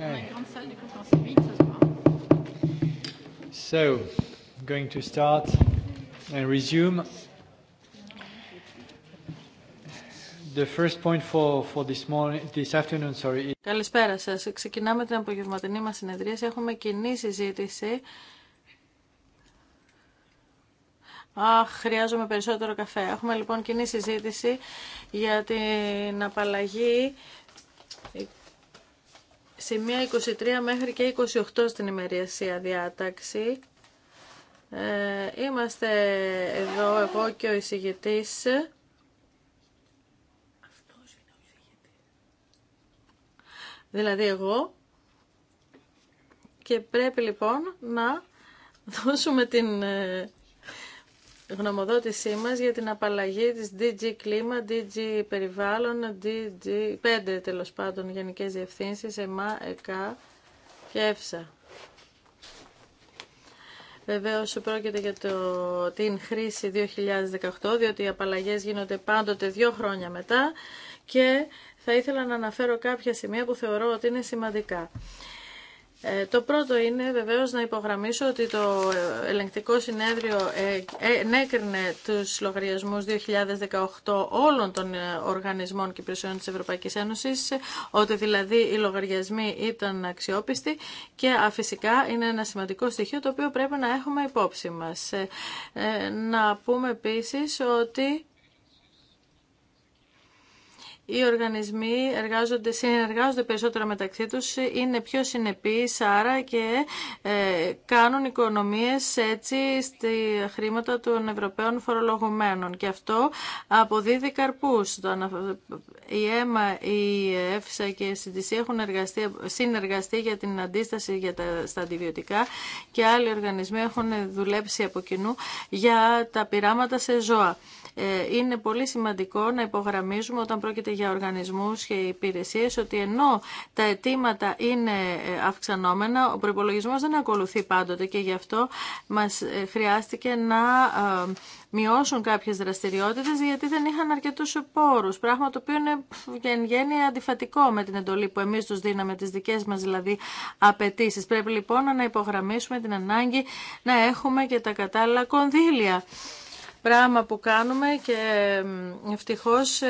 Ε. So, going to start and resume. The first point for, for this morning, this afternoon, sorry. Καλησπέρα σας. Ξεκινάμε την απογευματινή μας συνεδρίαση. Έχουμε κοινή συζήτηση. Αχ, χρειάζομαι περισσότερο καφέ. Έχουμε λοιπόν κοινή συζήτηση για την απαλλαγή σημεία 23 μέχρι και 28 στην ημεριασία διάταξη. Ε, είμαστε εδώ εγώ και ο εισηγητής. Αυτός είναι ο εισηγητής. Δηλαδή εγώ. Και πρέπει λοιπόν να δώσουμε την ε, γνωμοδότησή μας για την απαλλαγή της DG Κλίμα, DG Περιβάλλον, DG 5 τέλος πάντων γενικές διευθύνσεις, ΕΜΑ, ΕΚΑ και ΕΦΣΑ. Βεβαίω πρόκειται για το, την χρήση 2018, διότι οι απαλλαγέ γίνονται πάντοτε δύο χρόνια μετά και θα ήθελα να αναφέρω κάποια σημεία που θεωρώ ότι είναι σημαντικά. Ε, το πρώτο είναι βεβαίως να υπογραμμίσω ότι το ελεγκτικό συνέδριο ε, ε, ενέκρινε τους λογαριασμούς 2018 όλων των οργανισμών και υπηρεσιών της Ευρωπαϊκής Ένωσης, ότι δηλαδή οι λογαριασμοί ήταν αξιόπιστοι και αφυσικά είναι ένα σημαντικό στοιχείο το οποίο πρέπει να έχουμε υπόψη μας. Να πούμε επίσης ότι οι οργανισμοί εργάζονται, συνεργάζονται περισσότερο μεταξύ τους, είναι πιο συνεπείς άρα και ε, κάνουν οικονομίες έτσι στη χρήματα των Ευρωπαίων φορολογουμένων. Και αυτό αποδίδει καρπούς. Η ΕΜΑ, η ΕΦΣΑ και η ΣΥΤΙΣΗ έχουν εργαστεί, συνεργαστεί για την αντίσταση για τα, στα αντιβιωτικά και άλλοι οργανισμοί έχουν δουλέψει από κοινού για τα πειράματα σε ζώα. Ε, είναι πολύ σημαντικό να υπογραμμίζουμε όταν πρόκειται για οργανισμούς και υπηρεσίες ότι ενώ τα αιτήματα είναι ε, αυξανόμενα, ο προπολογισμό δεν ακολουθεί πάντοτε και γι' αυτό μας ε, χρειάστηκε να μειώσουν κάποιες δραστηριότητες γιατί δεν είχαν αρκετούς πόρους, πράγμα το οποίο είναι εν γέννη αντιφατικό με την εντολή που εμείς τους δίναμε, τις δικές μας δηλαδή απαιτήσει. Πρέπει λοιπόν να υπογραμμίσουμε την ανάγκη να έχουμε και τα κατάλληλα κονδύλια πράγμα που κάνουμε και ευτυχώς ε,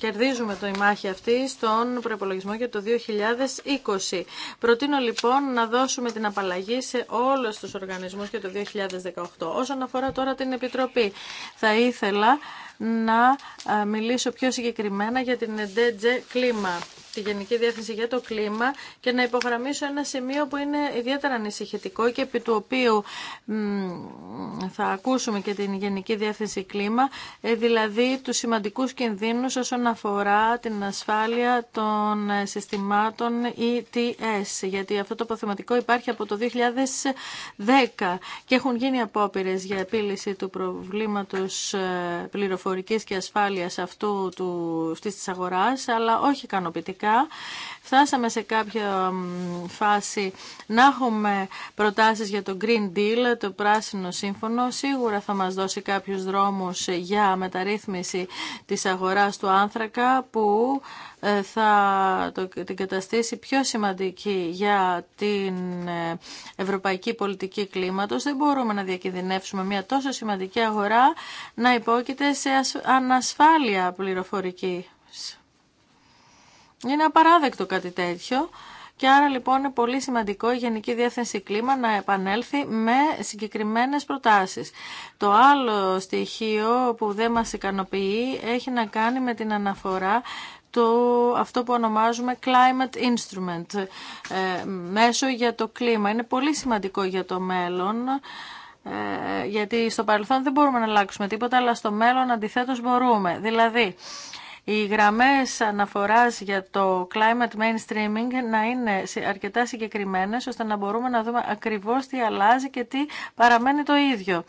κερδίζουμε το ημάχη αυτή στον προπολογισμό για το 2020. Προτείνω λοιπόν να δώσουμε την απαλλαγή σε όλους τους οργανισμούς για το 2018. Όσον αφορά τώρα την Επιτροπή, θα ήθελα να ε, μιλήσω πιο συγκεκριμένα για την ΕΝΤΕΤΖΕ κλίμα στη Γενική Διεύθυνση για το Κλίμα και να υπογραμμίσω ένα σημείο που είναι ιδιαίτερα ανησυχητικό και επί του οποίου θα ακούσουμε και την Γενική Διεύθυνση Κλίμα, ε, δηλαδή του σημαντικού κινδύνους όσον αφορά την ασφάλεια των ε, συστημάτων ETS, γιατί αυτό το αποθεματικό υπάρχει από το 2010 και έχουν γίνει απόπειρε για επίλυση του προβλήματος ε, πληροφορικής και ασφάλειας αυτού του, αυτής της αγοράς, αλλά όχι ικανοποιητικά φτάσαμε σε κάποια φάση να έχουμε προτάσεις για το Green Deal, το πράσινο σύμφωνο. Σίγουρα θα μας δώσει κάποιους δρόμους για μεταρρύθμιση της αγοράς του άνθρακα που ε, θα την καταστήσει πιο σημαντική για την ε, ευρωπαϊκή πολιτική κλίματος. Δεν μπορούμε να διακινδυνεύσουμε μια τόσο σημαντική αγορά να υπόκειται σε ανασφάλεια πληροφορική. Είναι απαράδεκτο κάτι τέτοιο. Και άρα λοιπόν είναι πολύ σημαντικό η Γενική Διεύθυνση Κλίμα να επανέλθει με συγκεκριμένες προτάσεις. Το άλλο στοιχείο που δεν μας ικανοποιεί έχει να κάνει με την αναφορά του αυτό που ονομάζουμε Climate Instrument, ε, μέσο για το κλίμα. Είναι πολύ σημαντικό για το μέλλον ε, γιατί στο παρελθόν δεν μπορούμε να αλλάξουμε τίποτα, αλλά στο μέλλον αντιθέτως μπορούμε. Δηλαδή, οι γραμμές αναφοράς για το climate mainstreaming να είναι αρκετά συγκεκριμένες ώστε να μπορούμε να δούμε ακριβώς τι αλλάζει και τι παραμένει το ίδιο.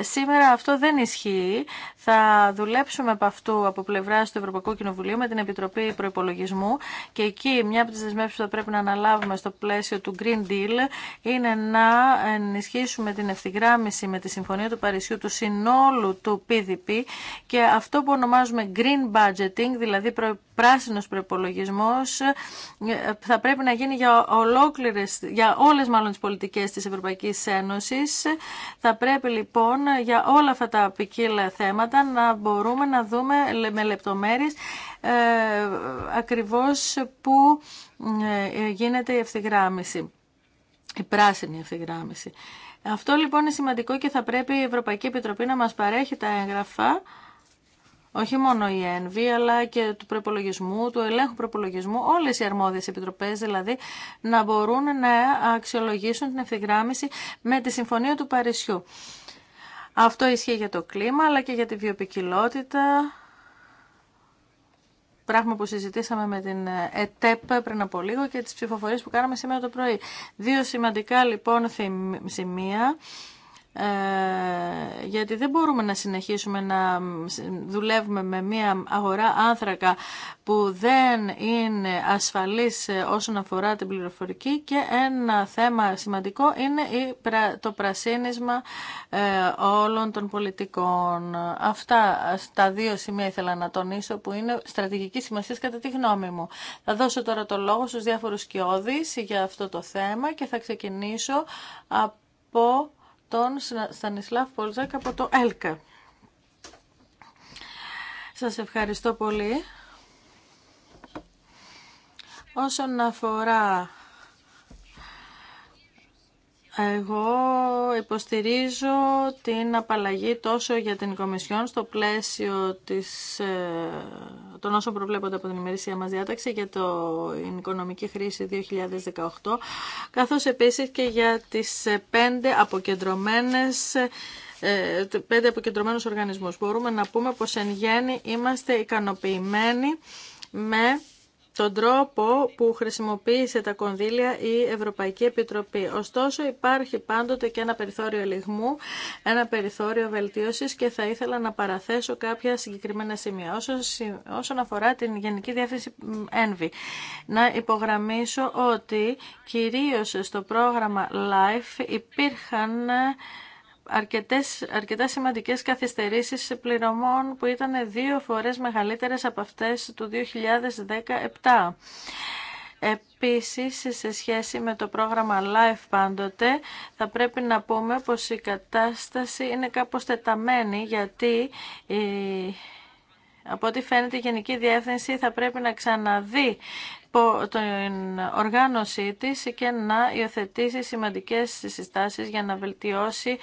Σήμερα αυτό δεν ισχύει. Θα δουλέψουμε από αυτού από πλευρά του Ευρωπαϊκού Κοινοβουλίου με την Επιτροπή Προπολογισμού και εκεί μια από τις δεσμεύσεις που θα πρέπει να αναλάβουμε στο πλαίσιο του Green Deal είναι να ενισχύσουμε την ευθυγράμμιση με τη Συμφωνία του Παρισιού του συνόλου του PDP και αυτό που ονομάζουμε Green Budget budgeting, δηλαδή πράσινος προϋπολογισμός, ε, θα πρέπει να γίνει για, ολόκληρες, για όλες μάλλον τις πολιτικές της Ευρωπαϊκής Ένωσης. Θα πρέπει λοιπόν για όλα αυτά τα ποικίλα θέματα να μπορούμε να δούμε με λεπτομέρειες ε, ακριβώς που ε, γίνεται η ευθυγράμμιση, η πράσινη ευθυγράμμιση. Αυτό λοιπόν είναι σημαντικό και θα πρέπει η Ευρωπαϊκή Επιτροπή να μας παρέχει τα έγγραφα όχι μόνο η ΕΝΒΗ αλλά και του προπολογισμού, του ελέγχου προπολογισμού, όλες οι αρμόδιες επιτροπές δηλαδή να μπορούν να αξιολογήσουν την ευθυγράμμιση με τη Συμφωνία του Παρισιού. Αυτό ισχύει για το κλίμα αλλά και για τη βιοπικιλότητα, πράγμα που συζητήσαμε με την ΕΤΕΠ πριν από λίγο και τις ψηφοφορίες που κάναμε σήμερα το πρωί. Δύο σημαντικά λοιπόν σημεία ε, γιατί δεν μπορούμε να συνεχίσουμε να δουλεύουμε με μια αγορά άνθρακα που δεν είναι ασφαλής όσον αφορά την πληροφορική και ένα θέμα σημαντικό είναι το πρασίνισμα ε, όλων των πολιτικών. Αυτά τα δύο σημεία ήθελα να τονίσω που είναι στρατηγική σημασία κατά τη γνώμη μου. Θα δώσω τώρα το λόγο στους διάφορους κοιόδης για αυτό το θέμα και θα ξεκινήσω από τον Στανισλάβ Πολζάκ από το ΕΛΚΑ. Σας ευχαριστώ πολύ. Όσον αφορά εγώ υποστηρίζω την απαλλαγή τόσο για την Κομισιόν στο πλαίσιο της, ε, των όσων προβλέπονται από την ημερήσια μας διάταξη για την οικονομική χρήση 2018, καθώς επίσης και για τις πέντε αποκεντρωμένες ε, πέντε αποκεντρωμένους οργανισμούς. Μπορούμε να πούμε πως εν γέννη είμαστε ικανοποιημένοι με τον τρόπο που χρησιμοποίησε τα κονδύλια η Ευρωπαϊκή Επιτροπή. Ωστόσο υπάρχει πάντοτε και ένα περιθώριο λιγμού, ένα περιθώριο βελτίωσης και θα ήθελα να παραθέσω κάποια συγκεκριμένα σημεία. Όσον αφορά την Γενική Διεύθυνση ΕΝΒΗ, να υπογραμμίσω ότι κυρίως στο πρόγραμμα LIFE υπήρχαν αρκετές, αρκετά σημαντικές καθυστερήσεις πληρωμών που ήταν δύο φορές μεγαλύτερες από αυτές του 2017. Επίσης, σε σχέση με το πρόγραμμα Life πάντοτε, θα πρέπει να πούμε πως η κατάσταση είναι κάπως τεταμένη, γιατί από ό,τι φαίνεται η Γενική Διεύθυνση θα πρέπει να ξαναδεί την οργάνωσή της και να υιοθετήσει σημαντικές συστάσεις για να βελτιώσει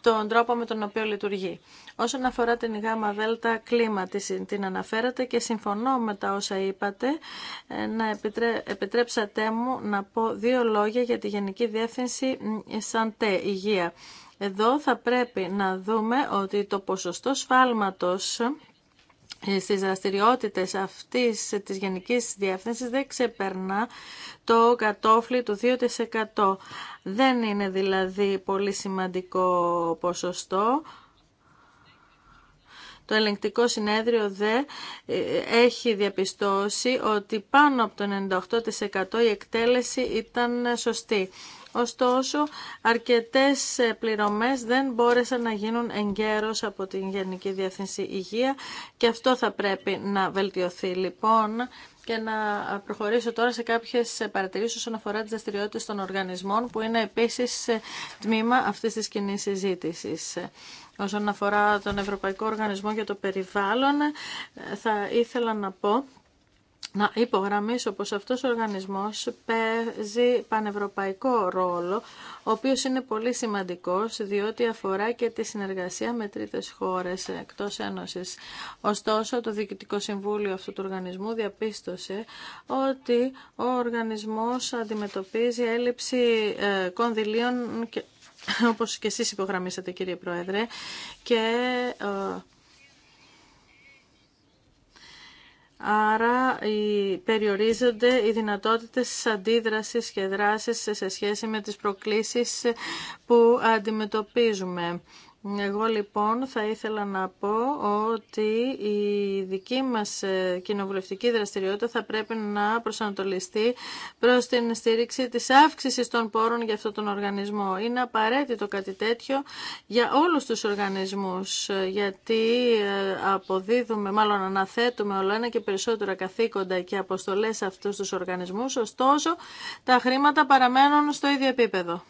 τον τρόπο με τον οποίο λειτουργεί. Όσον αφορά την γάμα δέλτα κλίμα, την αναφέρατε και συμφωνώ με τα όσα είπατε. Ε, να επιτρέ... επιτρέψατε μου να πω δύο λόγια για τη Γενική Διεύθυνση Σαντέ Υγεία. Εδώ θα πρέπει να δούμε ότι το ποσοστό σφάλματος ε, στις δραστηριότητες αυτής της Γενικής Διεύθυνσης δεν ξεπερνά το κατόφλι του 2%. Δεν είναι δηλαδή πολύ σημαντικό ποσοστό. Το ελεγκτικό συνέδριο δε ε, έχει διαπιστώσει ότι πάνω από το 98% η εκτέλεση ήταν σωστή. Ωστόσο, αρκετές ε, πληρωμές δεν μπόρεσαν να γίνουν εγκαίρως από την Γενική Διεύθυνση Υγεία και αυτό θα πρέπει να βελτιωθεί λοιπόν και να προχωρήσω τώρα σε κάποιες ε, παρατηρήσεις όσον αφορά τις δραστηριότητε των οργανισμών που είναι επίσης ε, τμήμα αυτής της κοινή συζήτηση. Όσον αφορά τον Ευρωπαϊκό Οργανισμό για το Περιβάλλον, θα ήθελα να πω να υπογραμμίσω πως αυτός ο οργανισμός παίζει πανευρωπαϊκό ρόλο, ο οποίος είναι πολύ σημαντικός διότι αφορά και τη συνεργασία με τρίτες χώρες εκτός Ένωσης. Ωστόσο, το Διοικητικό Συμβούλιο αυτού του οργανισμού διαπίστωσε ότι ο οργανισμός αντιμετωπίζει έλλειψη ε, κονδυλίων, όπως και εσείς υπογραμμίσατε κύριε Πρόεδρε, και ε, Άρα περιορίζονται οι δυνατότητες αντίδρασης και δράσης σε σχέση με τις προκλήσεις που αντιμετωπίζουμε. Εγώ λοιπόν θα ήθελα να πω ότι η δική μας ε, κοινοβουλευτική δραστηριότητα θα πρέπει να προσανατολιστεί προς την στήριξη της αύξησης των πόρων για αυτόν τον οργανισμό. Είναι απαραίτητο κάτι τέτοιο για όλους τους οργανισμούς, ε, γιατί ε, αποδίδουμε, μάλλον αναθέτουμε όλο ένα και περισσότερα καθήκοντα και αποστολές σε αυτούς τους οργανισμούς, ωστόσο τα χρήματα παραμένουν στο ίδιο επίπεδο.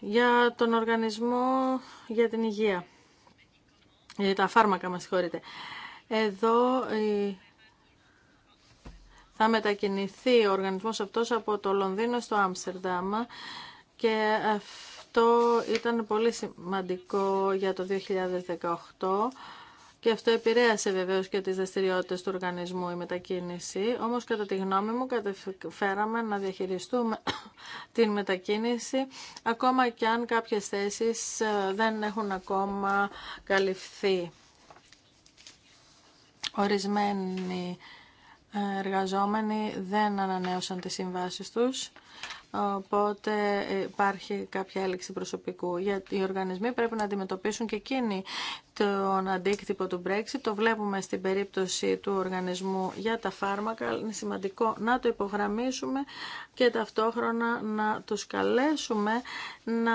για τον οργανισμό για την υγεία. Για ε, τα φάρμακα, μας συγχωρείτε. Εδώ ε, θα μετακινηθεί ο οργανισμός αυτός από το Λονδίνο στο Άμστερνταμ και αυτό ήταν πολύ σημαντικό για το 2018 και αυτό επηρέασε βεβαίω και τι δραστηριότητε του οργανισμού η μετακίνηση. Όμω, κατά τη γνώμη μου, καταφέραμε να διαχειριστούμε την μετακίνηση, ακόμα και αν κάποιε θέσει ε, δεν έχουν ακόμα καλυφθεί. Ορισμένοι εργαζόμενοι δεν ανανέωσαν τις συμβάσεις τους, οπότε υπάρχει κάποια έλλειξη προσωπικού. Γιατί οι οργανισμοί πρέπει να αντιμετωπίσουν και εκείνοι τον αντίκτυπο του Brexit. Το βλέπουμε στην περίπτωση του οργανισμού για τα φάρμακα. Είναι σημαντικό να το υπογραμμίσουμε και ταυτόχρονα να τους καλέσουμε να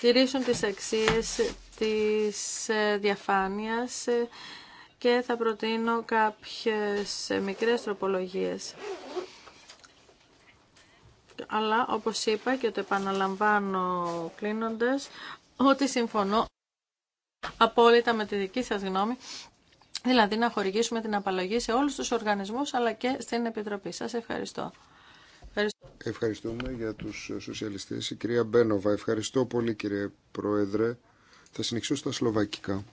τηρήσουν τις αξίες της ε, διαφάνειας ε, και θα προτείνω κάποιες ε, μικρές τροπολογίες. Αλλά όπως είπα και το επαναλαμβάνω κλείνοντας, ότι συμφωνώ απόλυτα με τη δική σας γνώμη Δηλαδή να χορηγήσουμε την απαλλαγή σε όλους τους οργανισμούς αλλά και στην Επιτροπή. Σας ευχαριστώ. Ευχαριστούμε για τους σοσιαλιστές. Η κυρία Μπένοβα, ευχαριστώ πολύ κύριε Πρόεδρε. Θα συνεχίσω στα σλοβακικά.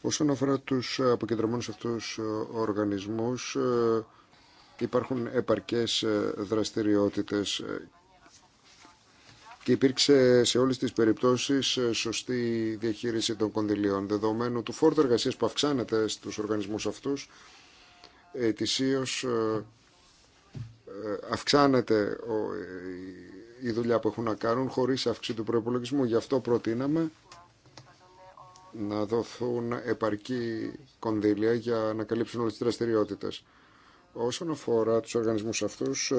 Όσον αφορά τους ε, αποκεντρωμένους αυτούς ε, οργανισμούς, ε, υπάρχουν επαρκές δραστηριότητες και υπήρξε σε όλες τις περιπτώσεις σωστή διαχείριση των κονδυλίων. Δεδομένου του φόρτου εργασίας που αυξάνεται στους οργανισμούς αυτούς, ετησίως ε, ε, αυξάνεται ε, η δουλειά που έχουν να κάνουν χωρίς αύξηση του προϋπολογισμού. Γι' αυτό προτείναμε να δοθούν επαρκή κονδύλια για να καλύψουν όλες τις δραστηριότητε. Όσον αφορά τους οργανισμούς αυτούς,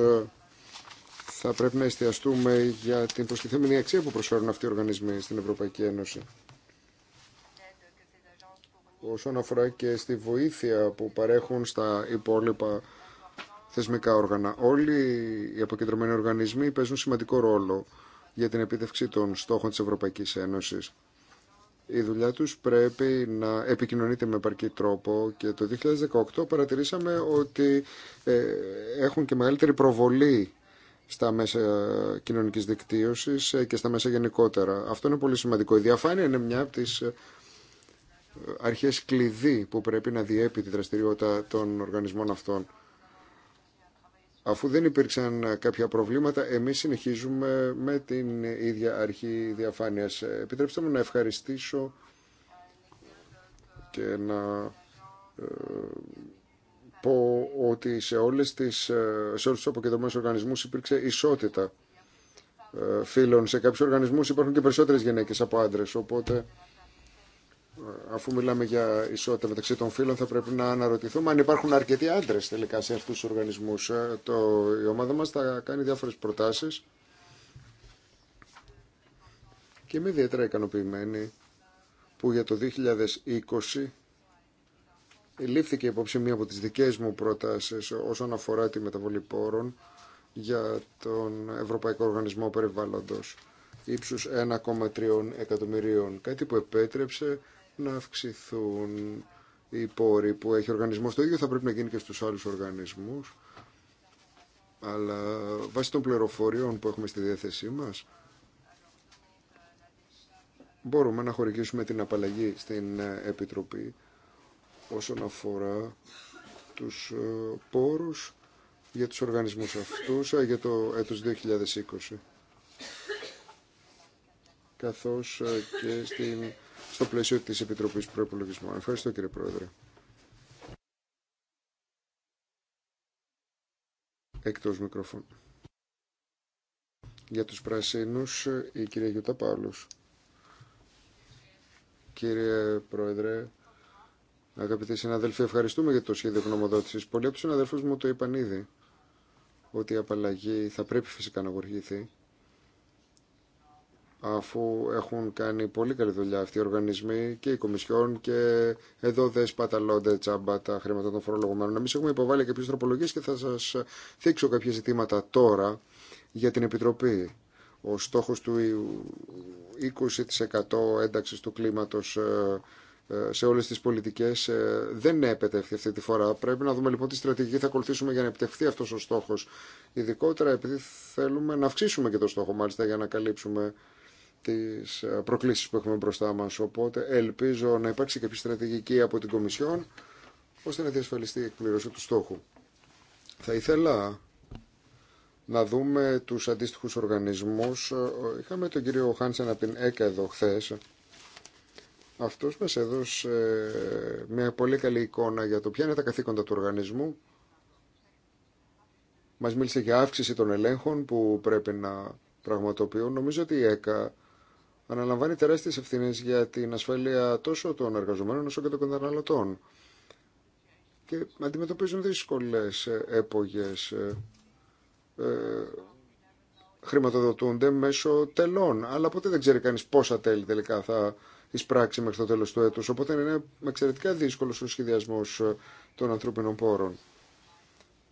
θα πρέπει να εστιαστούμε για την προστιθέμενη αξία που προσφέρουν αυτοί οι οργανισμοί στην Ευρωπαϊκή Ένωση όσον αφορά και στη βοήθεια που παρέχουν στα υπόλοιπα θεσμικά όργανα. Όλοι οι αποκεντρωμένοι οργανισμοί παίζουν σημαντικό ρόλο για την επίτευξη των στόχων της Ευρωπαϊκής Ένωσης. Η δουλειά τους πρέπει να επικοινωνείται με επαρκή τρόπο και το 2018 παρατηρήσαμε ότι ε, έχουν και μεγαλύτερη προβολή στα μέσα κοινωνικής δικτύωσης ε, και στα μέσα γενικότερα. Αυτό είναι πολύ σημαντικό. Η διαφάνεια είναι μια από τις ε, αρχές κλειδί που πρέπει να διέπει τη δραστηριότητα των οργανισμών αυτών. Αφού δεν υπήρξαν κάποια προβλήματα, εμείς συνεχίζουμε με την ίδια αρχή διαφάνειας. Επιτρέψτε μου να ευχαριστήσω και να ε, πω ότι σε, όλες τις, ε, σε όλους τους οργανισμούς υπήρξε ισότητα ε, φίλων. Σε κάποιους οργανισμούς υπάρχουν και περισσότερες γυναίκες από άντρες, οπότε αφού μιλάμε για ισότητα μεταξύ των φύλων, θα πρέπει να αναρωτηθούμε αν υπάρχουν αρκετοί άντρε τελικά σε αυτού του οργανισμού. Ε, το, η ομάδα μα θα κάνει διάφορε προτάσει. Και είμαι ιδιαίτερα ικανοποιημένη που για το 2020 λήφθηκε υπόψη μία από τις δικές μου προτάσεις όσον αφορά τη μεταβολή πόρων για τον Ευρωπαϊκό Οργανισμό Περιβάλλοντος ύψους 1,3 εκατομμυρίων, κάτι που επέτρεψε να αυξηθούν οι πόροι που έχει ο οργανισμός. Το ίδιο θα πρέπει να γίνει και στους άλλους οργανισμούς. Αλλά βάσει των πληροφοριών που έχουμε στη διάθεσή μας, μπορούμε να χορηγήσουμε την απαλλαγή στην ε, Επιτροπή όσον αφορά τους ε, πόρους για τους οργανισμούς αυτούς ε, για το έτος 2020 καθώς και στην στο πλαίσιο της Επιτροπής Προϋπολογισμού. Ευχαριστώ κύριε Πρόεδρε. Εκτός μικρόφωνου. Για τους πρασίνους, η κυρία Γιούτα Παύλος. Κύριε Πρόεδρε, αγαπητοί συναδελφοί, ευχαριστούμε για το σχέδιο γνωμοδότησης. Πολλοί από τους συναδελφούς μου το είπαν ήδη ότι η απαλλαγή θα πρέπει φυσικά να βοηθηθεί αφού έχουν κάνει πολύ καλή δουλειά αυτοί οι οργανισμοί και οι Κομισιόν και εδώ δεν σπαταλώνται τσάμπα τα χρήματα των φορολογουμένων. Εμεί έχουμε υποβάλει κάποιε τροπολογίε και θα σα θίξω κάποια ζητήματα τώρα για την Επιτροπή. Ο στόχο του 20% ένταξη του κλίματο ε, ε, σε όλε τι πολιτικέ ε, δεν επετεύχθη αυτή τη φορά. Πρέπει να δούμε λοιπόν τι στρατηγική θα ακολουθήσουμε για να επιτευχθεί αυτό ο στόχο. Ειδικότερα επειδή θέλουμε να αυξήσουμε και το στόχο μάλιστα για να καλύψουμε τις ε, προκλήσεις που έχουμε μπροστά μας. Οπότε ελπίζω να υπάρξει κάποια στρατηγική από την Κομισιόν ώστε να διασφαλιστεί η εκπληρώση του στόχου. Θα ήθελα να δούμε τους αντίστοιχους οργανισμούς. Ε, είχαμε τον κύριο Χάνσεν από την ΕΚΑ εδώ χθε. Αυτός μας έδωσε ε, μια πολύ καλή εικόνα για το ποια είναι τα καθήκοντα του οργανισμού. Μας μίλησε για αύξηση των ελέγχων που πρέπει να πραγματοποιούν. Νομίζω ότι η ΕΚΑ αναλαμβάνει τεράστιε ευθύνε για την ασφάλεια τόσο των εργαζομένων όσο και των καταναλωτών και αντιμετωπίζουν δύσκολες έπογες ε, ε, χρηματοδοτούνται μέσω τελών. Αλλά ποτέ δεν ξέρει κανεί πόσα τέλη τελικά θα εισπράξει μέχρι το τέλο του έτου. Οπότε είναι εξαιρετικά δύσκολο ο σχεδιασμό ε, των ανθρώπινων πόρων.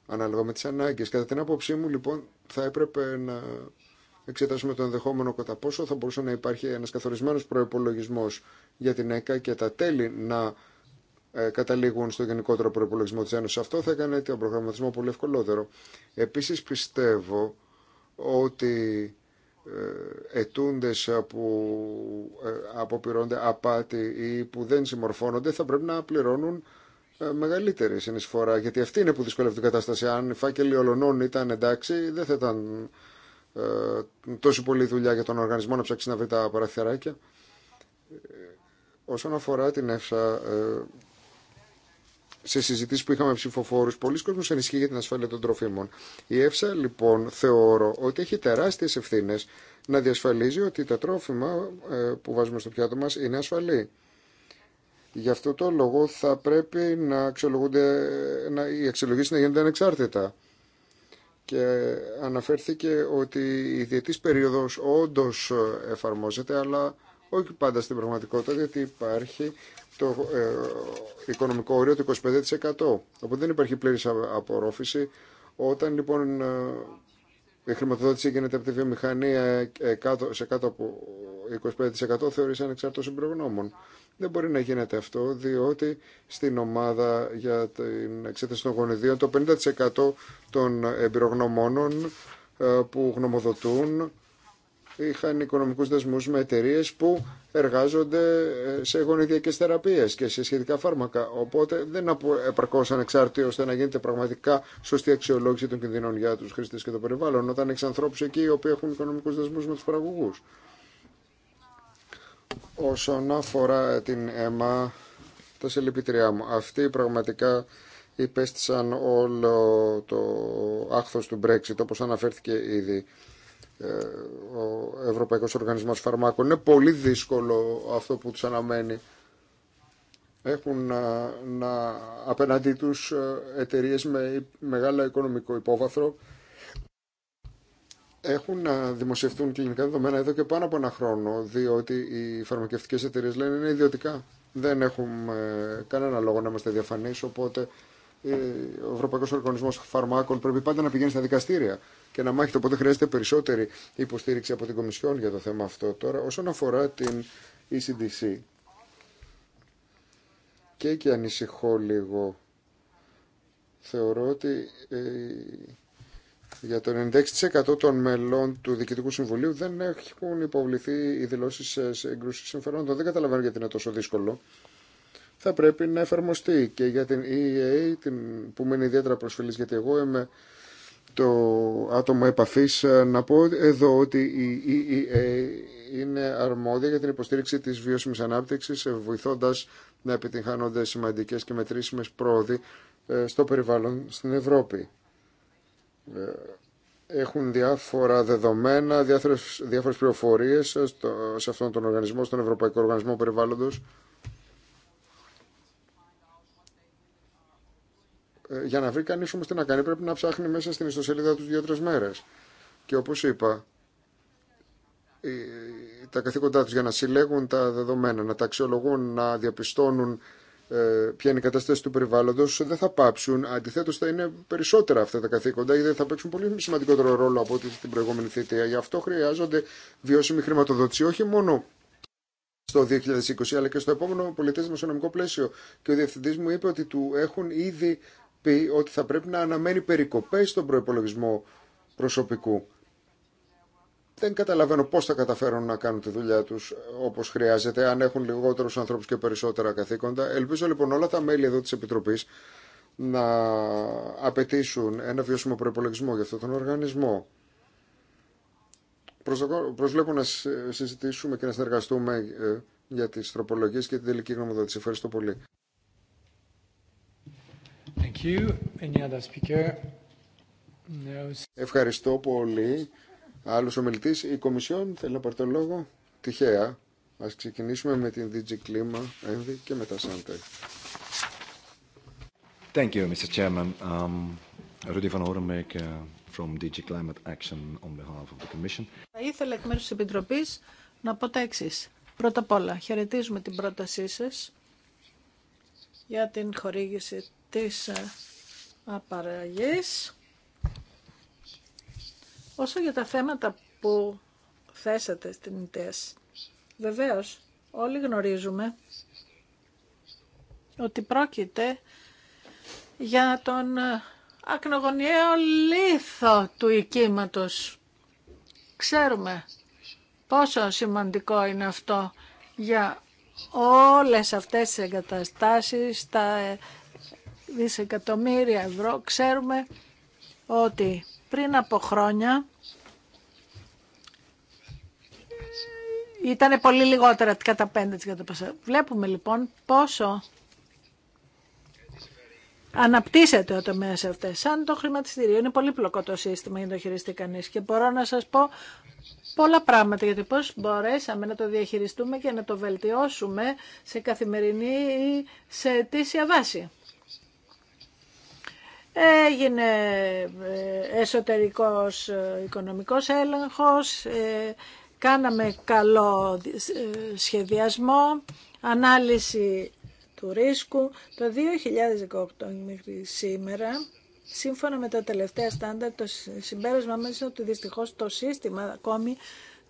Ανάλογα με τι ανάγκε. Κατά την άποψή μου, λοιπόν, θα έπρεπε να εξετάσουμε το ενδεχόμενο κατά πόσο θα μπορούσε να υπάρχει ένας καθορισμένος προϋπολογισμός για την ΕΚΑ και τα τέλη να ε, καταλήγουν στο γενικότερο προπολογισμό τη Ένωση. Αυτό θα έκανε τον προγραμματισμό πολύ ευκολότερο. Επίση, πιστεύω ότι ε, ετούντες που ε, αποπειρώνται απάτη ή που δεν συμμορφώνονται θα πρέπει να πληρώνουν μεγαλύτερη συνεισφορά γιατί αυτή είναι που δυσκολεύει την κατάσταση αν οι φάκελοι ολονών ήταν εντάξει δεν θα ήταν ε, τόση πολλή δουλειά για τον οργανισμό να ψάξει να βρει τα παραθυράκια. Ε, όσον αφορά την ΕΦΣΑ, ε, σε συζητήσει που είχαμε ψηφοφόρου, πολλοί κόσμοι ενισχύει για την ασφάλεια των τροφίμων. Η ΕΦΣΑ, λοιπόν, θεωρώ ότι έχει τεράστιε ευθύνε να διασφαλίζει ότι τα τρόφιμα που βάζουμε στο πιάτο μα είναι ασφαλή. Γι' αυτό το λόγο θα πρέπει να, να οι αξιολογήσει να γίνονται ανεξάρτητα και αναφέρθηκε ότι η διετής περίοδος όντως εφαρμόζεται αλλά όχι πάντα στην πραγματικότητα γιατί υπάρχει το ε, οικονομικό όριο του 25% Οπότε δεν υπάρχει πλήρης απορρόφηση όταν λοιπόν ε, η χρηματοδότηση γίνεται από τη βιομηχανία ε, σε κάτω από 25% θεωρεί ανεξάρτητο συμπρογνώμων. Δεν μπορεί να γίνεται αυτό, διότι στην ομάδα για την εξέταση των γονιδίων το 50% των εμπειρογνωμόνων ε, που γνωμοδοτούν είχαν οικονομικούς δεσμούς με εταιρείε που εργάζονται ε, σε γονιδιακές θεραπείες και σε σχετικά φάρμακα. Οπότε δεν επαρκώς ανεξάρτητοι ώστε να γίνεται πραγματικά σωστή αξιολόγηση των κινδυνών για τους χρήστες και το περιβάλλον όταν έχεις ανθρώπους εκεί οι οποίοι έχουν οικονομικούς δεσμούς με τους παραγωγούς. Όσον αφορά την αίμα, τα συλληπιτριά μου, αυτοί πραγματικά υπέστησαν όλο το άχθος του Brexit όπως αναφέρθηκε ήδη ε, ο Ευρωπαϊκός Οργανισμός Φαρμάκων. Είναι πολύ δύσκολο αυτό που τους αναμένει. Έχουν να, ε, να απέναντί τους ε, εταιρείε με μεγάλο οικονομικό υπόβαθρο. Έχουν να δημοσιευτούν κλινικά δεδομένα εδώ και πάνω από ένα χρόνο, διότι οι φαρμακευτικές εταιρείε λένε είναι ιδιωτικά. Δεν έχουμε κανένα λόγο να είμαστε διαφανείς, οπότε ο Ευρωπαϊκός Οργανισμός Φαρμάκων πρέπει πάντα να πηγαίνει στα δικαστήρια και να μάχεται. Οπότε χρειάζεται περισσότερη υποστήριξη από την Κομισιόν για το θέμα αυτό. Τώρα, όσον αφορά την ECDC, και εκεί ανησυχώ λίγο. Θεωρώ ότι ε, για το 96% των μελών του Διοικητικού Συμβουλίου δεν έχουν υποβληθεί οι δηλώσει σε εγκρούσει συμφερόντων. Δεν καταλαβαίνω γιατί είναι τόσο δύσκολο. Θα πρέπει να εφαρμοστεί και για την EEA, την, που μείνει ιδιαίτερα προσφυλή, γιατί εγώ είμαι το άτομο επαφής ε, να πω εδώ ότι η ΕΕ είναι αρμόδια για την υποστήριξη της βιώσιμης ανάπτυξης ε, βοηθώντας να επιτυγχάνονται σημαντικές και μετρήσιμες πρόοδοι ε, στο περιβάλλον στην Ευρώπη. Έχουν διάφορα δεδομένα, διάφορες, διάφορες πληροφορίες σε αυτόν τον οργανισμό, στον Ευρωπαϊκό Οργανισμό Περιβάλλοντος Ε, για να βρει κανεί όμω τι να κάνει πρέπει να ψάχνει μέσα στην ιστοσελίδα του δυο τρει μέρε. Και όπω είπα, τα καθήκοντά του για να συλλέγουν τα δεδομένα, να τα αξιολογούν, να διαπιστώνουν ε, ποια είναι η κατάσταση του περιβάλλοντο, δεν θα πάψουν. Αντιθέτω, θα είναι περισσότερα αυτά τα καθήκοντα, γιατί θα παίξουν πολύ σημαντικότερο ρόλο από ό,τι στην προηγούμενη θητεία. Γι' αυτό χρειάζονται βιώσιμη χρηματοδότηση, όχι μόνο στο 2020, αλλά και στο επόμενο πολιτέ μεσονομικό πλαίσιο. Και ο διευθυντή μου είπε ότι του έχουν ήδη πει ότι θα πρέπει να αναμένει περικοπές στον προϋπολογισμό προσωπικού. Δεν καταλαβαίνω πώς θα καταφέρουν να κάνουν τη δουλειά τους όπως χρειάζεται, αν έχουν λιγότερους ανθρώπους και περισσότερα καθήκοντα. Ελπίζω λοιπόν όλα τα μέλη εδώ της Επιτροπής να απαιτήσουν ένα βιώσιμο προπολογισμό για αυτόν τον οργανισμό. Προσβλέπω να συζητήσουμε και να συνεργαστούμε ε, για τις τροπολογίες και την τελική γνωμοδότηση. Ευχαριστώ πολύ. Thank you. Any other speaker? No. Ευχαριστώ πολύ. Άλλος ομιλητής, η Κομισιόν θέλει να πάρει το λόγο. Τυχαία. Ας ξεκινήσουμε με την DG Κλίμα, Ένδη και μετά Σάντε. Thank you, Mr. Chairman. Um, Rudy van Orenbeek uh, from DG Climate Action on behalf of the Commission. Θα ήθελα εκ μέρους της Επιτροπής να πω τα εξής. Πρώτα απ' όλα, χαιρετίζουμε την πρότασή σας για την χορήγηση τις ε, απαραγές. Όσο για τα θέματα που θέσατε στην ΙΤΕΣ, βεβαίως όλοι γνωρίζουμε ότι πρόκειται για τον ε, ακνογωνιαίο λίθο του οικίματος. Ξέρουμε πόσο σημαντικό είναι αυτό για όλες αυτές τις εγκαταστάσεις, τα ε, δισεκατομμύρια ευρώ. Ξέρουμε ότι πριν από χρόνια ήταν πολύ λιγότερα κατά 5%. Βλέπουμε λοιπόν πόσο αναπτύσσεται ο τομέα αυτέ. Σαν το χρηματιστήριο, είναι πολύ πλοκό το σύστημα για να το χειριστεί κανεί. Και μπορώ να σα πω πολλά πράγματα γιατί πώ μπορέσαμε να το διαχειριστούμε και να το βελτιώσουμε σε καθημερινή ή σε αιτήσια βάση. Έγινε ε, εσωτερικός ε, οικονομικός έλεγχος, ε, κάναμε καλό σχεδιασμό, ανάλυση του ρίσκου. Το 2018 μέχρι σήμερα, σύμφωνα με τα τελευταία στάνταρ, το συμπέρασμα μας είναι ότι δυστυχώς το σύστημα ακόμη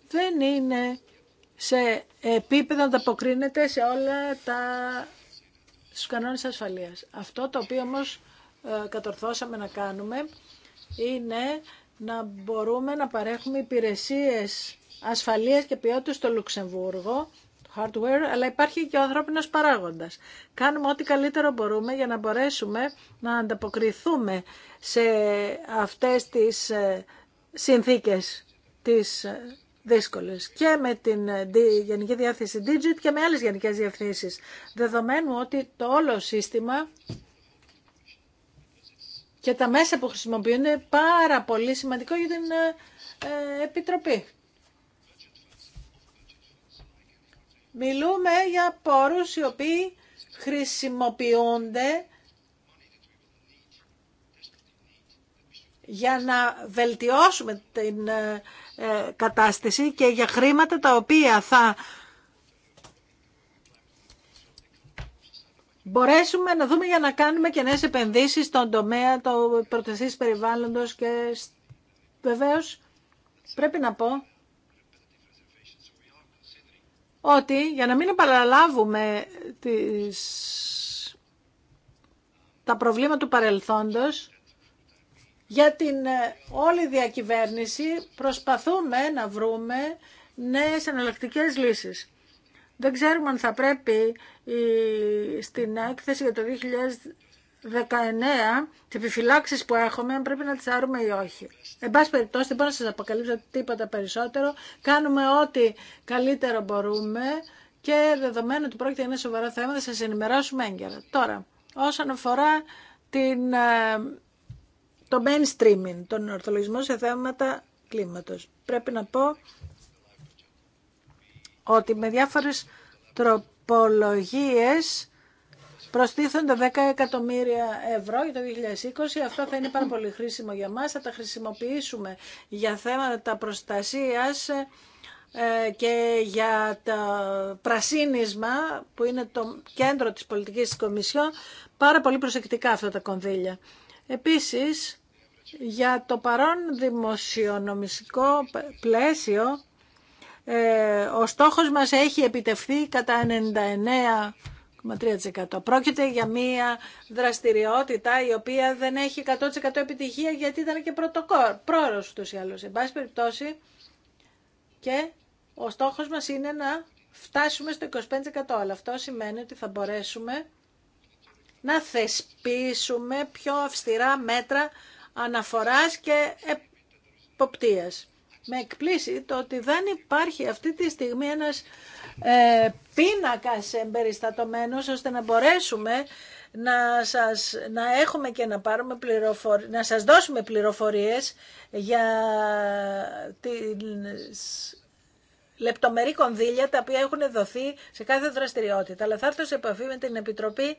δεν είναι σε επίπεδο να αποκρίνεται σε όλα τα στους κανόνες ασφαλείας. Αυτό το οποίο όμως ε, κατορθώσαμε να κάνουμε είναι να μπορούμε να παρέχουμε υπηρεσίες ασφαλείας και ποιότητας στο Λουξεμβούργο, το hardware, αλλά υπάρχει και ο ανθρώπινος παράγοντας. Κάνουμε ό,τι καλύτερο μπορούμε για να μπορέσουμε να ανταποκριθούμε σε αυτές τις ε, συνθήκες τις ε, δύσκολες και με την Γενική διάθεση Digit και με άλλες γενικές διευθύνσεις, δεδομένου ότι το όλο σύστημα και τα μέσα που χρησιμοποιούν είναι πάρα πολύ σημαντικό για την ε, ε, Επιτροπή. Μιλούμε για πόρους οι οποίοι χρησιμοποιούνται για να βελτιώσουμε την ε, κατάσταση και για χρήματα τα οποία θα μπορέσουμε να δούμε για να κάνουμε και νέες επενδύσεις στον τομέα το προτεθείς περιβάλλοντος και βεβαίως πρέπει να πω ότι για να μην επαναλάβουμε τις... τα προβλήματα του παρελθόντος για την ε, όλη διακυβέρνηση προσπαθούμε να βρούμε νέες εναλλακτικές λύσεις. Δεν ξέρουμε αν θα πρέπει στην έκθεση για το 2019 τι επιφυλάξει που έχουμε, αν πρέπει να τι άρουμε ή όχι. Εν πάση περιπτώσει, δεν μπορώ να σα αποκαλύψω τίποτα περισσότερο. Κάνουμε ό,τι καλύτερο μπορούμε και δεδομένου ότι πρόκειται για ένα σοβαρό θέμα, θα σα ενημερώσουμε έγκαιρα. Τώρα, όσον αφορά την, ε, το mainstreaming, τον ορθολογισμό σε θέματα κλίματος. Πρέπει να πω ότι με διάφορες τροπολογίες προστίθονται 10 εκατομμύρια ευρώ για το 2020. Αυτό θα είναι πάρα πολύ χρήσιμο για μας. Θα τα χρησιμοποιήσουμε για θέματα προστασίας ε, και για το πρασίνισμα που είναι το κέντρο της πολιτικής της Κομισιόν πάρα πολύ προσεκτικά αυτά τα κονδύλια. Επίσης, για το παρόν δημοσιονομιστικό πλαίσιο ε, ο στόχος μας έχει επιτευχθεί κατά 99,3%. Πρόκειται για μία δραστηριότητα η οποία δεν έχει 100% επιτυχία γιατί ήταν και πρωτοκόρ, πρόρος ή άλλως. Εν πάση περιπτώσει και ο στόχος μας είναι να φτάσουμε στο 25%. Αλλά αυτό σημαίνει ότι θα μπορέσουμε να θεσπίσουμε πιο αυστηρά μέτρα αναφοράς και εποπτείας με εκπλήσει το ότι δεν υπάρχει αυτή τη στιγμή ένας ε, πίνακας εμπεριστατωμένος ώστε να μπορέσουμε να, σας, να έχουμε και να, πάρουμε πληροφορίες, να σας δώσουμε πληροφορίες για τη λεπτομερή κονδύλια τα οποία έχουν δοθεί σε κάθε δραστηριότητα. Αλλά θα έρθω σε επαφή με την Επιτροπή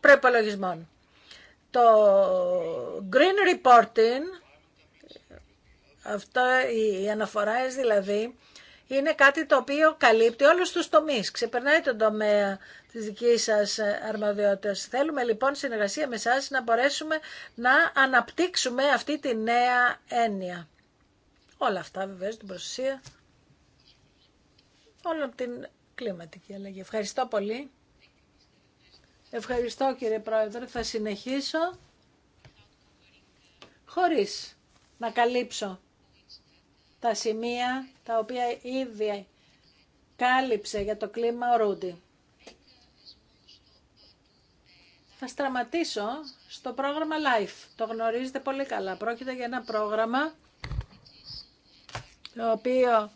Προϋπολογισμών. Το Green Reporting Αυτά οι αναφοράς δηλαδή είναι κάτι το οποίο καλύπτει όλους τους τομείς. Ξεπερνάει τον τομέα της δικής σας ε, αρμοδιότητας. Θέλουμε λοιπόν συνεργασία με εσάς να μπορέσουμε να αναπτύξουμε αυτή τη νέα έννοια. Όλα αυτά βεβαίω την προστασία όλων την κλιματική αλλαγή. Ευχαριστώ πολύ. Ευχαριστώ κύριε Πρόεδρε. Θα συνεχίσω χωρίς να καλύψω τα σημεία τα οποία ήδη κάλυψε για το κλίμα ο Ρούντι. Θα σταματήσω στο πρόγραμμα LIFE. Το γνωρίζετε πολύ καλά. Πρόκειται για ένα πρόγραμμα το οποίο,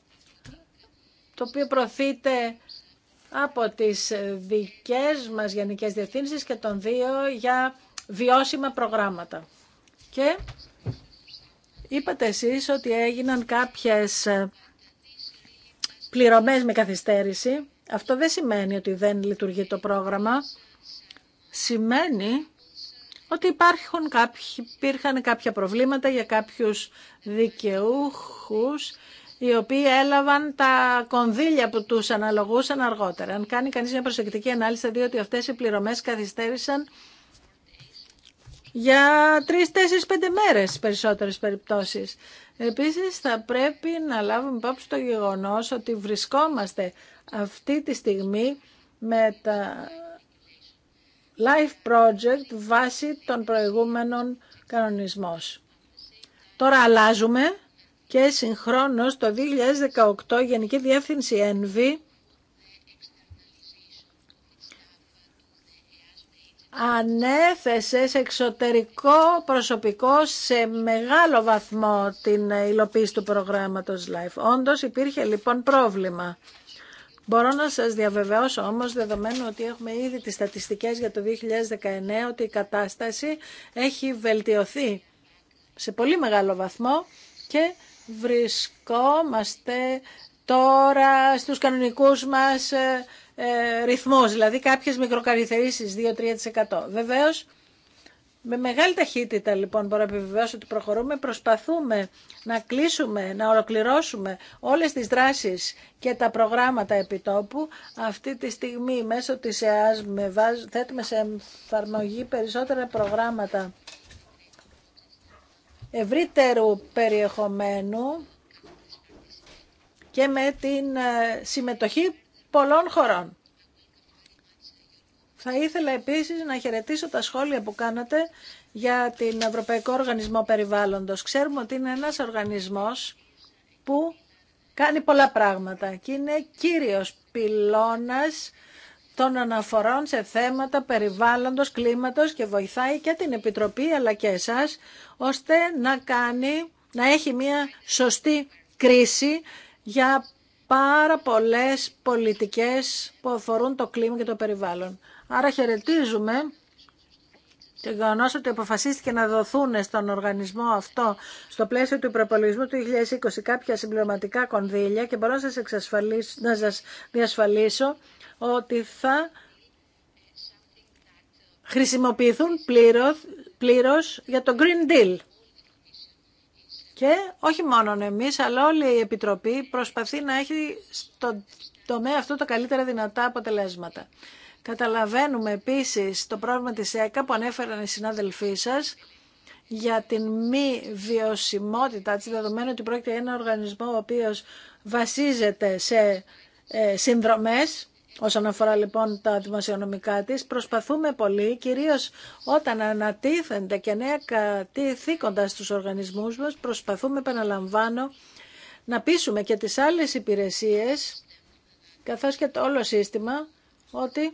το οποίο από τις δικές μας γενικές διευθύνσεις και των δύο για βιώσιμα προγράμματα. Και Είπατε εσείς ότι έγιναν κάποιες ε, πληρωμές με καθυστέρηση. Αυτό δεν σημαίνει ότι δεν λειτουργεί το πρόγραμμα. Σημαίνει ότι υπάρχουν κάποιοι, υπήρχαν κάποια προβλήματα για κάποιους δικαιούχους οι οποίοι έλαβαν τα κονδύλια που τους αναλογούσαν αργότερα. Αν κάνει κανείς μια προσεκτική ανάλυση, θα δει ότι αυτές οι πληρωμές καθυστέρησαν για τρεις, τέσσερις, πέντε μέρες περισσότερες περιπτώσεις. Επίσης θα πρέπει να λάβουμε υπόψη το γεγονός ότι βρισκόμαστε αυτή τη στιγμή με τα Life project βάσει των προηγούμενων κανονισμών. Τώρα αλλάζουμε και συγχρόνως το 2018 η Γενική Διεύθυνση ΕΝΒΗ ανέθεσε σε εξωτερικό προσωπικό σε μεγάλο βαθμό την υλοποίηση του προγράμματος LIFE. Όντως υπήρχε λοιπόν πρόβλημα. Μπορώ να σας διαβεβαιώσω όμως, δεδομένου ότι έχουμε ήδη τις στατιστικές για το 2019, ότι η κατάσταση έχει βελτιωθεί σε πολύ μεγάλο βαθμό και βρισκόμαστε τώρα στους κανονικούς μας ε, ε, ρυθμός, δηλαδή κάποιες μικροκαριθερήσεις 2-3%. Βεβαίως, με μεγάλη ταχύτητα λοιπόν μπορώ να επιβεβαιώσω ότι προχωρούμε, προσπαθούμε να κλείσουμε, να ολοκληρώσουμε όλες τις δράσεις και τα προγράμματα επιτόπου. Αυτή τη στιγμή μέσω της ΕΑΣ με θέτουμε σε εφαρμογή περισσότερα προγράμματα ευρύτερου περιεχομένου και με την ε, συμμετοχή πολλών χωρών. Θα ήθελα επίσης να χαιρετήσω τα σχόλια που κάνατε για την Ευρωπαϊκό Οργανισμό Περιβάλλοντος. Ξέρουμε ότι είναι ένας οργανισμός που κάνει πολλά πράγματα και είναι κύριος πυλώνας των αναφορών σε θέματα περιβάλλοντος, κλίματος και βοηθάει και την Επιτροπή αλλά και εσάς ώστε να κάνει, να έχει μια σωστή κρίση για πάρα πολλές πολιτικές που αφορούν το κλίμα και το περιβάλλον. Άρα χαιρετίζουμε το γεγονό ότι αποφασίστηκε να δοθούν στον οργανισμό αυτό στο πλαίσιο του προπολογισμού του 2020 κάποια συμπληρωματικά κονδύλια και μπορώ να σας, να διασφαλίσω ότι θα χρησιμοποιηθούν πλήρως, πλήρως για το Green Deal. Και όχι μόνο εμείς, αλλά όλη η Επιτροπή προσπαθεί να έχει στο τομέα αυτό τα καλύτερα δυνατά αποτελέσματα. Καταλαβαίνουμε επίσης το πρόβλημα της ΕΚΑ που ανέφεραν οι συνάδελφοί σας για την μη βιωσιμότητα, έτσι δεδομένου ότι πρόκειται για ένα οργανισμό ο οποίος βασίζεται σε ε, συνδρομές Όσον αφορά λοιπόν τα δημοσιονομικά της, προσπαθούμε πολύ, κυρίως όταν ανατίθενται και νέα κατήθηκοντα στους οργανισμούς μας, προσπαθούμε, επαναλαμβάνω, να πείσουμε και τις άλλες υπηρεσίες, καθώς και το όλο σύστημα, ότι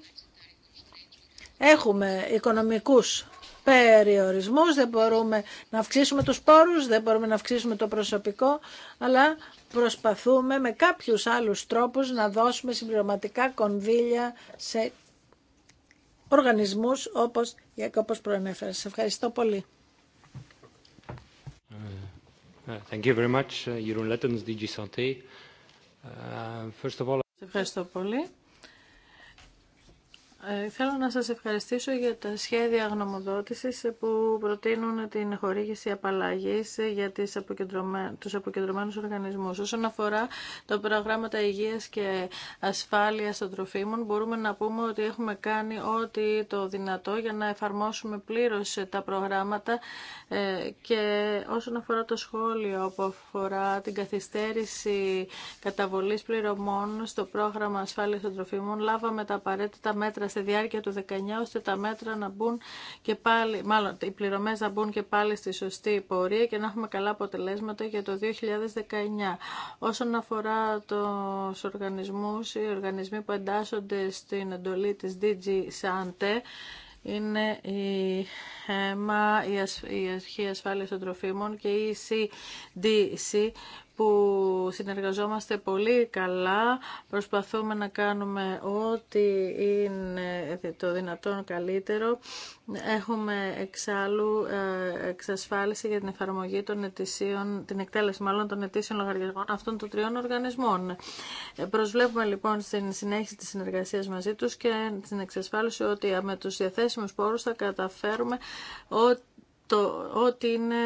έχουμε οικονομικούς περιορισμούς, δεν μπορούμε να αυξήσουμε τους πόρους, δεν μπορούμε να αυξήσουμε το προσωπικό, αλλά προσπαθούμε με κάποιους άλλους τρόπους να δώσουμε συμπληρωματικά κονδύλια σε οργανισμούς όπως, όπως προανέφερα. Σας ευχαριστώ πολύ. Σας Ευχαριστώ πολύ. Ε, θέλω να σας ευχαριστήσω για τα σχέδια γνωμοδότησης που προτείνουν την χορήγηση απαλλαγής για τις αποκεντρωμέ... τους αποκεντρωμένους οργανισμούς. Όσον αφορά τα προγράμματα υγείας και ασφάλειας των τροφίμων, μπορούμε να πούμε ότι έχουμε κάνει ό,τι το δυνατό για να εφαρμόσουμε πλήρως τα προγράμματα ε, και όσον αφορά το σχόλιο που αφορά την καθυστέρηση καταβολής πληρωμών στο πρόγραμμα ασφάλειας των τροφίμων, λάβαμε τα απαραίτητα μέτρα στη διάρκεια του 19 ώστε τα μέτρα να μπουν και πάλι, μάλλον οι πληρωμές να μπουν και πάλι στη σωστή πορεία και να έχουμε καλά αποτελέσματα για το 2019. Όσον αφορά τους οργανισμού, οι οργανισμοί που εντάσσονται στην εντολή της DG Sante, είναι η η Αρχή Ασφάλειας των Τροφίμων και η CDC που συνεργαζόμαστε πολύ καλά, προσπαθούμε να κάνουμε ό,τι είναι το δυνατόν καλύτερο. Έχουμε εξάλλου ε, εξασφάλιση για την εφαρμογή των ετησίων, την εκτέλεση μάλλον των ετήσιων λογαριασμών αυτών των τριών οργανισμών. Ε, προσβλέπουμε λοιπόν στην συνέχιση της συνεργασίας μαζί τους και την εξασφάλιση ότι με τους διαθέσιμους πόρους θα καταφέρουμε ό,τι είναι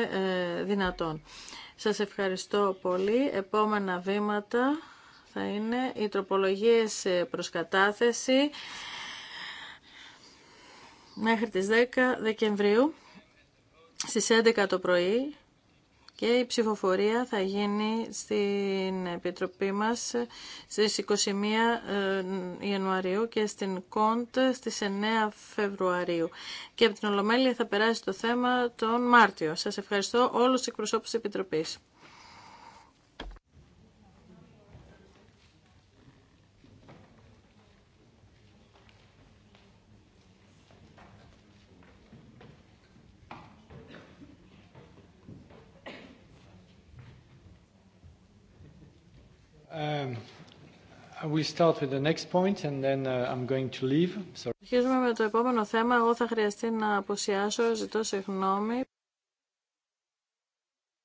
ε, δυνατόν. Σας ευχαριστώ πολύ. Επόμενα βήματα θα είναι οι τροπολογίες προς κατάθεση μέχρι τις 10 Δεκεμβρίου στις 11 το πρωί και η ψηφοφορία θα γίνει στην Επιτροπή μας στις 21 ε, Ιανουαρίου και στην ΚΟΝΤ στις 9 Φεβρουαρίου. Και από την Ολομέλεια θα περάσει το θέμα τον Μάρτιο. Σας ευχαριστώ όλους τους εκπροσώπους της Επιτροπής. Αρχίζουμε με το επόμενο θέμα. Εγώ θα χρειαστεί να αποσιάσω. Ζητώ συγγνώμη.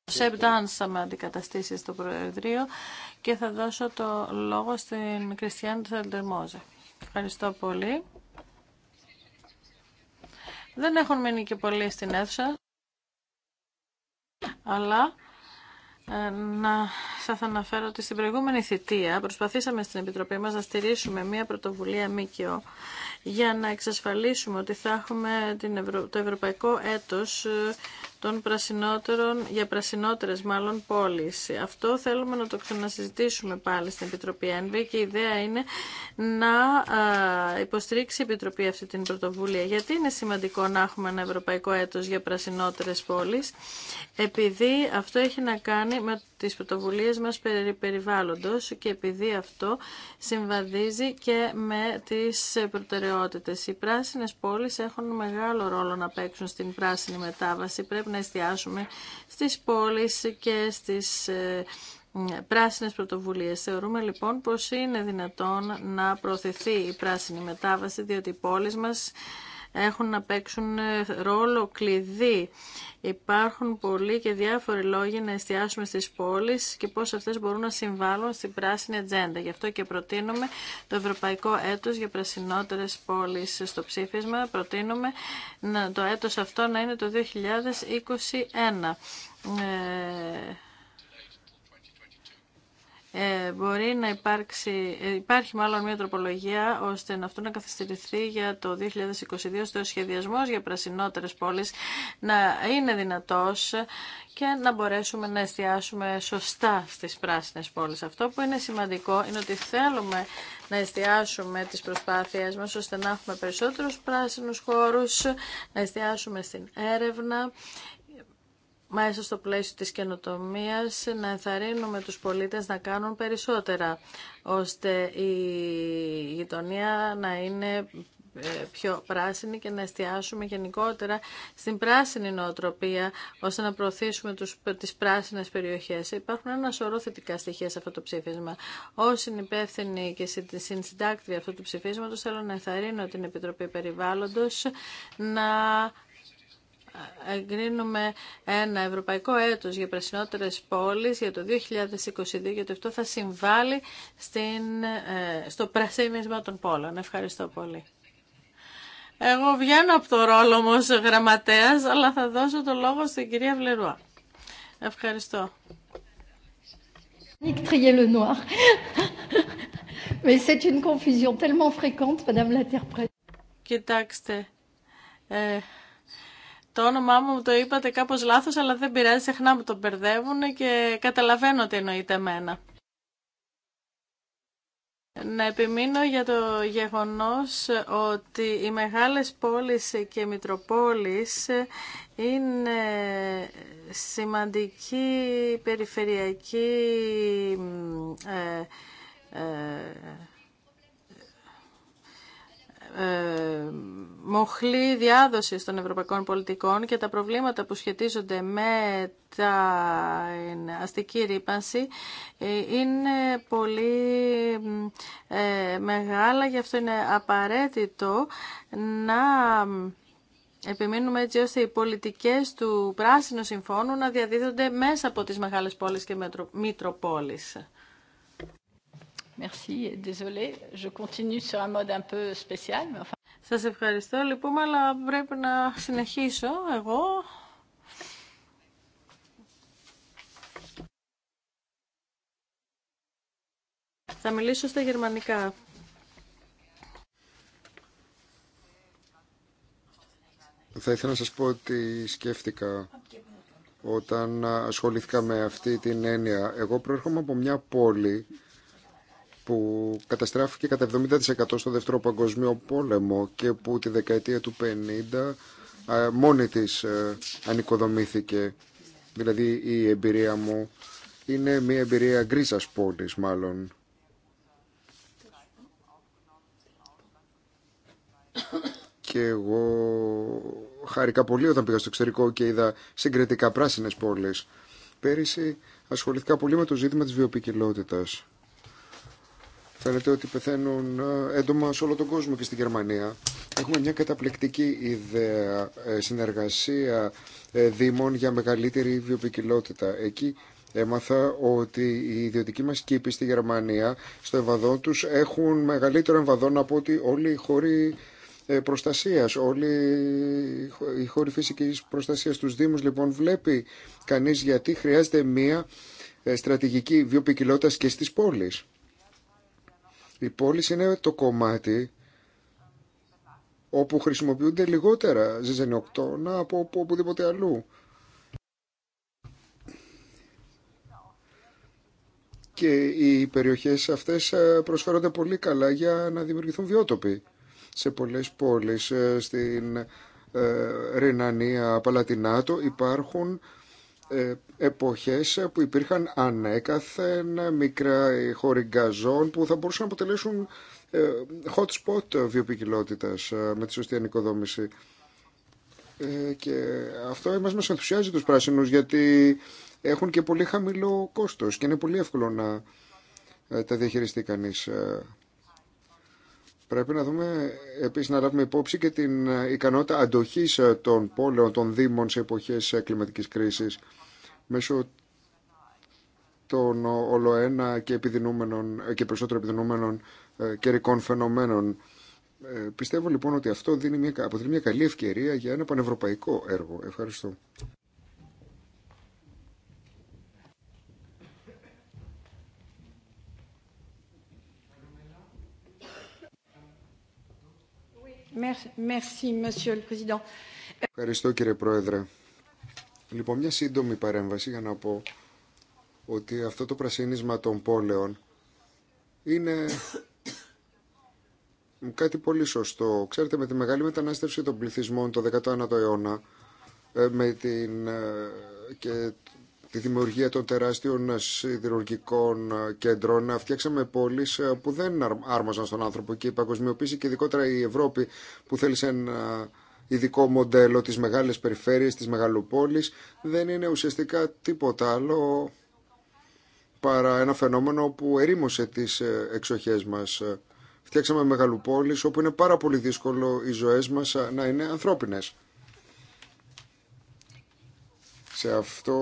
Ο Σεπ με αντικαταστήσει στο Προεδρείο και θα δώσω το λόγο στην Κριστιάν Θελτερμόζε. Ευχαριστώ πολύ. Δεν έχουν μείνει και πολλοί στην αίθουσα, αλλά ε, να σας αναφέρω ότι στην προηγούμενη θητεία προσπαθήσαμε στην Επιτροπή μας να στηρίσουμε μια πρωτοβουλία ΜΚΟ για να εξασφαλίσουμε ότι θα έχουμε το ευρωπαϊκό έτος ε, των πρασινότερων, για πρασινότερες μάλλον πόλεις. Αυτό θέλουμε να το ξανασυζητήσουμε πάλι στην Επιτροπή ΕΝΒΗ και η ιδέα είναι να υποστηρίξει η Επιτροπή αυτή την πρωτοβουλία. Γιατί είναι σημαντικό να έχουμε ένα ευρωπαϊκό έτος για πρασινότερες πόλεις, επειδή αυτό έχει να κάνει με τις πρωτοβουλίες μας περί περιβάλλοντος και επειδή αυτό συμβαδίζει και με τις προτεραιότητες. Οι πράσινες πόλεις έχουν μεγάλο ρόλο να παίξουν στην πράσινη μετάβαση. Πρέπει να εστιάσουμε στις πόλεις και στις ε, πράσινες πρωτοβουλίες. Θεωρούμε λοιπόν πως είναι δυνατόν να προωθηθεί η πράσινη μετάβαση, διότι οι πόλεις μας έχουν να παίξουν ε, ρόλο κλειδί. Υπάρχουν πολλοί και διάφοροι λόγοι να εστιάσουμε στις πόλεις και πώς αυτές μπορούν να συμβάλλουν στην πράσινη ατζέντα. Γι' αυτό και προτείνουμε το Ευρωπαϊκό Έτος για Πρασινότερες Πόλεις. Στο ψήφισμα προτείνουμε το έτος αυτό να είναι το 2021 ε, μπορεί να υπάρξει, ε, υπάρχει μάλλον μια τροπολογία ώστε να αυτό να καθυστερηθεί για το 2022 στο σχεδιασμό για πρασινότερες πόλεις να είναι δυνατός και να μπορέσουμε να εστιάσουμε σωστά στις πράσινες πόλεις. Αυτό που είναι σημαντικό είναι ότι θέλουμε να εστιάσουμε τις προσπάθειές μας ώστε να έχουμε περισσότερους πράσινους χώρους, να εστιάσουμε στην έρευνα μέσα στο πλαίσιο της καινοτομίας να ενθαρρύνουμε τους πολίτες να κάνουν περισσότερα ώστε η γειτονία να είναι ε, πιο πράσινη και να εστιάσουμε γενικότερα στην πράσινη νοοτροπία ώστε να προωθήσουμε τους, τις πράσινες περιοχές. Υπάρχουν ένα σωρό θετικά στοιχεία σε αυτό το ψήφισμα. Ως συνυπεύθυνη και συνσυντάκτρια αυτού του ψηφίσματος θέλω να ενθαρρύνω την Επιτροπή Περιβάλλοντος να εγκρίνουμε ένα ευρωπαϊκό έτος για πρασινότερες πόλεις για το 2022, γιατί αυτό θα συμβάλλει στην, ε, στο πρασίνισμα των πόλων. Ευχαριστώ πολύ. Εγώ βγαίνω από το ρόλο μου ως γραμματέας, αλλά θα δώσω το λόγο στην κυρία Βλερουά. Ευχαριστώ. Mais c'est une confusion tellement fréquente, Madame l'Interprète. Κοιτάξτε, ε, το όνομά μου το είπατε κάπως λάθος, αλλά δεν πειράζει, συχνά μου το μπερδεύουν και καταλαβαίνω τι εννοείται εμένα. Να επιμείνω για το γεγονός ότι οι μεγάλες πόλεις και οι μητροπόλεις είναι σημαντική περιφερειακή ε, ε ε, μοχλή διάδοση των ευρωπαϊκών πολιτικών και τα προβλήματα που σχετίζονται με τα αστική ρήπανση ε, είναι πολύ ε, μεγάλα, γι' αυτό είναι απαραίτητο να επιμείνουμε έτσι ώστε οι πολιτικές του Πράσινου Συμφώνου να διαδίδονται μέσα από τις μεγάλες πόλεις και μητροπόλεις. Merci. Désolé, je continue sur un mode un peu spécial, Σας ευχαριστώ λοιπόν, αλλά πρέπει να συνεχίσω εγώ. Θα μιλήσω στα γερμανικά. Θα ήθελα να σας πω ότι σκέφτηκα όταν ασχολήθηκα με αυτή την έννοια. Εγώ προέρχομαι από μια πόλη που καταστράφηκε κατά 70% στο Δεύτερο Παγκοσμίο Πόλεμο και που τη δεκαετία του 50 μόνη της ε, ανοικοδομήθηκε. Δηλαδή η εμπειρία μου είναι μια εμπειρία γκρίζας πόλης μάλλον. και εγώ χάρηκα πολύ όταν πήγα στο εξωτερικό και είδα συγκριτικά πράσινες πόλεις. Πέρυσι ασχοληθήκα πολύ με το ζήτημα της βιοποικιλότητας. Φαίνεται ότι πεθαίνουν ε, έντομα σε όλο τον κόσμο και στην Γερμανία. Έχουμε μια καταπληκτική ιδέα ε, συνεργασία ε, δήμων για μεγαλύτερη βιοπικιλότητα. Εκεί έμαθα ότι οι ιδιωτικοί μας κήποι στη Γερμανία στο εμβαδό τους έχουν μεγαλύτερο εμβαδόν από ότι όλοι οι χώροι προστασίας, όλοι οι χώροι φυσικής προστασίας τους Δήμους. Λοιπόν βλέπει κανείς γιατί χρειάζεται μια στρατηγική βιοπικιλότητας και στις πόλεις. Η πόλη είναι το κομμάτι όπου χρησιμοποιούνται λιγότερα να από οπουδήποτε αλλού. Και οι περιοχές αυτές ε, προσφέρονται πολύ καλά για να δημιουργηθούν βιότοποι. Σε πολλές πόλεις, ε, στην ε, Ρινανία, Παλατινάτο υπάρχουν ε, εποχές που υπήρχαν ανέκαθεν μικρά χώροι που θα μπορούσαν να αποτελέσουν ε, hot spot βιοποικιλότητας ε, με τη σωστή ανοικοδόμηση. Και αυτό μα μας ενθουσιάζει τους πράσινους γιατί έχουν και πολύ χαμηλό κόστος και είναι πολύ εύκολο να τα διαχειριστεί κανείς Πρέπει να δούμε επίσης να λάβουμε υπόψη και την ε, ικανότητα αντοχής ε, των πόλεων, των δήμων σε εποχές ε, κλιματικής κρίσης μέσω των ολοένα και, επιδεινούμενων, και περισσότερο επιδεινούμενων καιρικών φαινομένων. Πιστεύω λοιπόν ότι αυτό δίνει μια, αποτελεί μια καλή ευκαιρία για ένα πανευρωπαϊκό έργο. Ευχαριστώ. Ευχαριστώ κύριε Πρόεδρε. Λοιπόν, μια σύντομη παρέμβαση για να πω ότι αυτό το πρασίνισμα των πόλεων είναι κάτι πολύ σωστό. Ξέρετε, με τη μεγάλη μετανάστευση των πληθυσμών το 19ο αιώνα ε, με την, ε, και τη δημιουργία των τεράστιων σιδηρουργικών ε, κέντρων, φτιάξαμε πόλεις ε, που δεν άρμοζαν στον άνθρωπο και η παγκοσμιοποίηση και ειδικότερα η Ευρώπη που θέλησε ένα ειδικό μοντέλο, τις μεγάλες περιφέρειες, τις μεγαλοπόλεις, δεν είναι ουσιαστικά τίποτα άλλο παρά ένα φαινόμενο που ερήμωσε τις ε, εξοχές μας. Φτιάξαμε μεγαλοπόλεις όπου είναι πάρα πολύ δύσκολο οι ζωές μας να είναι ανθρώπινες. Σε αυτό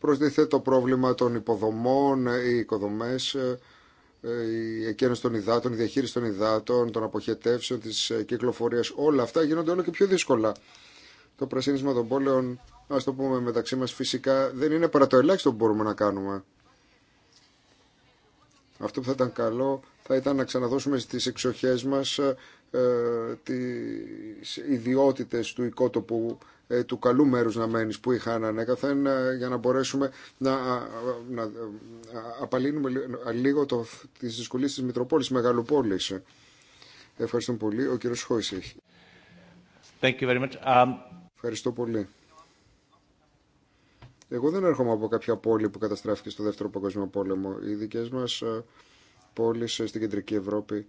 προσδίθεται το πρόβλημα των υποδομών, οι οικοδομές, ε, η εκένωση των υδάτων, η διαχείριση των υδάτων, των αποχετεύσεων, της ε, κυκλοφορίας. Όλα αυτά γίνονται όλο και πιο δύσκολα. Το πρασίνισμα των πόλεων, α το πούμε μεταξύ μας φυσικά, δεν είναι παρά το ελάχιστο που μπορούμε να κάνουμε. Αυτό που θα ήταν καλό θα ήταν να ξαναδώσουμε στις εξοχές μας ε, ε τις ιδιότητες του οικότοπου ε, του καλού μέρους να μένεις που είχαν ανέκαθεν ε, για να μπορέσουμε να, να ε, απαλύνουμε λίγο το, τις δυσκολίες της Μητροπόλης, της Μεγαλοπόλης. Ευχαριστούμε πολύ. Ο κύριος Χόης έχει. Thank you very much. Um... Ευχαριστώ πολύ. Εγώ δεν έρχομαι από κάποια πόλη που καταστράφηκε στο Δεύτερο Παγκόσμιο Πόλεμο. Οι δικέ μα πόλεις στην Κεντρική Ευρώπη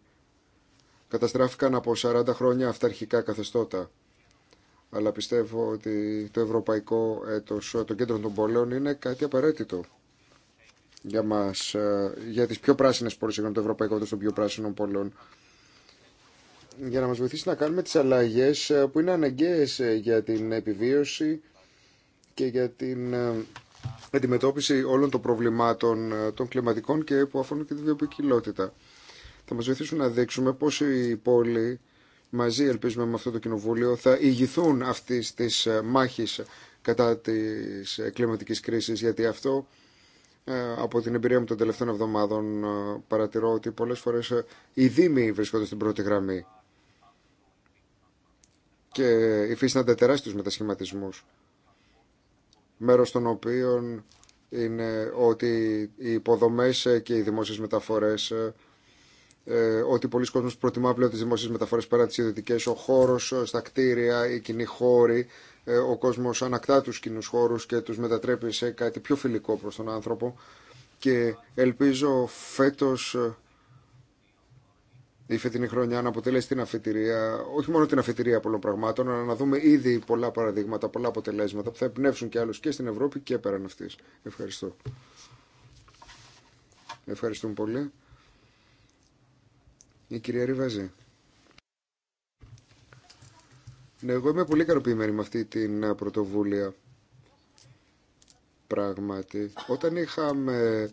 καταστράφηκαν από 40 χρόνια αυταρχικά καθεστώτα αλλά πιστεύω ότι το ευρωπαϊκό έτος των κέντρων των πόλεων είναι κάτι απαραίτητο για μας, ε, για τις πιο πράσινες πόλεις, για το ευρωπαϊκό έτος των πιο πράσινων πόλεων για να μας βοηθήσει να κάνουμε τις αλλαγές ε, που είναι αναγκαίες ε, για την επιβίωση και για την αντιμετώπιση όλων των προβλημάτων των κλιματικών και που αφορούν και τη βιοποικιλότητα. Θα μας βοηθήσουν να δείξουμε πώς η πόλη μαζί ελπίζουμε με αυτό το κοινοβούλιο θα ηγηθούν αυτή τη ε, μάχη κατά της ε, κλιματική κρίσης γιατί αυτό ε, από την εμπειρία μου των τελευταίων εβδομάδων παρατηρώ ότι πολλές φορές οι Δήμοι βρίσκονται στην πρώτη γραμμή και υφίστανται τεράστιους μετασχηματισμούς μέρος των οποίων είναι ότι οι υποδομές και οι δημόσιες μεταφορές ε, ότι πολλοί κόσμοι προτιμά πλέον τι δημόσιε μεταφορέ πέρα τι ιδιωτικέ. Ο χώρο ε, στα κτίρια, οι κοινοί χώροι, ε, ο κόσμο ανακτά του κοινού χώρου και του μετατρέπει σε κάτι πιο φιλικό προ τον άνθρωπο. Και ελπίζω φέτο η φετινή χρονιά να αποτελέσει την αφετηρία, όχι μόνο την αφετηρία πολλών πραγμάτων, αλλά να δούμε ήδη πολλά παραδείγματα, πολλά αποτελέσματα που θα εμπνεύσουν και άλλου και στην Ευρώπη και πέραν αυτή. Ευχαριστώ. Ευχαριστούμε πολύ. Η κυρία Ριβαζή. Ναι, εγώ είμαι πολύ ικανοποιημένη με αυτή την ε, πρωτοβούλια. Πράγματι. Όταν είχαμε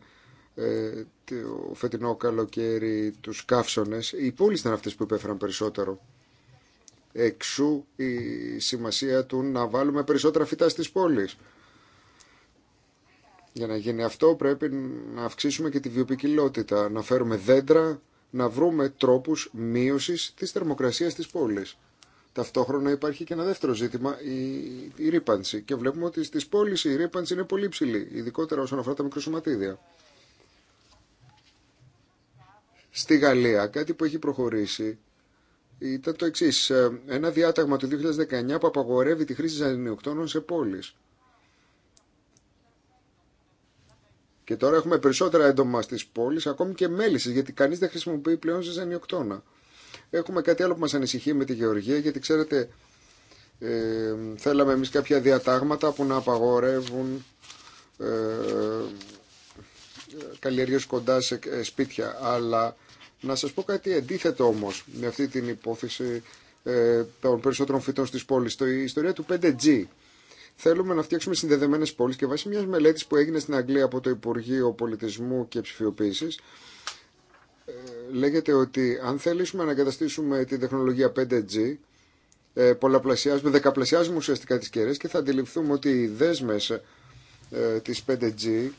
ε, το φετινό καλοκαίρι τους καύσονες, οι πόλεις ήταν αυτές που υπέφεραν περισσότερο. Εξού η σημασία του να βάλουμε περισσότερα φυτά στις πόλεις. Για να γίνει αυτό πρέπει να αυξήσουμε και τη βιοπικιλότητα, να φέρουμε δέντρα να βρούμε τρόπους μείωσης της θερμοκρασίας της πόλης. Ταυτόχρονα υπάρχει και ένα δεύτερο ζήτημα, η, η ρήπανση. Και βλέπουμε ότι στις πόλεις η ρήπανση είναι πολύ ψηλή, ειδικότερα όσον αφορά τα μικροσωματίδια. Στη Γαλλία κάτι που έχει προχωρήσει ήταν το εξή. Ε, ένα διάταγμα του 2019 που απαγορεύει τη χρήση ζανιοκτώνων σε πόλεις. Και τώρα έχουμε περισσότερα έντομα στι πόλει, ακόμη και μέλισσε, γιατί κανεί δεν χρησιμοποιεί πλέον ζεζανιοκτώνα. Έχουμε κάτι άλλο που μα ανησυχεί με τη γεωργία, γιατί ξέρετε, ε, θέλαμε εμεί κάποια διατάγματα που να απαγορεύουν ε, κοντά σε ε, σπίτια. Αλλά να σα πω κάτι αντίθετο όμω με αυτή την υπόθεση ε, των περισσότερων φυτών στι πόλει. Η ιστορία του 5G Θέλουμε να φτιάξουμε συνδεδεμένε πόλει και βάσει μια μελέτη που έγινε στην Αγγλία από το Υπουργείο Πολιτισμού και Ψηφιοποίηση, ε, λέγεται ότι αν θέλουμε να εγκαταστήσουμε την τεχνολογία 5G, ε, πολλαπλασιάζουμε, δεκαπλασιάζουμε ουσιαστικά τι κεραίε και θα αντιληφθούμε ότι οι δέσμες ε, της 5G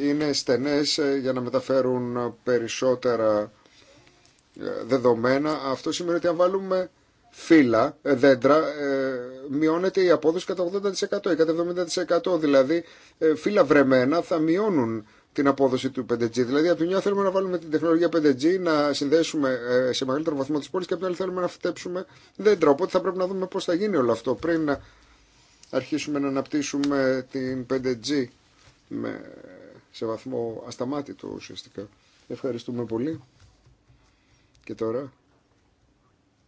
είναι στενές για να μεταφέρουν περισσότερα δεδομένα. Αυτό σημαίνει ότι αν βάλουμε φύλλα, δέντρα, μειώνεται η απόδοση κατά 80% ή κατά 70%. Δηλαδή, ε, φύλλα βρεμένα θα μειώνουν την απόδοση του 5G. Δηλαδή, από τη μια θέλουμε να βάλουμε την τεχνολογία 5G, να συνδέσουμε ε, σε μεγαλύτερο βαθμό τι πόλει και από την άλλη θέλουμε να φυτέψουμε δέντρα. Οπότε θα πρέπει να δούμε πώ θα γίνει όλο αυτό πριν να αρχίσουμε να αναπτύσσουμε την 5G με, σε βαθμό ασταμάτητο ουσιαστικά. Ευχαριστούμε πολύ. Και τώρα,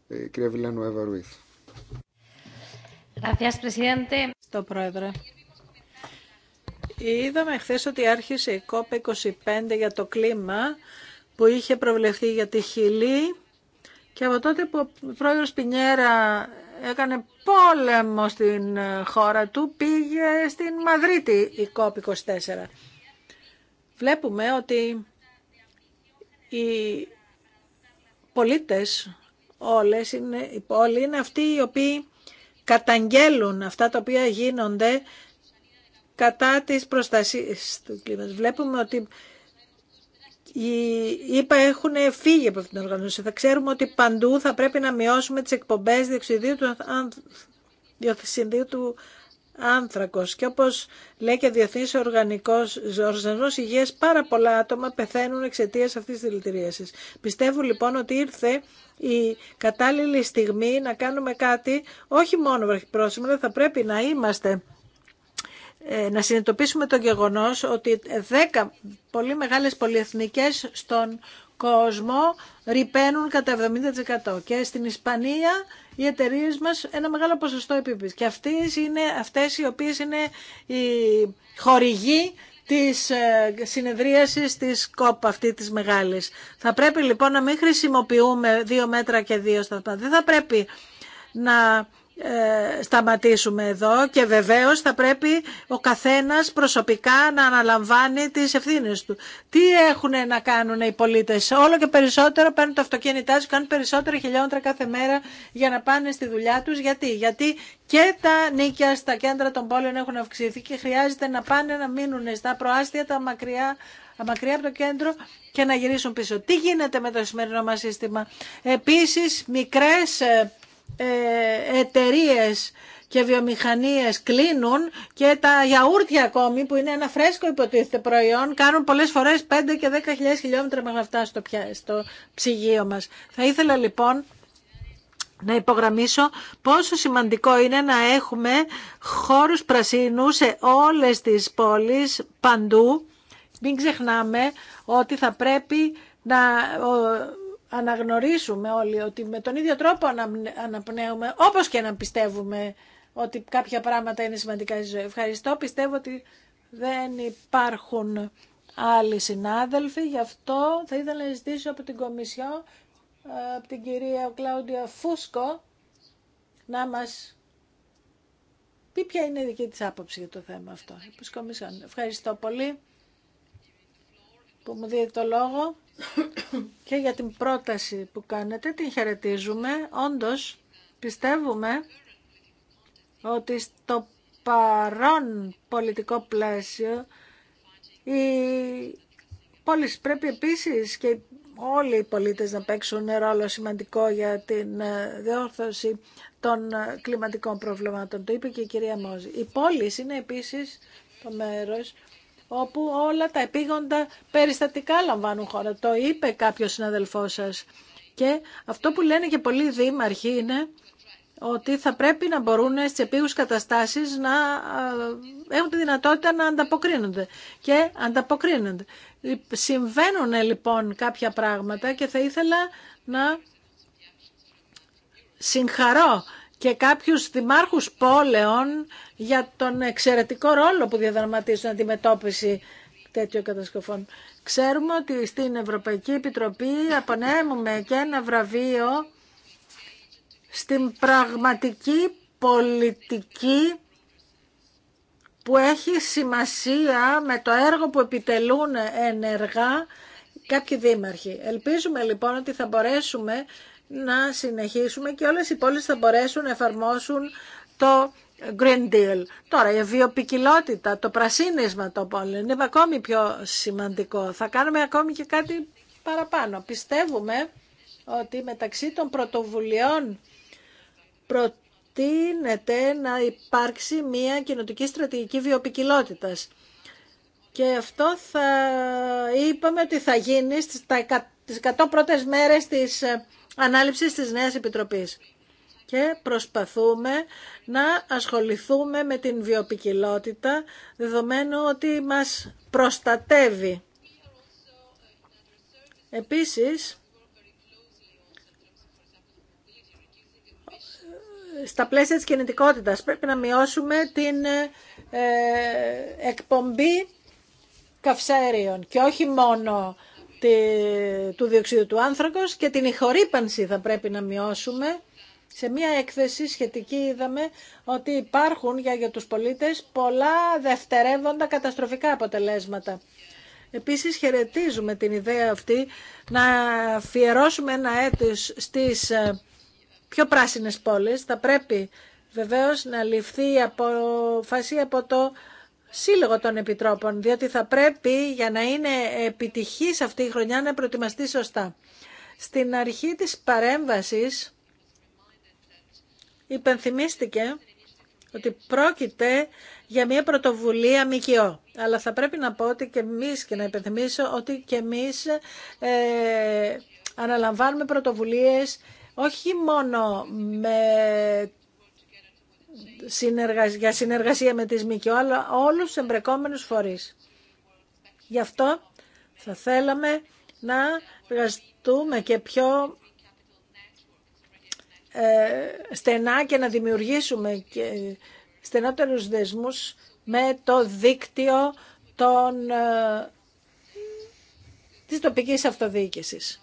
η κυρία Βιλάνου Εύα στο Πρόεδρε. Είδαμε χθε ότι άρχισε η COP25 για το κλίμα που είχε προβλεφθεί για τη Χιλή και από τότε που ο πρόεδρος Πινιέρα έκανε πόλεμο στην ε, χώρα του πήγε στην Μαδρίτη η COP24. Βλέπουμε ότι οι πολίτες όλες, είναι, οι είναι αυτοί οι οποίοι καταγγέλουν αυτά τα οποία γίνονται κατά της προστασίας του κλίματος. Βλέπουμε ότι οι ΙΠΑ έχουν φύγει από αυτήν την οργανώση. Θα ξέρουμε ότι παντού θα πρέπει να μειώσουμε τις εκπομπές διοξιδίου του, διοξιδίου του άνθρακος και όπως λέει και Διεθνής Οργανικός Οργανισμός Υγείας πάρα πολλά άτομα πεθαίνουν εξαιτία αυτής της δηλητηρίασης. Πιστεύω λοιπόν ότι ήρθε η κατάλληλη στιγμή να κάνουμε κάτι όχι μόνο βραχυπρόθεσμα, αλλά θα πρέπει να είμαστε ε, να συνειδητοποιήσουμε το γεγονός ότι 10 πολύ μεγάλες πολυεθνικές στον κόσμο ρηπαίνουν κατά 70% και στην Ισπανία οι εταιρείε μας ένα μεγάλο ποσοστό επιπή. και αυτές είναι αυτές οι οποίες είναι οι χορηγοί της ε, συνεδρίασης της ΚΟΠ αυτή της μεγάλης. Θα πρέπει λοιπόν να μην χρησιμοποιούμε δύο μέτρα και δύο σταθμά. Δεν θα πρέπει να ε, σταματήσουμε εδώ και βεβαίως θα πρέπει ο καθένας προσωπικά να αναλαμβάνει τις ευθύνες του. Τι έχουν να κάνουν οι πολίτες. Όλο και περισσότερο παίρνουν το αυτοκίνητά τους, κάνουν περισσότερα χιλιόμετρα κάθε μέρα για να πάνε στη δουλειά τους. Γιατί, Γιατί και τα νίκια στα κέντρα των πόλεων έχουν αυξηθεί και χρειάζεται να πάνε να μείνουν στα προάστια τα μακριά μακριά από το κέντρο και να γυρίσουν πίσω. Τι γίνεται με το σημερινό μας σύστημα. Επίσης, μικρές ε, ε, εταιρείε και βιομηχανίες κλείνουν και τα γιαούρτια ακόμη που είναι ένα φρέσκο υποτίθεται προϊόν κάνουν πολλές φορές 5 και 10.000 χιλιόμετρα με αυτά στο ψυγείο μας. Θα ήθελα λοιπόν να υπογραμμίσω πόσο σημαντικό είναι να έχουμε χώρους πρασίνου σε όλες τις πόλεις παντού. Μην ξεχνάμε ότι θα πρέπει να αναγνωρίσουμε όλοι ότι με τον ίδιο τρόπο αναπνέουμε, όπως και να πιστεύουμε ότι κάποια πράγματα είναι σημαντικά στη ζωή. Ευχαριστώ, πιστεύω ότι δεν υπάρχουν άλλοι συνάδελφοι, γι' αυτό θα ήθελα να ζητήσω από την Κομισιό, από την κυρία Κλάουντια Φούσκο, να μας πει ποια είναι η δική της άποψη για το θέμα αυτό. Ευχαριστώ πολύ που μου δίδει το λόγο και για την πρόταση που κάνετε. Την χαιρετίζουμε. Όντως, πιστεύουμε ότι στο παρόν πολιτικό πλαίσιο οι πόλεις πρέπει επίσης και όλοι οι πολίτες να παίξουν ρόλο σημαντικό για την ε, διόρθωση των ε, κλιματικών προβλημάτων. Το είπε και η κυρία Μόζη. Οι πόλεις είναι επίσης το μέρος όπου όλα τα επίγοντα περιστατικά λαμβάνουν χώρα. Το είπε κάποιος συναδελφός σας. Και αυτό που λένε και πολλοί δήμαρχοι είναι ότι θα πρέπει να μπορούν στι επίγους καταστάσεις να έχουν τη δυνατότητα να ανταποκρίνονται. Και ανταποκρίνονται. Συμβαίνουν ε, λοιπόν κάποια πράγματα και θα ήθελα να συγχαρώ και κάποιους δημάρχους πόλεων για τον εξαιρετικό ρόλο που διαδραματίζουν στην αντιμετώπιση τέτοιων κατασκοφών. Ξέρουμε ότι στην Ευρωπαϊκή Επιτροπή απονέμουμε και ένα βραβείο στην πραγματική πολιτική που έχει σημασία με το έργο που επιτελούν ενεργά κάποιοι δήμαρχοι. Ελπίζουμε λοιπόν ότι θα μπορέσουμε να συνεχίσουμε και όλες οι πόλεις θα μπορέσουν να εφαρμόσουν το Green Deal. Τώρα η βιοπικιλότητα, το πρασίνισμα το πόλεων είναι ακόμη πιο σημαντικό. Θα κάνουμε ακόμη και κάτι παραπάνω. Πιστεύουμε ότι μεταξύ των πρωτοβουλειών προτείνεται να υπάρξει μια κοινοτική στρατηγική βιοπικιλότητας. Και αυτό θα είπαμε ότι θα γίνει στις 100 πρώτες μέρες της ε, ανάληψη της νέας επιτροπής. Και προσπαθούμε να ασχοληθούμε με την βιοπικιλότητα, δεδομένου ότι μας προστατεύει. Επίσης, στα πλαίσια της κινητικότητας πρέπει να μειώσουμε την ε, εκπομπή καυσαερίων και όχι μόνο του διοξείδου του άνθρακος και την ηχορύπανση θα πρέπει να μειώσουμε. Σε μία έκθεση σχετική είδαμε ότι υπάρχουν για, τους πολίτες πολλά δευτερεύοντα καταστροφικά αποτελέσματα. Επίσης χαιρετίζουμε την ιδέα αυτή να αφιερώσουμε ένα έτος στις ε, πιο πράσινες πόλεις. Θα πρέπει βεβαίως να ληφθεί η αποφασία από το σύλλογο των επιτρόπων, διότι θα πρέπει για να είναι επιτυχής αυτή η χρονιά να προετοιμαστεί σωστά. Στην αρχή της παρέμβασης υπενθυμίστηκε ότι πρόκειται για μια πρωτοβουλία ΜΚΟ. Αλλά θα πρέπει να πω ότι και εμείς και να υπενθυμίσω ότι και εμείς ε, αναλαμβάνουμε πρωτοβουλίες όχι μόνο με για συνεργασία με τις ΜΚΟ, αλλά όλους τους εμπρεκόμενους φορείς. Γι' αυτό θα θέλαμε να εργαστούμε και πιο ε, στενά και να δημιουργήσουμε και στενότερους δεσμούς με το δίκτυο των, ε, της τοπικής αυτοδιοίκησης.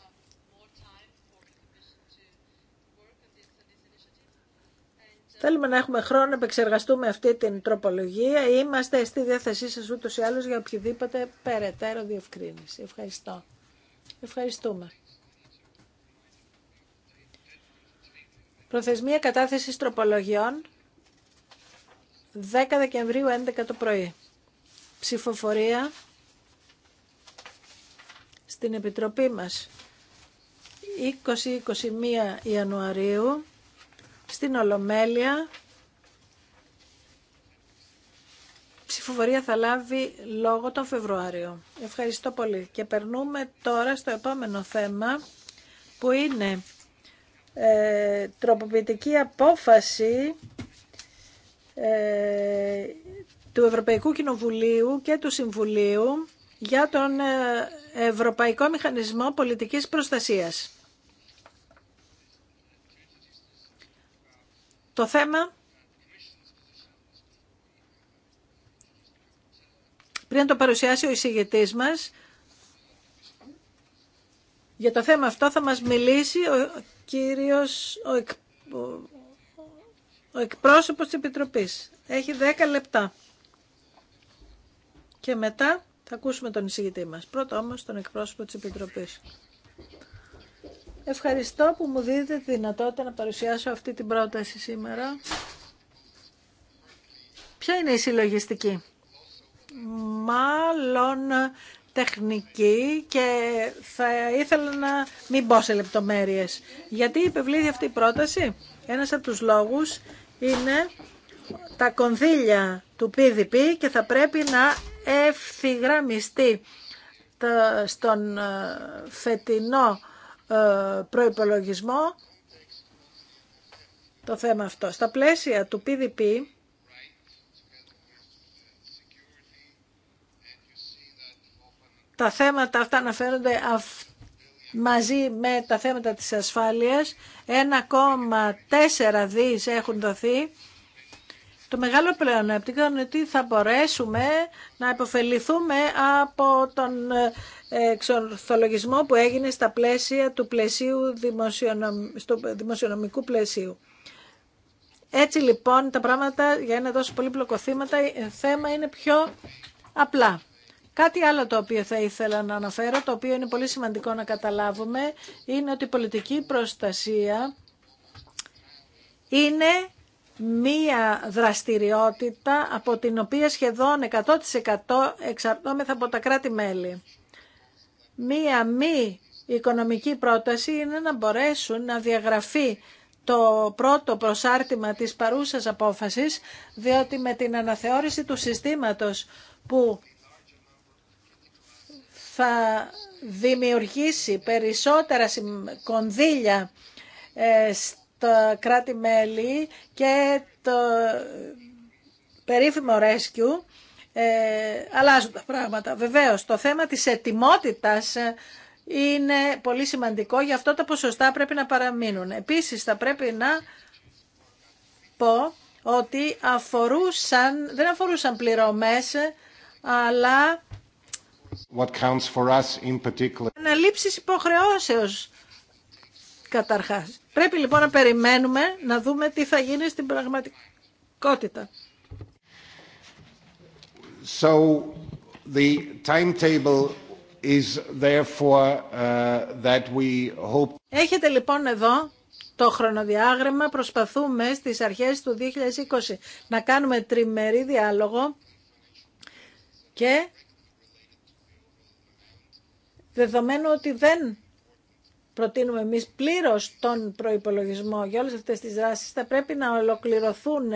Θέλουμε να έχουμε χρόνο να επεξεργαστούμε αυτή την τροπολογία. Είμαστε στη διάθεσή σας ούτως ή άλλως για οποιοδήποτε περαιτέρω διευκρίνηση. Ευχαριστώ. Ευχαριστούμε. Προθεσμία κατάθεσης τροπολογιών 10 Δεκεμβρίου 11 το πρωί. Ψηφοφορία στην Επιτροπή μας 20-21 Ιανουαρίου στην Ολομέλεια ψηφοφορία θα λάβει λόγο τον Φεβρουάριο. Ευχαριστώ πολύ. Και περνούμε τώρα στο επόμενο θέμα που είναι ε, τροποποιητική απόφαση ε, του Ευρωπαϊκού Κοινοβουλίου και του Συμβουλίου για τον ε, Ευρωπαϊκό Μηχανισμό Πολιτικής Προστασίας. Το θέμα πριν το παρουσιάσει ο εισηγητής μας, για το θέμα αυτό θα μας μιλήσει ο κύριος, ο, εκ, εκπρόσωπος της Έχει 10 λεπτά. Και μετά θα ακούσουμε τον εισηγητή μας. Πρώτα όμως τον εκπρόσωπο της Επιτροπής. Ευχαριστώ που μου δίνετε τη δυνατότητα να παρουσιάσω αυτή την πρόταση σήμερα. Ποια είναι η συλλογιστική. Μάλλον τεχνική και θα ήθελα να μην μπω σε λεπτομέρειες. Γιατί υπευλήθη αυτή η πρόταση. Ένας από τους λόγους είναι τα κονδύλια του PDP και θα πρέπει να ευθυγραμμιστεί στον ε, φετινό ε, προϋπολογισμό το θέμα αυτό. Στα πλαίσια του PDP τα θέματα αυτά αναφέρονται μαζί με τα θέματα της ασφάλειας. 1,4 δις έχουν δοθεί. Το μεγάλο πλεονέκτημα είναι ότι θα μπορέσουμε να υποφεληθούμε από τον ε, εξορθολογισμό που έγινε στα πλαίσια του πλαισίου δημοσιονομικού πλαισίου. Έτσι λοιπόν τα πράγματα για ένα τόσο πολύπλοκο ε, θέμα είναι πιο απλά. Κάτι άλλο το οποίο θα ήθελα να αναφέρω, το οποίο είναι πολύ σημαντικό να καταλάβουμε, είναι ότι η πολιτική προστασία είναι μία δραστηριότητα από την οποία σχεδόν 100% εξαρτώμεθα από τα κράτη-μέλη μία μη οικονομική πρόταση είναι να μπορέσουν να διαγραφεί το πρώτο προσάρτημα της παρούσας απόφασης, διότι με την αναθεώρηση του συστήματος που θα δημιουργήσει περισσότερα κονδύλια ε, στα κράτη-μέλη και το περίφημο Rescue, ε, αλλάζουν τα πράγματα. Βεβαίως, το θέμα της ετοιμότητας ε, είναι πολύ σημαντικό, γι' αυτό τα ποσοστά πρέπει να παραμείνουν. Επίσης, θα πρέπει να πω ότι αφορούσαν, δεν αφορούσαν πληρωμές, αλλά What counts for υποχρεώσεως καταρχάς. Πρέπει λοιπόν να περιμένουμε να δούμε τι θα γίνει στην πραγματικότητα. So timetable is therefore uh, that we hope... Έχετε λοιπόν εδώ το χρονοδιάγραμμα. Προσπαθούμε στις αρχές του 2020 να κάνουμε τριμερή διάλογο και δεδομένου ότι δεν προτείνουμε εμείς πλήρως τον προϋπολογισμό για όλες αυτές τις δράσεις θα πρέπει να ολοκληρωθούν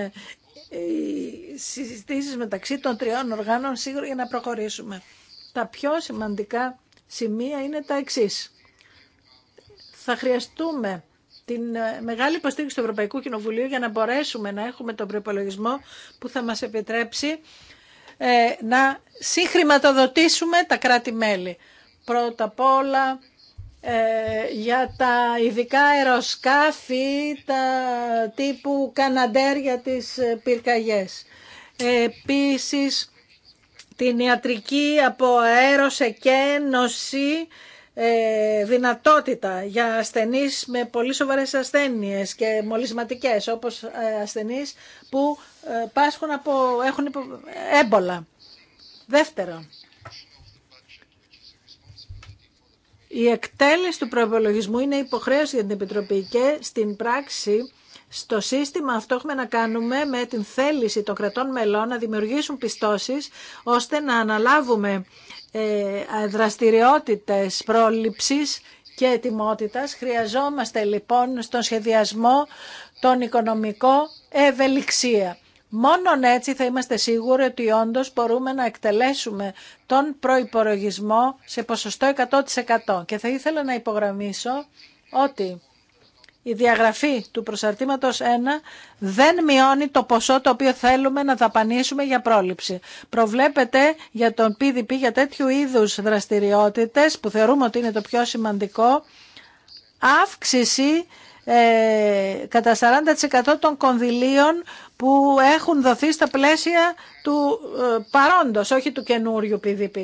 οι συζητήσεις μεταξύ των τριών οργάνων σίγουρα για να προχωρήσουμε. Τα πιο σημαντικά σημεία είναι τα εξής. Θα χρειαστούμε την ε, μεγάλη υποστήριξη του Ευρωπαϊκού Κοινοβουλίου για να μπορέσουμε να έχουμε τον προπολογισμό που θα μας επιτρέψει ε, να συγχρηματοδοτήσουμε τα κράτη-μέλη. Πρώτα απ' όλα ε, για τα ειδικά αεροσκάφη τα τύπου Καναντέρ για τις ε, πυρκαγιές. Επίσης την ιατρική από αέρο νοση ε, δυνατότητα για ασθενείς με πολύ σοβαρές ασθένειες και μολυσματικές όπως ασθενείς που πάσχουν από, έχουν έμπολα. Δεύτερο, Η εκτέλεση του προπολογισμού είναι υποχρέωση για την Επιτροπή και στην πράξη στο σύστημα αυτό έχουμε να κάνουμε με την θέληση των κρατών μελών να δημιουργήσουν πιστώσεις ώστε να αναλάβουμε ε, δραστηριότητες πρόληψης και ετοιμότητας. Χρειαζόμαστε λοιπόν στον σχεδιασμό τον οικονομικό ευελιξία. Μόνον έτσι θα είμαστε σίγουροι ότι όντως μπορούμε να εκτελέσουμε τον προϋπολογισμό σε ποσοστό 100%. Και θα ήθελα να υπογραμμίσω ότι η διαγραφή του προσαρτήματος 1 δεν μειώνει το ποσό το οποίο θέλουμε να δαπανίσουμε για πρόληψη. Προβλέπεται για τον PDP για τέτοιου είδους δραστηριότητες που θεωρούμε ότι είναι το πιο σημαντικό αύξηση ε, κατά 40% των κονδυλίων που έχουν δοθεί στα πλαίσια του ε, παρόντος, όχι του καινούριου PDP.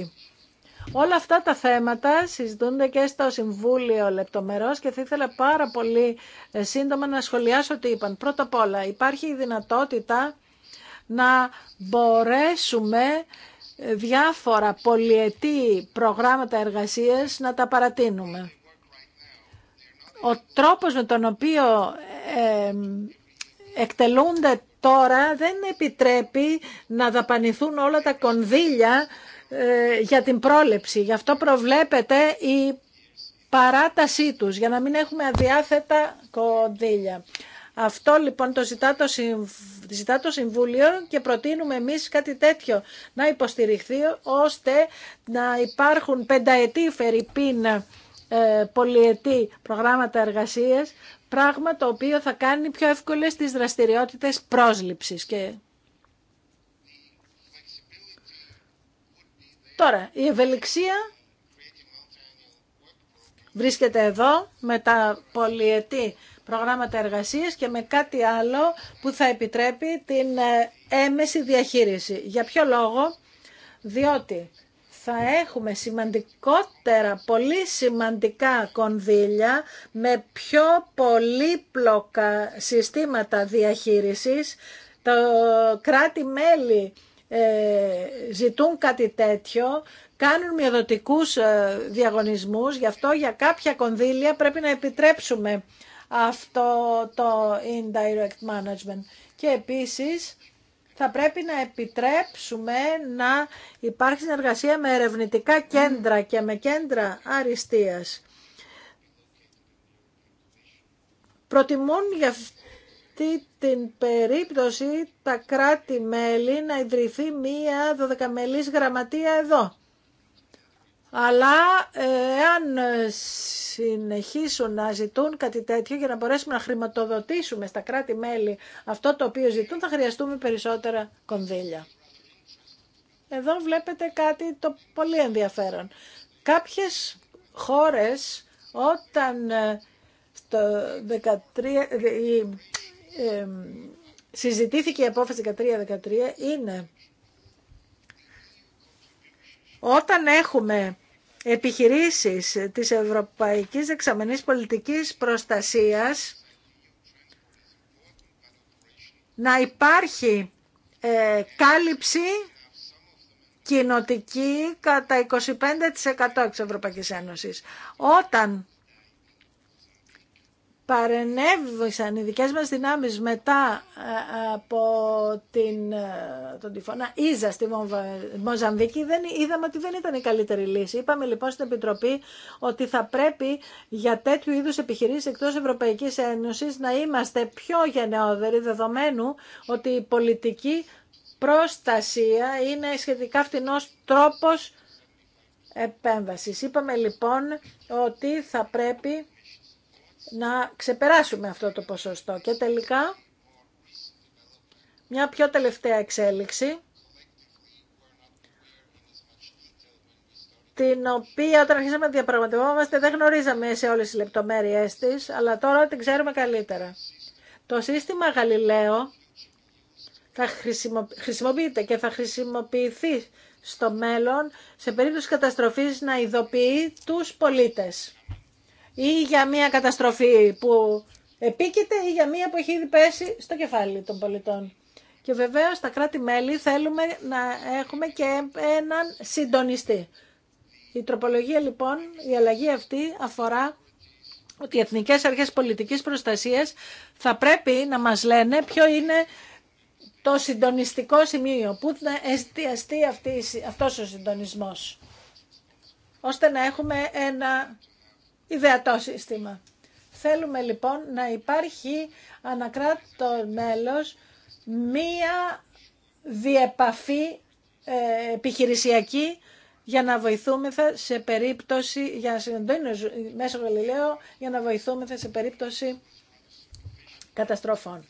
Όλα αυτά τα θέματα συζητούνται και στο Συμβούλιο λεπτομερώς και θα ήθελα πάρα πολύ ε, σύντομα να σχολιάσω τι είπαν. Πρώτα απ' όλα υπάρχει η δυνατότητα να μπορέσουμε διάφορα πολυετή προγράμματα εργασίες να τα παρατείνουμε ο τρόπος με τον οποίο εκτελούνται τώρα δεν επιτρέπει να δαπανηθούν όλα τα κονδύλια ε, για την πρόληψη. Γι' αυτό προβλέπεται η παράτασή τους, για να μην έχουμε αδιάθετα κονδύλια. Αυτό λοιπόν το ζητά το, Συμβούλιο και προτείνουμε εμείς κάτι τέτοιο να υποστηριχθεί ώστε να υπάρχουν πενταετή πίνα. Ε, πολυετή προγράμματα εργασίας, πράγμα το οποίο θα κάνει πιο εύκολες τις δραστηριότητες πρόσληψης. Και... Τώρα, η ευελιξία βρίσκεται εδώ με τα πολυετή προγράμματα εργασίας και με κάτι άλλο που θα επιτρέπει την ε, έμεση διαχείριση. Για ποιο λόγο, διότι θα έχουμε σημαντικότερα, πολύ σημαντικά κονδύλια με πιο πολύπλοκα συστήματα διαχείρισης. Το κράτη-μέλη ε, ζητούν κάτι τέτοιο, κάνουν μειοδοτικούς ε, διαγωνισμούς, γι' αυτό για κάποια κονδύλια πρέπει να επιτρέψουμε αυτό το indirect management. Και επίσης θα πρέπει να επιτρέψουμε να υπάρχει συνεργασία με ερευνητικά κέντρα και με κέντρα αριστείας. Προτιμούν για αυτή την περίπτωση τα κράτη-μέλη να ιδρυθεί μία δωδεκαμελής γραμματεία εδώ. Αλλά ε, εάν ε, συνεχίσουν να ζητούν κάτι τέτοιο για να μπορέσουμε να χρηματοδοτήσουμε στα κράτη-μέλη αυτό το οποίο ζητούν, θα χρειαστούμε περισσότερα κονδύλια. Εδώ βλέπετε κάτι το πολύ ενδιαφέρον. Κάποιες χώρες όταν ε, το 13, συζητήθηκε η απόφαση 13-13 είναι όταν έχουμε επιχειρήσεις της Ευρωπαϊκής Δεξαμενής Πολιτικής Προστασίας, να υπάρχει ε, κάλυψη κοινοτική κατά 25% της Ευρωπαϊκής Ένωσης. Όταν παρενέβησαν οι δικές μας δυνάμεις μετά ε, από την, ε, τον τυφώνα Ίζα στη Μοζαμβίκη δεν είδαμε ότι δεν ήταν η καλύτερη λύση. Είπαμε λοιπόν στην Επιτροπή ότι θα πρέπει για τέτοιου είδους επιχειρήσεις εκτός Ευρωπαϊκής Ένωσης να είμαστε πιο γενναιόδεροι δεδομένου ότι η πολιτική προστασία είναι σχετικά φτηνός τρόπος επέμβασης. Είπαμε λοιπόν ότι θα πρέπει να ξεπεράσουμε αυτό το ποσοστό. Και τελικά, μια πιο τελευταία εξέλιξη, την οποία όταν αρχίσαμε να διαπραγματευόμαστε δεν γνωρίζαμε σε όλες τις λεπτομέρειές της, αλλά τώρα την ξέρουμε καλύτερα. Το σύστημα Γαλιλαίο θα χρησιμοποιείται και θα χρησιμοποιηθεί στο μέλλον σε περίπτωση καταστροφής να ειδοποιεί τους πολίτες ή για μια καταστροφή που επίκειται ή για μια που έχει ήδη πέσει στο κεφάλι των πολιτών. Και βεβαίως στα κράτη-μέλη θέλουμε να έχουμε και έναν συντονιστή. Η τροπολογία λοιπόν, η αλλαγή αυτή αφορά ότι οι εθνικές αρχές πολιτικής προστασίας θα πρέπει να μας λένε ποιο είναι το συντονιστικό σημείο, πού θα εστιαστεί αυτός ο συντονισμός, ώστε να έχουμε ένα ιδεατό σύστημα. Θέλουμε λοιπόν να υπάρχει ανακράτο μέλος μία διεπαφή ε, επιχειρησιακή για να βοηθούμεθα σε περίπτωση, για να συνεντώνει μέσω Γαλιλαίο, για να βοηθούμεθα σε περίπτωση καταστροφών.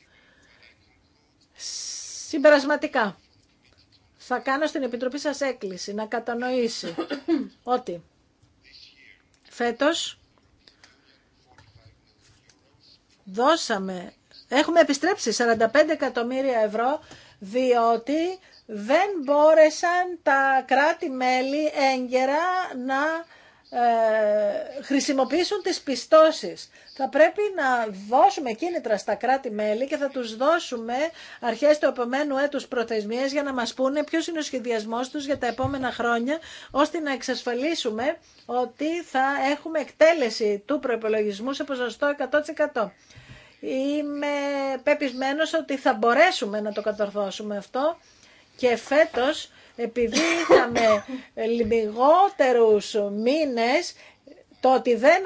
Συμπερασματικά, θα κάνω στην Επιτροπή σας έκκληση να κατανοήσει ότι φέτος δώσαμε, έχουμε επιστρέψει 45 εκατομμύρια ευρώ διότι δεν μπόρεσαν τα κράτη-μέλη έγκαιρα να ε, χρησιμοποιήσουν τις πιστώσεις. Θα πρέπει να δώσουμε κίνητρα στα κράτη-μέλη και θα τους δώσουμε αρχές του επόμενου έτους προθεσμίες για να μας πούνε ποιος είναι ο σχεδιασμός τους για τα επόμενα χρόνια, ώστε να εξασφαλίσουμε ότι θα έχουμε εκτέλεση του προϋπολογισμού σε ποσοστό 100%. Είμαι πεπισμένος ότι θα μπορέσουμε να το κατορθώσουμε αυτό και φέτος επειδή είχαμε λιγότερους μήνες, το ότι δεν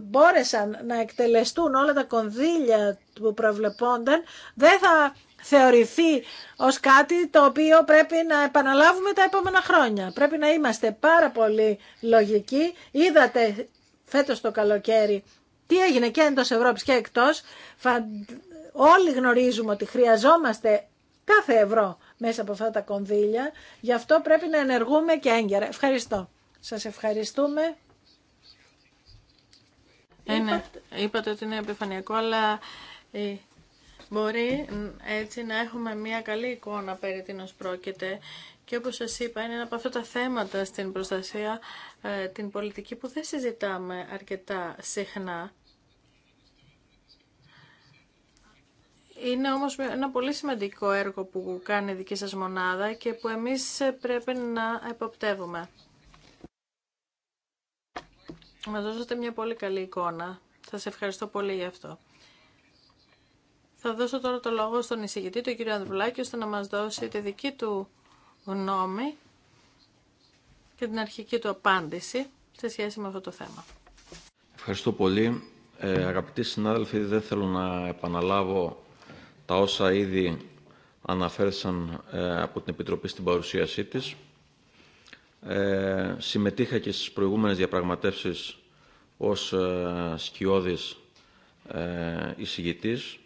μπόρεσαν να εκτελεστούν όλα τα κονδύλια που προβλεπόνταν, δεν θα θεωρηθεί ως κάτι το οποίο πρέπει να επαναλάβουμε τα επόμενα χρόνια. Πρέπει να είμαστε πάρα πολύ λογικοί. Είδατε φέτος το καλοκαίρι τι έγινε και εντός Ευρώπης και εκτός. Όλοι γνωρίζουμε ότι χρειαζόμαστε κάθε ευρώ μέσα από αυτά τα κονδύλια. Γι' αυτό πρέπει να ενεργούμε και έγκαιρα. Ευχαριστώ. Σας ευχαριστούμε. Ε, ναι. Είπατε ότι είναι επιφανειακό, αλλά ε, μπορεί έτσι να έχουμε μια καλή εικόνα περί τίνος πρόκειται. Και όπως σας είπα, είναι ένα από αυτά τα θέματα στην προστασία, ε, την πολιτική που δεν συζητάμε αρκετά συχνά. Είναι όμως ένα πολύ σημαντικό έργο που κάνει η δική σας μονάδα και που εμείς πρέπει να εποπτεύουμε. Μα δώσατε μια πολύ καλή εικόνα. Σας ευχαριστώ πολύ γι' αυτό. Θα δώσω τώρα το λόγο στον εισηγητή, τον κύριο Ανδρουλάκη, ώστε να μας δώσει τη δική του γνώμη και την αρχική του απάντηση σε σχέση με αυτό το θέμα. Ευχαριστώ πολύ. Ε, αγαπητοί συνάδελφοι, δεν θέλω να επαναλάβω τα όσα ήδη αναφέρθησαν ε, από την Επιτροπή στην παρουσίασή της. Ε, συμμετείχα και στις προηγούμενες διαπραγματεύσεις ως ε, σκιώδης ε, εισηγητής.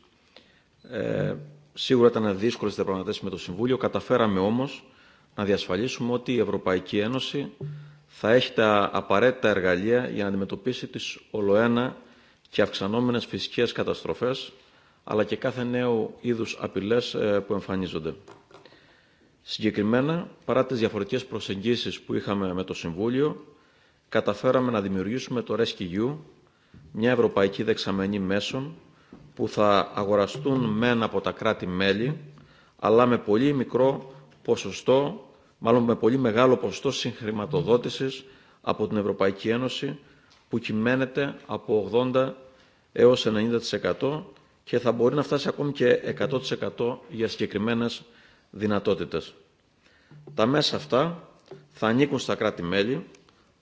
Ε, σίγουρα ήταν δύσκολες διαπραγματεύσεις με το Συμβούλιο. Καταφέραμε όμως να διασφαλίσουμε ότι η Ευρωπαϊκή Ένωση θα έχει τα απαραίτητα εργαλεία για να αντιμετωπίσει τις ολοένα και αυξανόμενες φυσικές καταστροφές αλλά και κάθε νέο είδους απειλές ε, που εμφανίζονται. Συγκεκριμένα, παρά τις διαφορετικές προσεγγίσεις που είχαμε με το Συμβούλιο, καταφέραμε να δημιουργήσουμε το RescueU, μια ευρωπαϊκή δεξαμενή μέσων που θα αγοραστούν μεν από τα κράτη-μέλη, αλλά με πολύ μικρό ποσοστό, μάλλον με πολύ μεγάλο ποσοστό συγχρηματοδότησης από την Ευρωπαϊκή Ένωση, που κυμαίνεται από 80 έως 90% και θα μπορεί να φτάσει ακόμη και 100% για συγκεκριμένες δυνατότητες. Τα μέσα αυτά θα ανήκουν στα κράτη-μέλη,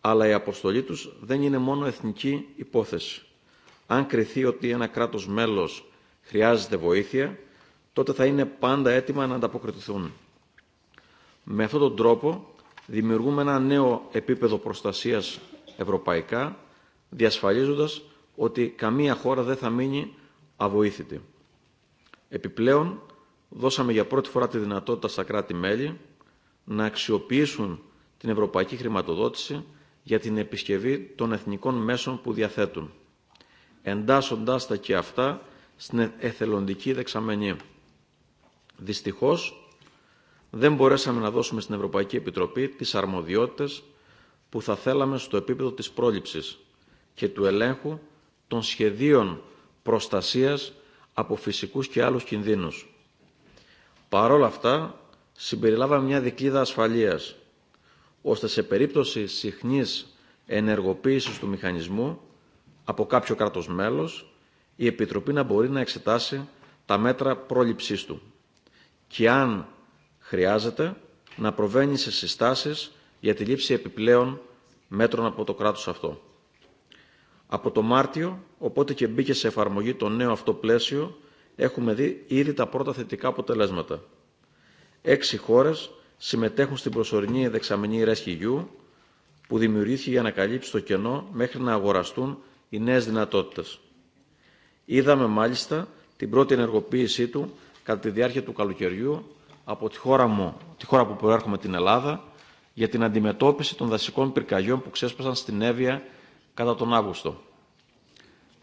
αλλά η αποστολή τους δεν είναι μόνο εθνική υπόθεση. Αν κριθεί ότι ένα κράτος μέλος χρειάζεται βοήθεια, τότε θα είναι πάντα έτοιμα να ανταποκριθούν. Με αυτόν τον τρόπο δημιουργούμε ένα νέο επίπεδο προστασίας ευρωπαϊκά, διασφαλίζοντας ότι καμία χώρα δεν θα μείνει αβοήθητη. Επιπλέον, δώσαμε για πρώτη φορά τη δυνατότητα στα κράτη-μέλη να αξιοποιήσουν την ευρωπαϊκή χρηματοδότηση για την επισκευή των εθνικών μέσων που διαθέτουν, εντάσσοντάς τα και αυτά στην εθελοντική δεξαμενή. Δυστυχώς, δεν μπορέσαμε να δώσουμε στην Ευρωπαϊκή Επιτροπή τις αρμοδιότητες που θα θέλαμε στο επίπεδο της πρόληψης και του ελέγχου των σχεδίων προστασίας από φυσικούς και άλλους κινδύνους. Παρόλα αυτά, συμπεριλάβαμε μια δικλίδα ασφαλείας, ώστε σε περίπτωση συχνής ενεργοποίησης του μηχανισμού από κάποιο κράτος μέλος, η Επιτροπή να μπορεί να εξετάσει τα μέτρα πρόληψής του και αν χρειάζεται να προβαίνει σε συστάσεις για τη λήψη επιπλέον μέτρων από το κράτος αυτό. Από το Μάρτιο, οπότε και μπήκε σε εφαρμογή το νέο αυτό πλαίσιο, έχουμε δει ήδη τα πρώτα θετικά αποτελέσματα. Έξι χώρε συμμετέχουν στην προσωρινή δεξαμενή γιού, που δημιουργήθηκε για να καλύψει το κενό μέχρι να αγοραστούν οι νέες δυνατότητες. Είδαμε μάλιστα την πρώτη ενεργοποίησή του κατά τη διάρκεια του καλοκαιριού από τη χώρα μου, τη χώρα που προέρχομαι την Ελλάδα, για την αντιμετώπιση των δασικών πυρκαγιών που ξέσπασαν στην Εύβοια κατά τον Αύγουστο.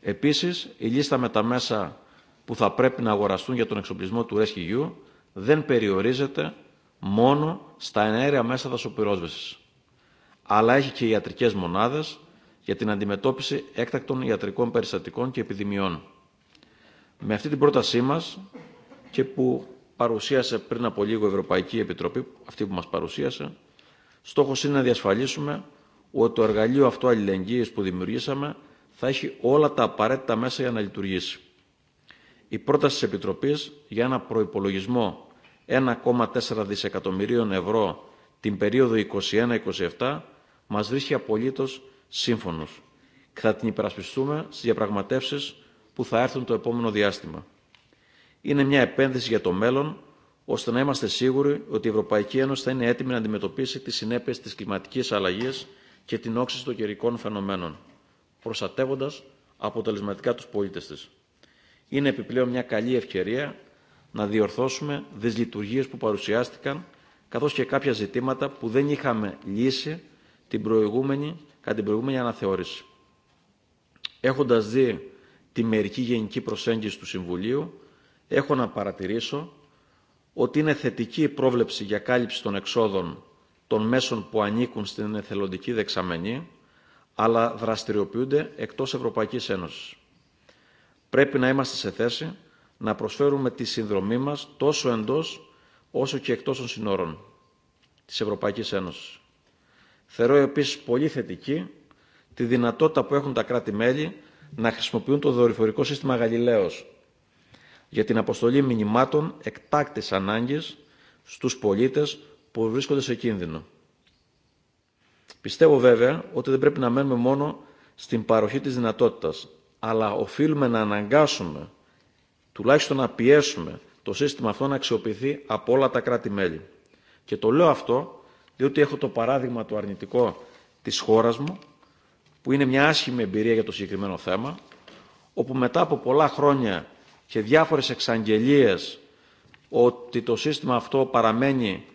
Επίσης, η λίστα με τα μέσα που θα πρέπει να αγοραστούν για τον εξοπλισμό του Rescue δεν περιορίζεται μόνο στα ενέργεια μέσα δασοπυρόσβεσης, αλλά έχει και ιατρικές μονάδες για την αντιμετώπιση έκτακτων ιατρικών περιστατικών και επιδημιών. Με αυτή την πρότασή μας και που παρουσίασε πριν από λίγο η Ευρωπαϊκή Επιτροπή, αυτή που μας παρουσίασε, στόχος είναι να διασφαλίσουμε ότι το εργαλείο αυτό αλληλεγγύης που δημιουργήσαμε θα έχει όλα τα απαραίτητα μέσα για να λειτουργήσει. Η πρόταση της Επιτροπής για ένα προϋπολογισμό 1,4 δισεκατομμυρίων ευρώ την περιοδο 2021 2021-2027 μας βρίσκει απολύτως σύμφωνος και θα την υπερασπιστούμε στις διαπραγματεύσεις που θα έρθουν το επόμενο διάστημα. Είναι μια επένδυση για το μέλλον, ώστε να είμαστε σίγουροι ότι η Ευρωπαϊκή Ένωση θα είναι έτοιμη να αντιμετωπίσει τις συνέπειες της κλιματικής αλλαγής και την όξυση των καιρικών φαινομένων, προστατεύοντα αποτελεσματικά του πολίτε τη. Είναι επιπλέον μια καλή ευκαιρία να διορθώσουμε δυσλειτουργίε που παρουσιάστηκαν, καθώς και κάποια ζητήματα που δεν είχαμε λύσει την προηγούμενη, κατά την προηγούμενη αναθεώρηση. Έχοντας δει τη μερική γενική προσέγγιση του Συμβουλίου, έχω να παρατηρήσω ότι είναι θετική η πρόβλεψη για κάλυψη των εξόδων των μέσων που ανήκουν στην εθελοντική δεξαμενή, αλλά δραστηριοποιούνται εκτός Ευρωπαϊκής Ένωσης. Πρέπει να είμαστε σε θέση να προσφέρουμε τη συνδρομή μας τόσο εντός όσο και εκτός των συνόρων της Ευρωπαϊκής Ένωσης. Θεωρώ επίσης πολύ θετική τη δυνατότητα που έχουν τα κράτη-μέλη να χρησιμοποιούν το δορυφορικό σύστημα Γαλιλαίος για την αποστολή μηνυμάτων εκτάκτης ανάγκης στους πολίτες που βρίσκονται σε κίνδυνο. Πιστεύω βέβαια ότι δεν πρέπει να μένουμε μόνο στην παροχή της δυνατότητας, αλλά οφείλουμε να αναγκάσουμε, τουλάχιστον να πιέσουμε, το σύστημα αυτό να αξιοποιηθεί από όλα τα κράτη-μέλη. Και το λέω αυτό διότι έχω το παράδειγμα το αρνητικό της χώρας μου, που είναι μια άσχημη εμπειρία για το συγκεκριμένο θέμα, όπου μετά από πολλά χρόνια και διάφορες εξαγγελίες ότι το σύστημα αυτό παραμένει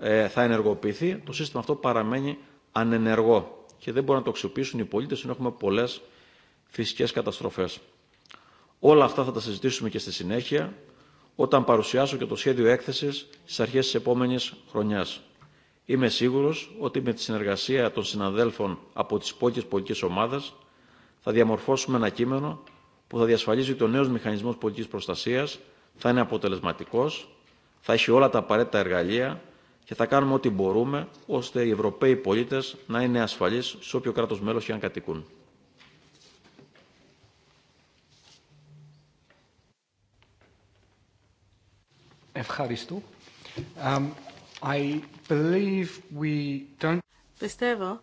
ε, θα ενεργοποιηθεί, το σύστημα αυτό παραμένει ανενεργό και δεν μπορούν να το αξιοποιήσουν οι πολίτες ενώ έχουμε πολλές φυσικές καταστροφές. Όλα αυτά θα τα συζητήσουμε και στη συνέχεια όταν παρουσιάσω και το σχέδιο έκθεσης στις αρχές τη επόμενη χρονιά. Είμαι σίγουρος ότι με τη συνεργασία των συναδέλφων από τις υπόλοιπες πολιτικές ομάδες θα διαμορφώσουμε ένα κείμενο που θα διασφαλίζει ότι ο νέο μηχανισμός πολιτικής προστασία θα είναι αποτελεσματικό, θα έχει όλα τα απαραίτητα εργαλεία και θα κάνουμε ό,τι μπορούμε ώστε οι Ευρωπαίοι πολίτες να είναι ασφαλείς σε όποιο κράτος μέλος και αν κατοικούν. Ευχαριστώ. Um, I believe we don't... Πιστεύω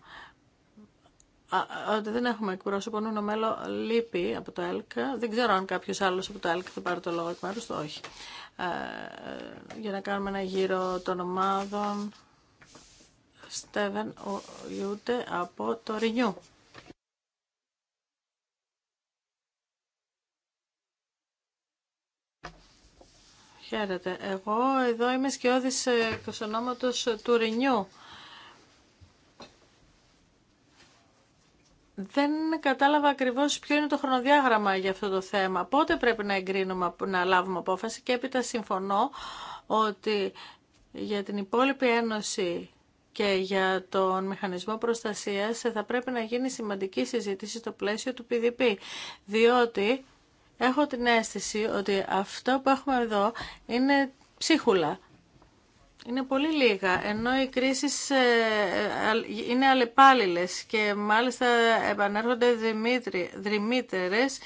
ότι δεν έχουμε εκπρόσωπο νούνο μέλο λείπει από το ΕΛΚ. Δεν ξέρω αν κάποιος άλλος από το ΕΛΚ θα πάρει το λόγο εκ μέρους του. Όχι. Ε, ε, για να κάνουμε ένα γύρο των ομάδων. Στέβεν Ιούτε από το Ρινιού. Χαίρετε. Εγώ εδώ είμαι σκιώδης ε, εξ του Ρινιού. δεν κατάλαβα ακριβώς ποιο είναι το χρονοδιάγραμμα για αυτό το θέμα. Πότε πρέπει να εγκρίνουμε, να λάβουμε απόφαση και έπειτα συμφωνώ ότι για την υπόλοιπη Ένωση και για τον μηχανισμό προστασίας θα πρέπει να γίνει σημαντική συζήτηση στο πλαίσιο του PDP, διότι έχω την αίσθηση ότι αυτό που έχουμε εδώ είναι ψίχουλα είναι πολύ λίγα, ενώ οι κρίσεις ε, ε, είναι αλλεπάλληλες και μάλιστα επανέρχονται δρυμύτερες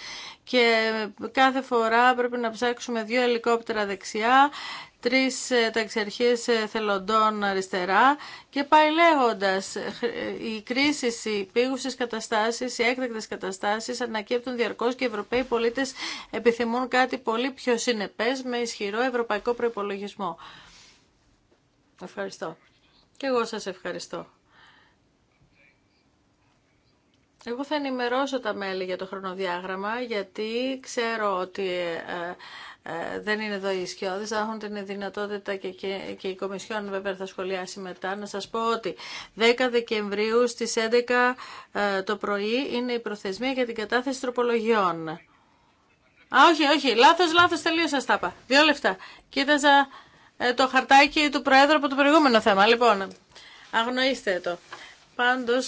και κάθε φορά πρέπει να ψάξουμε δύο ελικόπτερα δεξιά, τρεις ε, ταξιαρχίες θελοντών αριστερά και πάει λέγοντας οι κρίσεις, οι πήγουσε καταστάσεις, οι έκτακτες καταστάσεις ανακύπτουν διαρκώς και οι Ευρωπαίοι πολίτες επιθυμούν κάτι πολύ πιο συνεπές με ισχυρό ευρωπαϊκό προϋπολογισμό. Ευχαριστώ. Και εγώ σας ευχαριστώ. Εγώ θα ενημερώσω τα μέλη για το χρονοδιάγραμμα, γιατί ξέρω ότι ε, ε, δεν είναι εδώ οι θα έχουν την δυνατότητα και, και, η Κομισιόν βέβαια θα σχολιάσει μετά. Να σας πω ότι 10 Δεκεμβρίου στις 11 ε, το πρωί είναι η προθεσμία για την κατάθεση τροπολογιών. Α, όχι, όχι, λάθος, λάθος, τελείωσα, στάπα. Δύο λεφτά. Κοίταζα... Ε, το χαρτάκι του Προέδρου από το προηγούμενο θέμα. Λοιπόν, αγνοήστε το. Πάντω, 10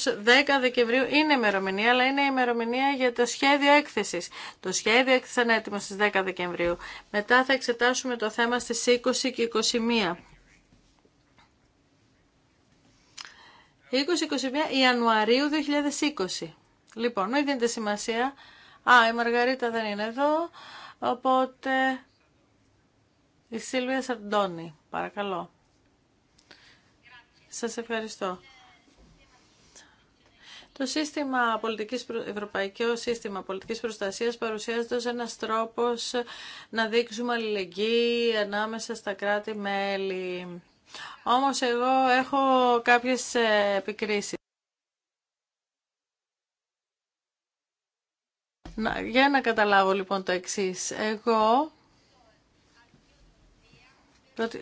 Δεκεμβρίου είναι ημερομηνία, αλλά είναι η ημερομηνία για το σχέδιο έκθεση. Το σχέδιο έκθεση είναι έτοιμο στι 10 Δεκεμβρίου. Μετά θα εξετάσουμε το θέμα στι 20 και 21. 20-21 Ιανουαρίου 2020. Λοιπόν, μην δίνετε σημασία. Α, η Μαργαρίτα δεν είναι εδώ, οπότε η Σίλβια Σαρντώνη, παρακαλώ. Σας ευχαριστώ. Το σύστημα πολιτικής, ευρωπαϊκό σύστημα πολιτικής προστασίας παρουσιάζεται ως ένας τρόπος να δείξουμε αλληλεγγύη ανάμεσα στα κράτη-μέλη. Όμως εγώ έχω κάποιες ε, επικρίσεις. για να καταλάβω λοιπόν το εξής. Εγώ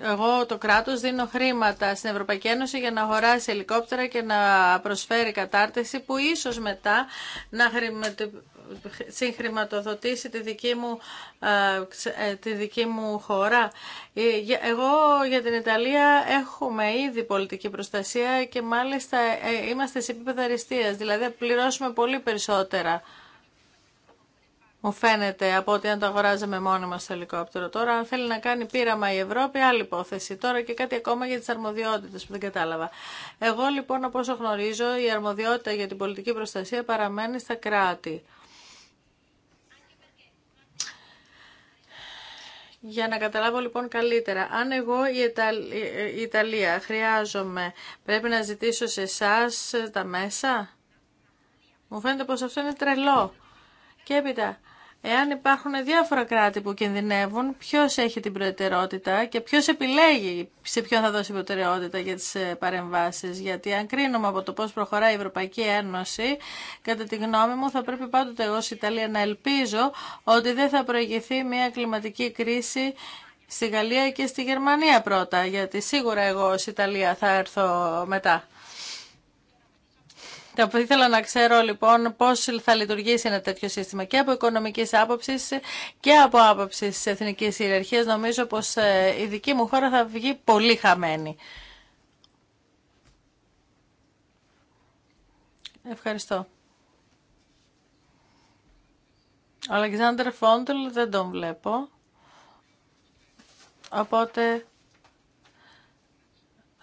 εγώ το κράτος δίνω χρήματα στην Ευρωπαϊκή Ένωση για να αγοράσει ελικόπτερα και να προσφέρει κατάρτιση που ίσως μετά να συγχρηματοδοτήσει τη δική μου, ε, τη δική μου χώρα. Ε, εγώ για την Ιταλία έχουμε ήδη πολιτική προστασία και μάλιστα ε, είμαστε σε επίπεδα αριστείας, δηλαδή πληρώσουμε πολύ περισσότερα μου φαίνεται από ότι αν το αγοράζαμε μόνο μας το ελικόπτερο. Τώρα αν θέλει να κάνει πείραμα η Ευρώπη, άλλη υπόθεση. Τώρα και κάτι ακόμα για τις αρμοδιότητες που δεν κατάλαβα. Εγώ λοιπόν από όσο γνωρίζω η αρμοδιότητα για την πολιτική προστασία παραμένει στα κράτη. Για να καταλάβω λοιπόν καλύτερα, αν εγώ η, Ιταλία χρειάζομαι, πρέπει να ζητήσω σε εσά τα μέσα. Μου φαίνεται πως αυτό είναι τρελό. Και έπειτα, Εάν υπάρχουν διάφορα κράτη που κινδυνεύουν, ποιο έχει την προτεραιότητα και ποιο επιλέγει σε ποιον θα δώσει προτεραιότητα για τι ε, παρεμβάσει. Γιατί αν κρίνουμε από το πώ προχωράει η Ευρωπαϊκή Ένωση, κατά τη γνώμη μου θα πρέπει πάντοτε εγώ στην Ιταλία να ελπίζω ότι δεν θα προηγηθεί μια κλιματική κρίση στη Γαλλία και στη Γερμανία πρώτα. Γιατί σίγουρα εγώ ως Ιταλία θα έρθω μετά. Θα ήθελα να ξέρω λοιπόν πώς θα λειτουργήσει ένα τέτοιο σύστημα και από οικονομική άποψη και από άποψη εθνικής ιεραρχίας. Νομίζω πως ε, η δική μου χώρα θα βγει πολύ χαμένη. Ευχαριστώ. Ο Αλεξάνδρ Φόντουλ δεν τον βλέπω. Οπότε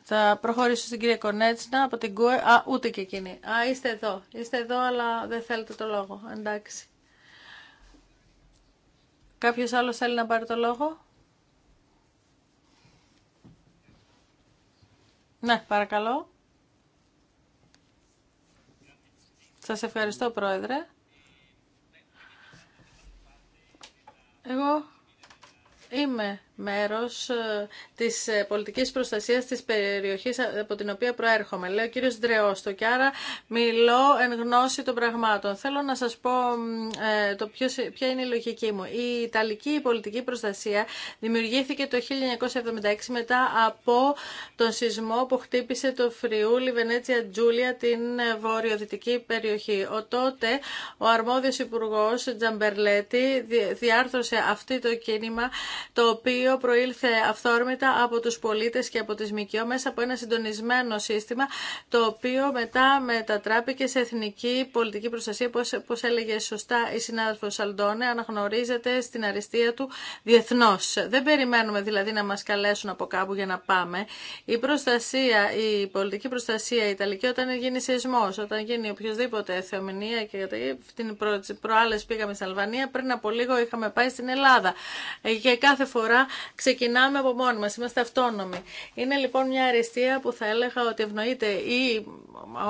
θα προχωρήσω στην κυρία Κονέτσνα από την ΚΟΕ. Α, ούτε και εκείνη. Α, είστε εδώ. Είστε εδώ, αλλά δεν θέλετε το λόγο. Εντάξει. Κάποιος άλλος θέλει να πάρει το λόγο. Ναι, παρακαλώ. Σας ευχαριστώ, Πρόεδρε. Εγώ είμαι μέρος ε, της ε, πολιτικής προστασίας της περιοχής ε, από την οποία προέρχομαι. Λέω κύριος Ντρεώστο και άρα μιλώ εν γνώση των πραγμάτων. Θέλω να σας πω το ποια είναι η λογική μου. Η Ιταλική πολιτική προστασία δημιουργήθηκε το 1976 μετά από τον σεισμό που χτύπησε το Φριούλι Βενέτσια Τζούλια την βορειοδυτική περιοχή. Ο τότε ο αρμόδιος υπουργός Τζαμπερλέτη διάρθρωσε αυτό το κίνημα το οποίο οποίο προήλθε αυθόρμητα από τους πολίτες και από τις ΜΚΟ μέσα από ένα συντονισμένο σύστημα το οποίο μετά μετατράπηκε σε εθνική πολιτική προστασία όπως, όπως έλεγε σωστά η συνάδελφος Σαλντόνε αναγνωρίζεται στην αριστεία του διεθνώς. Δεν περιμένουμε δηλαδή να μας καλέσουν από κάπου για να πάμε. Η προστασία, η πολιτική προστασία η Ιταλική όταν γίνει σεισμός, όταν γίνει οποιοδήποτε θεομηνία και την προ... προάλλες πήγαμε στην Αλβανία, πριν από λίγο είχαμε πάει στην Ελλάδα. Ε, και κάθε φορά ξεκινάμε από μόνοι μας, είμαστε αυτόνομοι. Είναι λοιπόν μια αριστεία που θα έλεγα ότι ευνοείται ή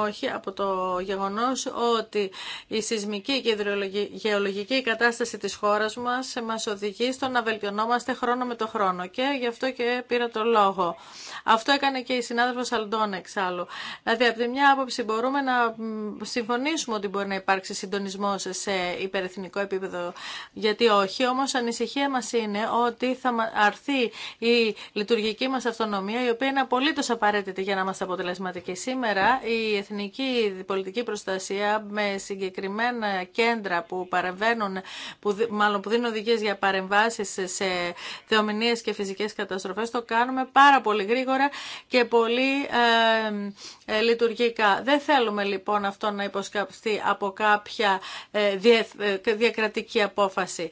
όχι από το γεγονός ότι η σεισμική και η γεωλογική κατάσταση της χώρας μας μας οδηγεί στο να βελτιωνόμαστε χρόνο με το χρόνο και γι' αυτό και πήρα το λόγο. Αυτό έκανε και η συνάδελφος Αλντών εξάλλου. Δηλαδή από τη μια άποψη μπορούμε να συμφωνήσουμε ότι μπορεί να υπάρξει συντονισμός σε υπερεθνικό επίπεδο γιατί όχι, όμως ανησυχία μας είναι ότι θα αρθεί η λειτουργική μας αυτονομία, η οποία είναι απολύτως απαραίτητη για να είμαστε αποτελεσματικοί. Σήμερα η εθνική πολιτική προστασία με συγκεκριμένα κέντρα που παρεμβαίνουν, που, μάλλον που δίνουν οδηγίες για παρεμβάσεις σε θεομηνίες και φυσικές καταστροφές, το κάνουμε πάρα πολύ γρήγορα και πολύ ε, λειτουργικά. Δεν θέλουμε λοιπόν αυτό να υποσκαπτεί από κάποια ε, ε, διακρατική απόφαση.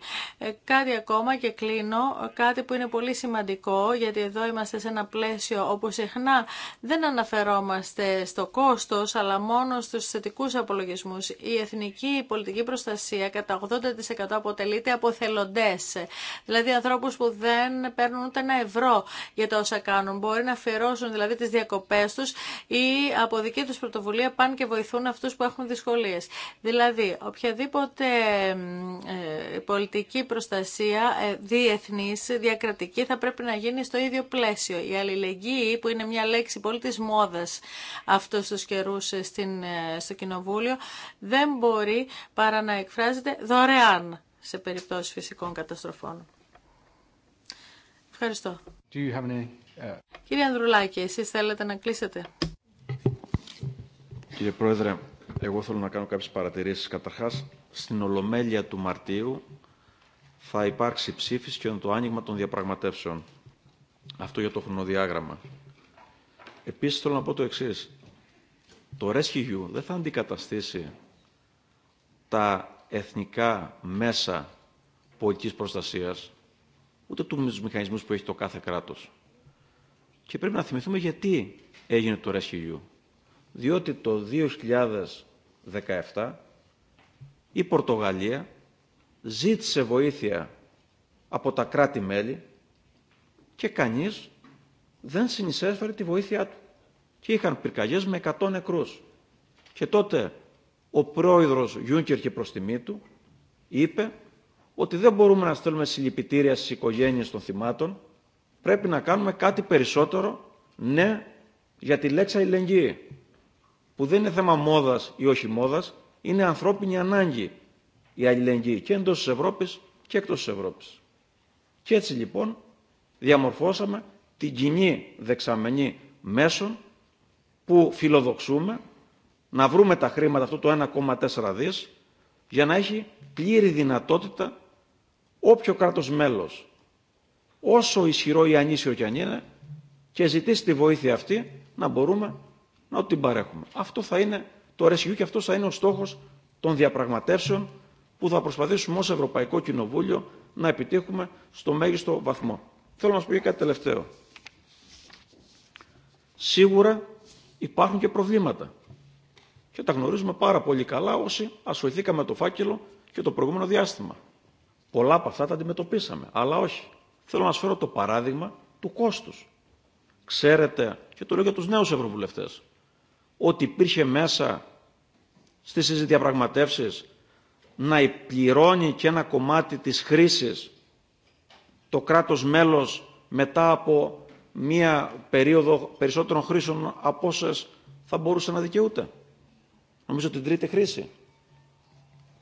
Κάτι ακόμα και κλείνω, κάτι που που είναι πολύ σημαντικό γιατί εδώ είμαστε σε ένα πλαίσιο όπου συχνά δεν αναφερόμαστε στο κόστος αλλά μόνο στους θετικούς απολογισμούς. Η εθνική πολιτική προστασία κατά 80% αποτελείται από θελοντές, δηλαδή ανθρώπους που δεν παίρνουν ούτε ένα ευρώ για τα όσα κάνουν. Μπορεί να αφιερώσουν δηλαδή τις διακοπές τους ή από δική τους πρωτοβουλία πάνε και βοηθούν αυτούς που έχουν δυσκολίες. Δηλαδή, οποιαδήποτε ε, πολιτική προστασία ε, διεθνής, κρατική θα πρέπει να γίνει στο ίδιο πλαίσιο. Η αλληλεγγύη που είναι μια λέξη πολύ της μόδας αυτούς τους καιρούς ε, στην, ε, στο Κοινοβούλιο δεν μπορεί παρά να εκφράζεται δωρεάν σε περιπτώσεις φυσικών καταστροφών. Ευχαριστώ. Do you have any... Uh, Κύριε Ανδρουλάκη, εσείς θέλετε να κλείσετε. Κύριε Πρόεδρε, εγώ θέλω να κάνω κάποιες παρατηρήσεις. Καταρχάς, στην Ολομέλεια του Μαρτίου θα υπάρξει ψήφιση και το άνοιγμα των διαπραγματεύσεων. Αυτό για το χρονοδιάγραμμα. Επίσης θέλω να πω το εξής. Το Rescue δεν θα αντικαταστήσει τα εθνικά μέσα πολιτικής προστασίας, ούτε του μηχανισμού που έχει το κάθε κράτος. Και πρέπει να θυμηθούμε γιατί έγινε το Rescue. Διότι το 2017 η Πορτογαλία ζήτησε βοήθεια από τα κράτη-μέλη και κανείς δεν συνεισέφερε τη βοήθειά του. Και είχαν πυρκαγιές με 100 νεκρούς. Και τότε ο πρόεδρος Γιούνκερ και προς τιμή του είπε ότι δεν μπορούμε να στέλνουμε συλληπιτήρια στις οικογένειες των θυμάτων, πρέπει να κάνουμε κάτι περισσότερο, ναι, για τη λέξη αλληλεγγύη, που δεν είναι θέμα μόδας ή όχι μόδας, είναι ανθρώπινη ανάγκη η αλληλεγγύη και εντός της Ευρώπης και εκτός της Ευρώπης. Και έτσι λοιπόν διαμορφώσαμε την κοινή δεξαμενή μέσων που φιλοδοξούμε να βρούμε τα χρήματα αυτό το 1,4 δις για να έχει πλήρη δυνατότητα όποιο κράτος μέλος όσο ισχυρό ή ανήσιο κι αν είναι και ζητήσει τη βοήθεια αυτή να μπορούμε να την παρέχουμε. Αυτό θα είναι το ρεσιού και αυτό θα είναι ο στόχος των διαπραγματεύσεων που θα προσπαθήσουμε ως Ευρωπαϊκό Κοινοβούλιο να επιτύχουμε στο μέγιστο βαθμό. Θέλω να σας πω και κάτι τελευταίο. Σίγουρα υπάρχουν και προβλήματα. Και τα γνωρίζουμε πάρα πολύ καλά όσοι ασχοληθήκαμε το φάκελο και το προηγούμενο διάστημα. Πολλά από αυτά τα αντιμετωπίσαμε, αλλά όχι. Θέλω να σας φέρω το παράδειγμα του κόστους. Ξέρετε, και το λέω για τους νέους ευρωβουλευτές, ότι υπήρχε μέσα στις διαπραγματεύσεις να πληρώνει και ένα κομμάτι της χρήσης το κράτος μέλος μετά από μία περίοδο περισσότερων χρήσεων από όσες θα μπορούσε να δικαιούται. Νομίζω την τρίτη χρήση.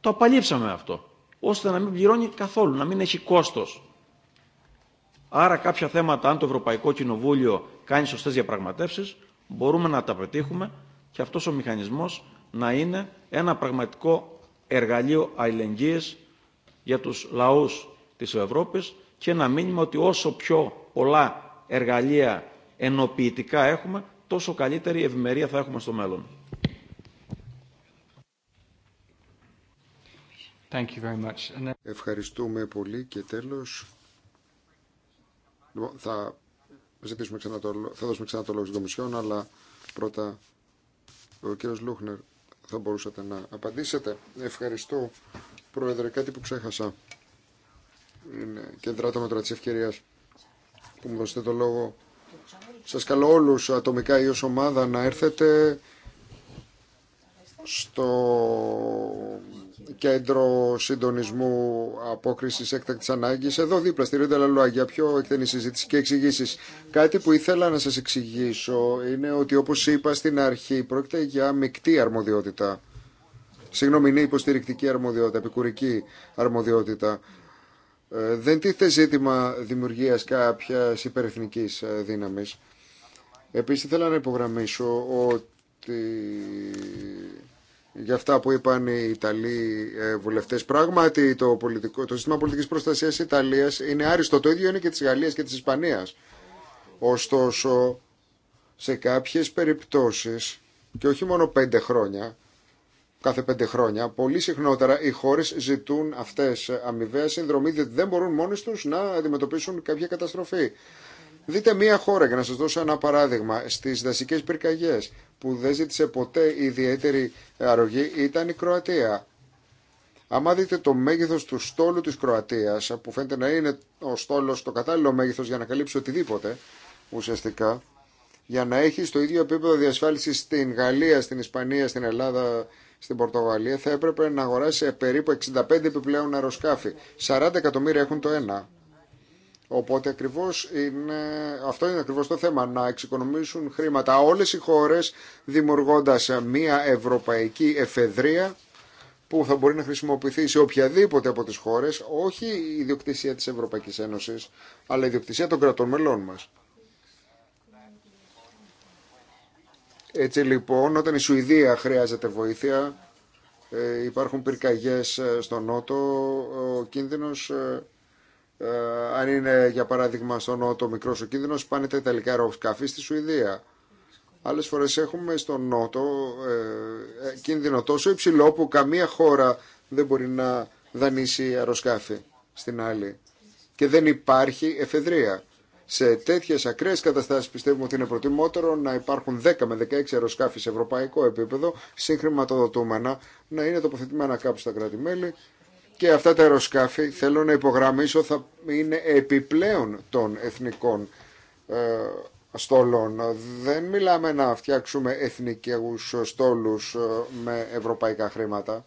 Το απαλείψαμε αυτό, ώστε να μην πληρώνει καθόλου, να μην έχει κόστος. Άρα κάποια θέματα, αν το Ευρωπαϊκό Κοινοβούλιο κάνει σωστές διαπραγματεύσεις, μπορούμε να τα πετύχουμε και αυτός ο μηχανισμός να είναι ένα πραγματικό εργαλείο αλληλεγγύης για τους λαούς της Ευρώπης και ένα μήνυμα ότι όσο πιο πολλά εργαλεία ενοποιητικά έχουμε, τόσο καλύτερη ευημερία θα έχουμε στο μέλλον. Thank you very much. Ευχαριστούμε πολύ και τέλος λοιπόν, θα, ζητήσουμε ξανά το, θα δώσουμε ξανά το λόγο στην Κομισιόν αλλά πρώτα ο κύριος Λούχνερ θα μπορούσατε να απαντήσετε. Ευχαριστώ, Πρόεδρε. Κάτι που ξέχασα Είναι και δράτω τη ευκαιρία που μου δώσετε το λόγο. Σας καλώ όλους ατομικά ή ω ομάδα να έρθετε στο κέντρο συντονισμού απόκρισης έκτακτης ανάγκης. Εδώ δίπλα στη Ρίντα για πιο εκτενή συζήτηση και εξηγήσει. Κάτι που ήθελα να σας εξηγήσω είναι ότι όπως είπα στην αρχή πρόκειται για μεικτή αρμοδιότητα. Συγγνώμη, είναι υποστηρικτική αρμοδιότητα, επικουρική αρμοδιότητα. Ε, δεν τίθεται ζήτημα δημιουργίας κάποιας υπερεθνικής ε, δύναμης. Επίσης, ήθελα να υπογραμμίσω ότι για αυτά που είπαν οι Ιταλοί ε, βουλευτέ. Πράγματι, το, πολιτικό, το σύστημα πολιτική προστασία τη Ιταλία είναι άριστο. Το ίδιο είναι και τη Γαλλία και τη Ισπανία. Ωστόσο, σε κάποιε περιπτώσει, και όχι μόνο πέντε χρόνια, κάθε πέντε χρόνια, πολύ συχνότερα οι χώρε ζητούν αυτέ αμοιβαία συνδρομή, διότι δεν μπορούν μόνε του να αντιμετωπίσουν κάποια καταστροφή. Δείτε μία χώρα, για να σα δώσω ένα παράδειγμα, στι δασικέ πυρκαγιέ που δεν ζήτησε ποτέ ιδιαίτερη αρρωγή ήταν η Κροατία. Αν δείτε το μέγεθο του στόλου τη Κροατία, ό φαίνεται να είναι που φαίνεται να είναι ο στολο το κατάλληλο μέγεθο για να καλύψει οτιδήποτε ουσιαστικά, για να έχει στο ίδιο επίπεδο διασφάλιση στην Γαλλία, στην Ισπανία, στην Ελλάδα, στην Πορτογαλία, θα έπρεπε να αγοράσει περίπου 65 επιπλέον αεροσκάφη. 40 εκατομμύρια έχουν το ένα. Οπότε ακριβώς είναι, αυτό είναι ακριβώς το θέμα, να εξοικονομήσουν χρήματα όλες οι χώρες δημιουργώντας μια ευρωπαϊκή εφεδρεία που θα μπορεί να χρησιμοποιηθεί σε οποιαδήποτε από τις χώρες, όχι η ιδιοκτησία της Ευρωπαϊκής Ένωσης, αλλά η ιδιοκτησία των κρατών μελών μας. Έτσι λοιπόν, όταν η Σουηδία χρειάζεται βοήθεια, ε, υπάρχουν πυρκαγιές ε, στο Νότο, ο κίνδυνος ε, ε, αν είναι για παράδειγμα στον Νότο μικρός ο κίνδυνος πάνε τα Ιταλικά αεροσκάφη στη Σουηδία. Άλλε φορέ έχουμε στον Νότο ε, ε, κίνδυνο τόσο υψηλό που καμία χώρα δεν μπορεί να δανείσει αεροσκάφη στην άλλη. Και δεν υπάρχει εφεδρεία. Σε τέτοιε ακραίε καταστάσει πιστεύουμε ότι είναι προτιμότερο να υπάρχουν 10 με 16 αεροσκάφη σε ευρωπαϊκό επίπεδο, συγχρηματοδοτούμενα, να είναι τοποθετημένα κάπου στα κράτη-μέλη και αυτά τα αεροσκάφη θέλω να υπογραμμίσω θα είναι επιπλέον των εθνικών ε, στόλων. Δεν μιλάμε να φτιάξουμε εθνικούς στόλους ε, με ευρωπαϊκά χρήματα.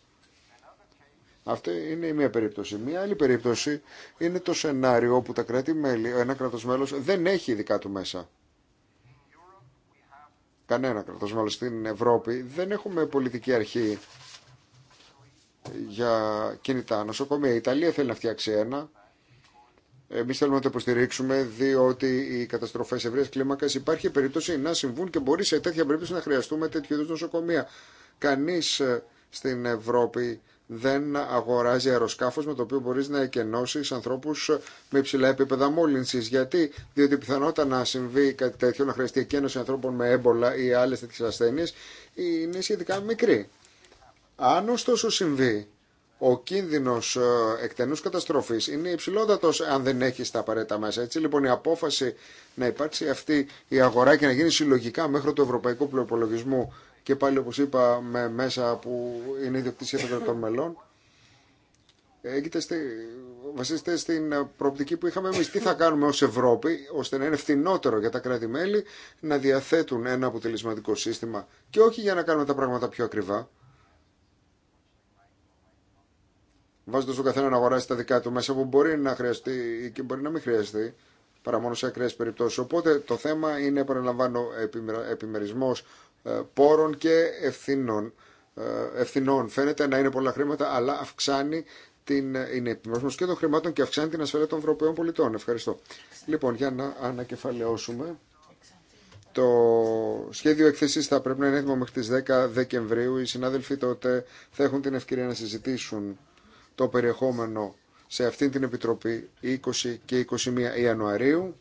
Αυτή είναι η μία περίπτωση. Μία άλλη περίπτωση είναι το σενάριο όπου τα κράτη-μέλη, ένα κράτος μέλος δεν έχει δικά του μέσα. Κανένα κράτος μέλος στην Ευρώπη. Δεν έχουμε πολιτική αρχή για κινητά νοσοκομεία. Η Ιταλία θέλει να φτιάξει ένα. Εμεί θέλουμε να το υποστηρίξουμε, διότι οι καταστροφέ ευρεία κλίμακα υπάρχει περίπτωση να συμβούν και μπορεί σε τέτοια περίπτωση να χρειαστούμε τέτοιου είδου νοσοκομεία. Κανεί ε, στην Ευρώπη δεν αγοράζει αεροσκάφο με το οποίο μπορεί να εκενώσει ανθρώπου ε, με υψηλά επίπεδα μόλυνση. Γιατί? Διότι η πιθανότητα να συμβεί κάτι τέτοιο, να χρειαστεί εκένωση ανθρώπων με έμπολα ή άλλε τέτοιε ασθένειε, είναι σχετικά μικρή. Αν ωστόσο συμβεί, ο κίνδυνος ε, εκτενούς καταστροφής είναι υψηλότατος αν δεν έχει τα απαραίτητα μέσα. Έτσι λοιπόν η απόφαση να υπάρξει αυτή η αγορά και να γίνει συλλογικά μέχρι το ευρωπαϊκό Προπολογισμού και πάλι όπως είπα με μέσα που είναι ιδιοκτησία των κρατών μελών στη, βασίζεται στην προοπτική που είχαμε εμείς. Τι θα κάνουμε ως Ευρώπη ώστε να είναι φθηνότερο για τα κράτη-μέλη να διαθέτουν ένα αποτελεσματικό σύστημα και όχι για να κάνουμε τα πράγματα πιο ακριβά βάζοντα τον καθένα να αγοράσει τα δικά του μέσα που μπορεί να χρειαστεί και μπορεί να μην χρειαστεί παρά μόνο σε ακραίε περιπτώσει. Οπότε το θέμα είναι, επαναλαμβάνω, επιμερισμό ε, πόρων και ευθυνών. Ε, ευθυνών. Φαίνεται να είναι πολλά χρήματα, αλλά αυξάνει την, ε, είναι επιμερισμό και των χρημάτων και αυξάνει την ασφαλεία των Ευρωπαίων πολιτών. Ευχαριστώ. Λοιπόν, για να ανακεφαλαιώσουμε. Το σχέδιο εκθέση θα πρέπει να είναι έτοιμο μέχρι τι 10 Δεκεμβρίου. Οι συνάδελφοι τότε θα έχουν την ευκαιρία να συζητήσουν το περιεχόμενο σε αυτή την Επιτροπή 20 και 21 Ιανουαρίου.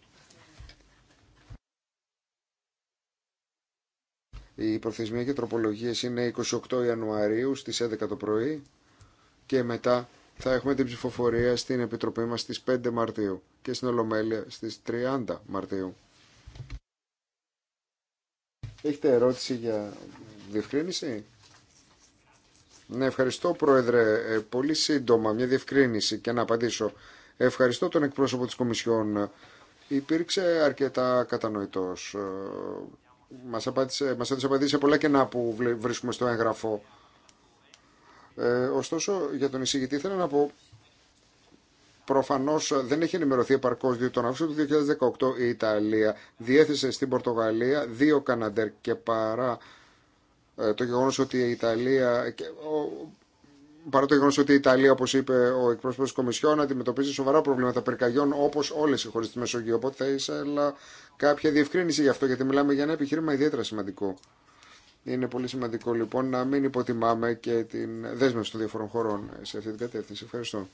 Η προθεσμία και τροπολογίες είναι 28 Ιανουαρίου στις 11 το πρωί και μετά θα έχουμε την ψηφοφορία στην Επιτροπή μας στις 5 Μαρτίου και στην Ολομέλεια στις 30 Μαρτίου. Έχετε ερώτηση για διευκρίνηση? Ναι, ευχαριστώ Πρόεδρε. Ε, πολύ σύντομα μια διευκρίνηση και να απαντήσω. Ευχαριστώ τον εκπρόσωπο της Κομισιόν. Υπήρξε αρκετά κατανοητός. Ε, μας, απάντησε, μας έδωσε απαντήσει σε πολλά κενά που βρίσκουμε στο έγγραφο. Ε, ωστόσο, για τον εισηγητή θέλω να πω Προφανώ δεν έχει ενημερωθεί επαρκώ διότι τον Αύγουστο του 2018 η Ιταλία διέθεσε στην Πορτογαλία δύο Καναντέρ και παρά ε, το γεγονό ότι η Ιταλία παρά το γεγονό ότι η Ιταλία, όπω είπε ο εκπρόσωπο τη Κομισιόν, αντιμετωπίζει σοβαρά προβλήματα περκαγιών όπω όλε οι χώρε τη Μεσογείου. Οπότε θα ήθελα κάποια διευκρίνηση γι' αυτό, γιατί μιλάμε για ένα επιχείρημα ιδιαίτερα σημαντικό. Είναι πολύ σημαντικό λοιπόν να μην υποτιμάμε και την δέσμευση των διαφορών χωρών σε αυτή την κατεύθυνση. Ευχαριστώ.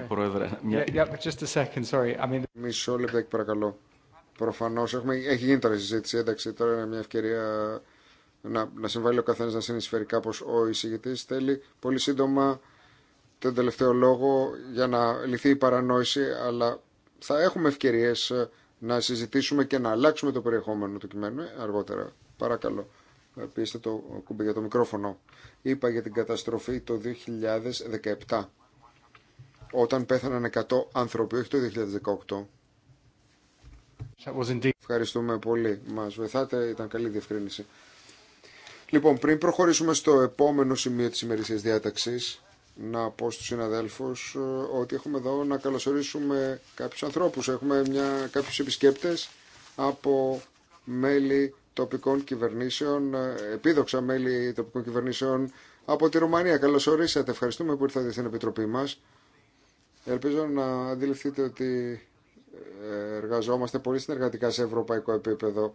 Ε, πρόεδρε. Μια... Yeah, Μισό λεπτάκι παρακαλώ. Προφανώ έχουμε... έχει γίνει τώρα η συζήτηση, εντάξει, τώρα είναι μια ευκαιρία να, να συμβάλλει ο καθένα να συνεισφέρει κάπω ο εισηγητή. Θέλει πολύ σύντομα τον τελευταίο λόγο για να λυθεί η παρανόηση, αλλά θα έχουμε ευκαιρίε ε, να συζητήσουμε και να αλλάξουμε το περιεχόμενο του κειμένου ε, αργότερα. Παρακαλώ. Πείστε το κουμπί για το μικρόφωνο. Είπα για την καταστροφή το 2017 όταν πέθαναν 100 άνθρωποι, όχι το 2018. Ευχαριστούμε πολύ. Μας βεθάτε Ήταν καλή διευκρίνηση. Λοιπόν, πριν προχωρήσουμε στο επόμενο σημείο της ημερησίας διάταξης, να πω στους συναδέλφους ε, ότι έχουμε εδώ να καλωσορίσουμε κάποιους ανθρώπους. Έχουμε μια, κάποιους επισκέπτες από μέλη τοπικών κυβερνήσεων, ε, επίδοξα μέλη τοπικών κυβερνήσεων από τη Ρουμανία. Καλώς ορίσατε. Ευχαριστούμε που ήρθατε στην Επιτροπή μας. Ελπίζω να αντιληφθείτε ότι ε, εργαζόμαστε πολύ συνεργατικά σε ευρωπαϊκό επίπεδο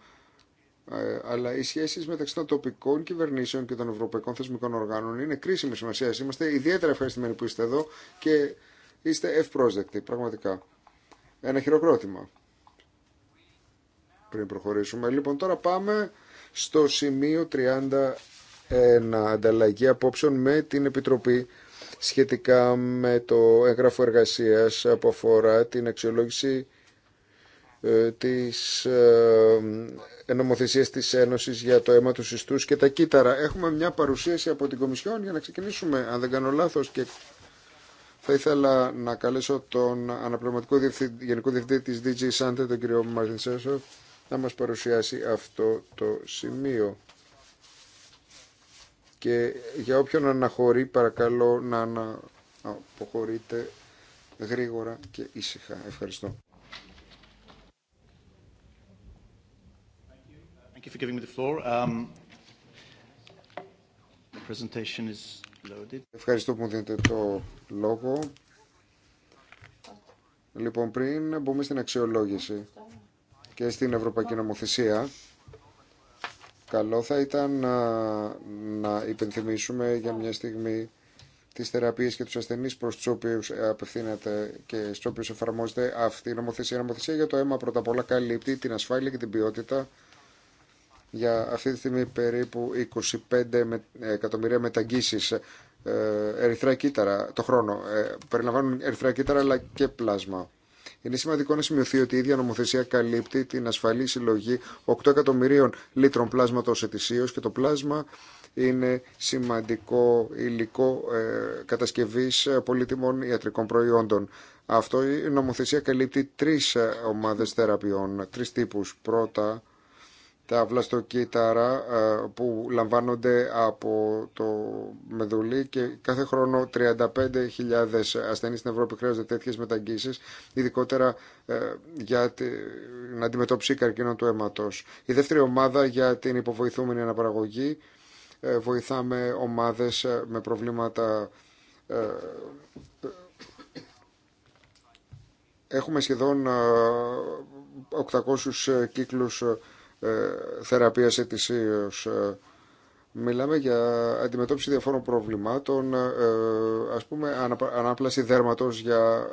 ε, αλλά οι σχέσει μεταξύ των τοπικών κυβερνήσεων και των ευρωπαϊκών θεσμικών οργάνων είναι κρίσιμη σημασία. Είμαστε ιδιαίτερα ευχαριστημένοι που είστε εδώ και είστε ευπρόσδεκτοι, πραγματικά. Ένα χειροκρότημα. Πριν προχωρήσουμε. Λοιπόν, τώρα πάμε στο σημείο 31. Ανταλλαγή απόψεων με την Επιτροπή σχετικά με το έγγραφο εργασίας που αφορά την αξιολόγηση ε, της ε, νομοθεσίας της Ένωσης για το αίμα του συστούς και τα κύτταρα. Έχουμε μια παρουσίαση από την Κομισιόν για να ξεκινήσουμε, αν δεν κάνω λάθος, και θα ήθελα να καλέσω τον αναπληρωματικό διευθυντή, Γενικό Διευθυντή της DG Sante, τον κύριο Μαρτινσέσο, να μας παρουσιάσει αυτό το σημείο και για όποιον αναχωρεί παρακαλώ να αποχωρείτε γρήγορα και ήσυχα. Ευχαριστώ. Ευχαριστώ που μου δίνετε το λόγο. Λοιπόν, πριν μπούμε στην αξιολόγηση και στην Ευρωπαϊκή Νομοθεσία, καλό θα ήταν να, να υπενθυμίσουμε για μια στιγμή τις θεραπείες και του ασθενεί προς του οποίου απευθύνεται και στου οποίου εφαρμόζεται αυτή η νομοθεσία. Η νομοθεσία για το αίμα πρώτα απ' όλα καλύπτει την ασφάλεια και την ποιότητα για αυτή τη στιγμή περίπου 25 ε, εκατομμυρία μεταγγίσεις ε, ερυθρά κύτταρα το χρόνο. Ε, περιλαμβάνουν ερυθρά κύτταρα αλλά και πλάσμα. Είναι σημαντικό να σημειωθεί ότι η ίδια νομοθεσία καλύπτει την ασφαλή συλλογή 8 εκατομμυρίων λίτρων πλάσματο ετησίω και το πλάσμα είναι σημαντικό υλικό ε, κατασκευής ε, πολύτιμων ιατρικών προϊόντων. Αυτό η νομοθεσία καλύπτει τρεις ε, ομάδες θεραπείων, τρεις τύπους. Πρώτα, τα βλαστοκύτταρα ε, που λαμβάνονται από το μεδουλί και κάθε χρόνο 35.000 ασθενείς στην Ευρώπη χρειάζονται τέτοιες μεταγγίσεις, ειδικότερα ε, για την αντιμετώπιση καρκίνων του αίματος. Η δεύτερη ομάδα για την υποβοηθούμενη αναπαραγωγή ε, βοηθάμε ομάδες με προβλήματα Έχουμε σχεδόν 800 κύκλους ε, θεραπείας ετησίω, ε, Μιλάμε για αντιμετώπιση διαφόρων προβλημάτων, ε, ας πούμε ανάπλαση δέρματος για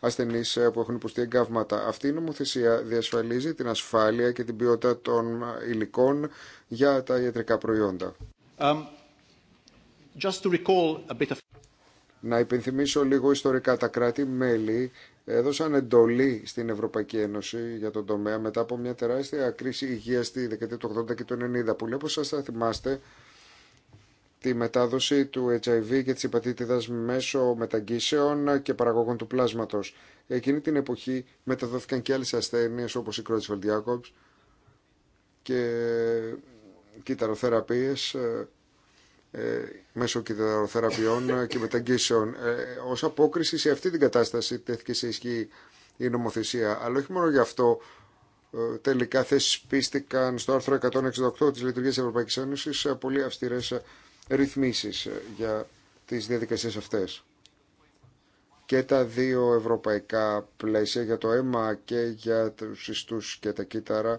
ασθενείς που έχουν υποστεί εγκαύματα. Αυτή η νομοθεσία διασφαλίζει την ασφάλεια και την ποιότητα των υλικών για τα ιατρικά προϊόντα. Um, just to recall a bit να υπενθυμίσω λίγο ιστορικά τα κράτη-μέλη έδωσαν εντολή στην Ευρωπαϊκή Ένωση για τον τομέα μετά από μια τεράστια κρίση υγεία στη δεκαετία του 80 και του 90 που λέω πως σας θα θυμάστε τη μετάδοση του HIV και της υπατήτηδας μέσω μεταγγίσεων και παραγωγών του πλάσματος. Εκείνη την εποχή μεταδόθηκαν και άλλες ασθένειες όπως η κρότης και κύτταροθεραπείες ε, ε, μέσω κυδεροθεραπείων και μεταγγίσεων. Ε, ως απόκριση σε αυτή την κατάσταση τέθηκε σε ισχύ η νομοθεσία. Αλλά όχι μόνο γι' αυτό ε, τελικά θεσπίστηκαν στο άρθρο 168 της Λειτουργίας της Ευρωπαϊκής Ένωσης πολύ αυστηρές ρυθμίσεις για τις διαδικασίες αυτές. Και τα δύο ευρωπαϊκά πλαίσια για το αίμα και για τους ιστούς και τα κύτταρα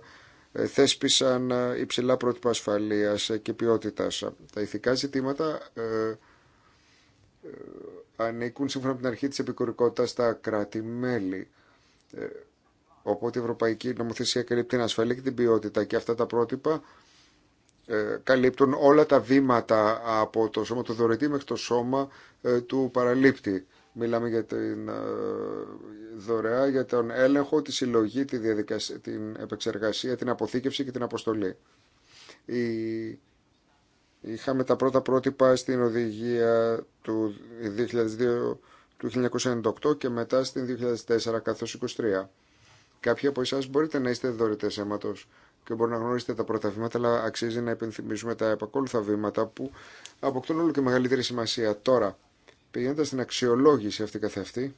ε, θέσπισαν ε, υψηλά πρότυπα ασφαλείας ε, και ποιότητας. Τα ηθικά ζητήματα ανήκουν σύμφωνα με την αρχή της επικουρικότητας στα κράτη-μέλη. Οπότε η Ευρωπαϊκή Νομοθεσία καλύπτει την ασφαλή και την ποιότητα και αυτά τα πρότυπα καλύπτουν όλα τα βήματα από το σώμα του δωρετή μέχρι το σώμα του παραλήπτη. Μιλάμε για την ε, δωρεά, για τον έλεγχο, τη συλλογή, τη διαδικασία, την επεξεργασία, την αποθήκευση και την αποστολή. Η... Είχαμε τα πρώτα πρότυπα στην οδηγία του 2002 του 1998 και μετά στην 2004 καθώς 23. Κάποιοι από εσάς μπορείτε να είστε δωρητές αίματος και μπορεί να γνωρίσετε τα πρώτα βήματα, αλλά αξίζει να υπενθυμίζουμε τα επακόλουθα βήματα που αποκτούν όλο και μεγαλύτερη σημασία τώρα πηγαίνοντας στην αξιολόγηση αυτή καθ' αυτή,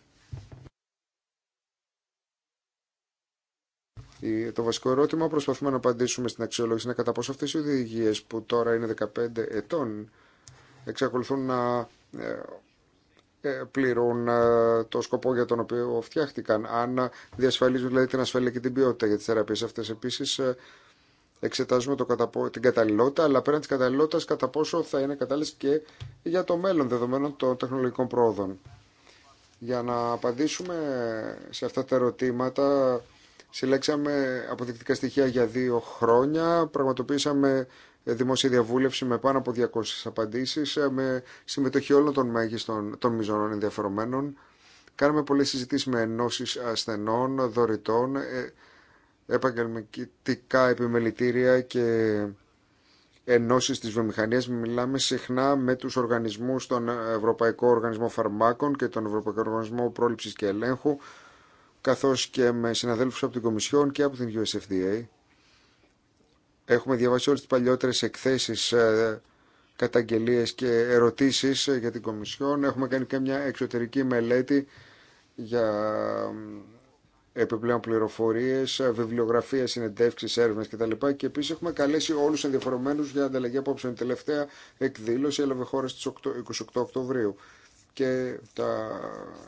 Το βασικό ερώτημα που προσπαθούμε να απαντήσουμε στην αξιολόγηση είναι κατά πόσο αυτές οι οδηγίες που τώρα είναι 15 ετών εξακολουθούν να ε, ε, πληρούν ε, το σκοπό για τον οποίο φτιάχτηκαν. Αν διασφαλίζουν δηλαδή την ασφάλεια και την ποιότητα για τις θεραπείες αυτές. Επίσης εξετάζουμε το κατά, την καταλληλότητα, αλλά πέραν τη καταλληλότητα κατά πόσο θα είναι κατάλληλη και για το μέλλον δεδομένων των τεχνολογικών πρόοδων. Για να απαντήσουμε σε αυτά τα ερωτήματα, συλλέξαμε αποδεικτικά στοιχεία για δύο χρόνια, πραγματοποίησαμε δημόσια διαβούλευση με πάνω από 200 απαντήσεις, με συμμετοχή όλων των μέγιστων των μιζωνών ενδιαφερομένων. Κάναμε πολλές συζητήσεις με ενώσεις ασθενών, δωρητών, ε, επαγγελματικά επιμελητήρια και ενώσεις της βιομηχανίας. Μιλάμε συχνά με τους οργανισμούς, τον Ευρωπαϊκό Οργανισμό Φαρμάκων και τον Ευρωπαϊκό Οργανισμό Πρόληψης και Ελέγχου, καθώς και με συναδέλφους από την Κομισιόν και από την USFDA. Έχουμε διαβάσει όλες τις παλιότερες εκθέσεις, ε, καταγγελίες και ερωτήσεις ε, για την Κομισιόν. Έχουμε κάνει και μια εξωτερική μελέτη για επιπλέον πληροφορίε, ε, βιβλιογραφία, συνεντεύξει, έρευνε κτλ. Και επίση έχουμε καλέσει όλου του ενδιαφερομένου για ανταλλαγή απόψεων. Η τελευταία εκδήλωση έλαβε χώρα στι 28 Οκτωβρίου. Και τα...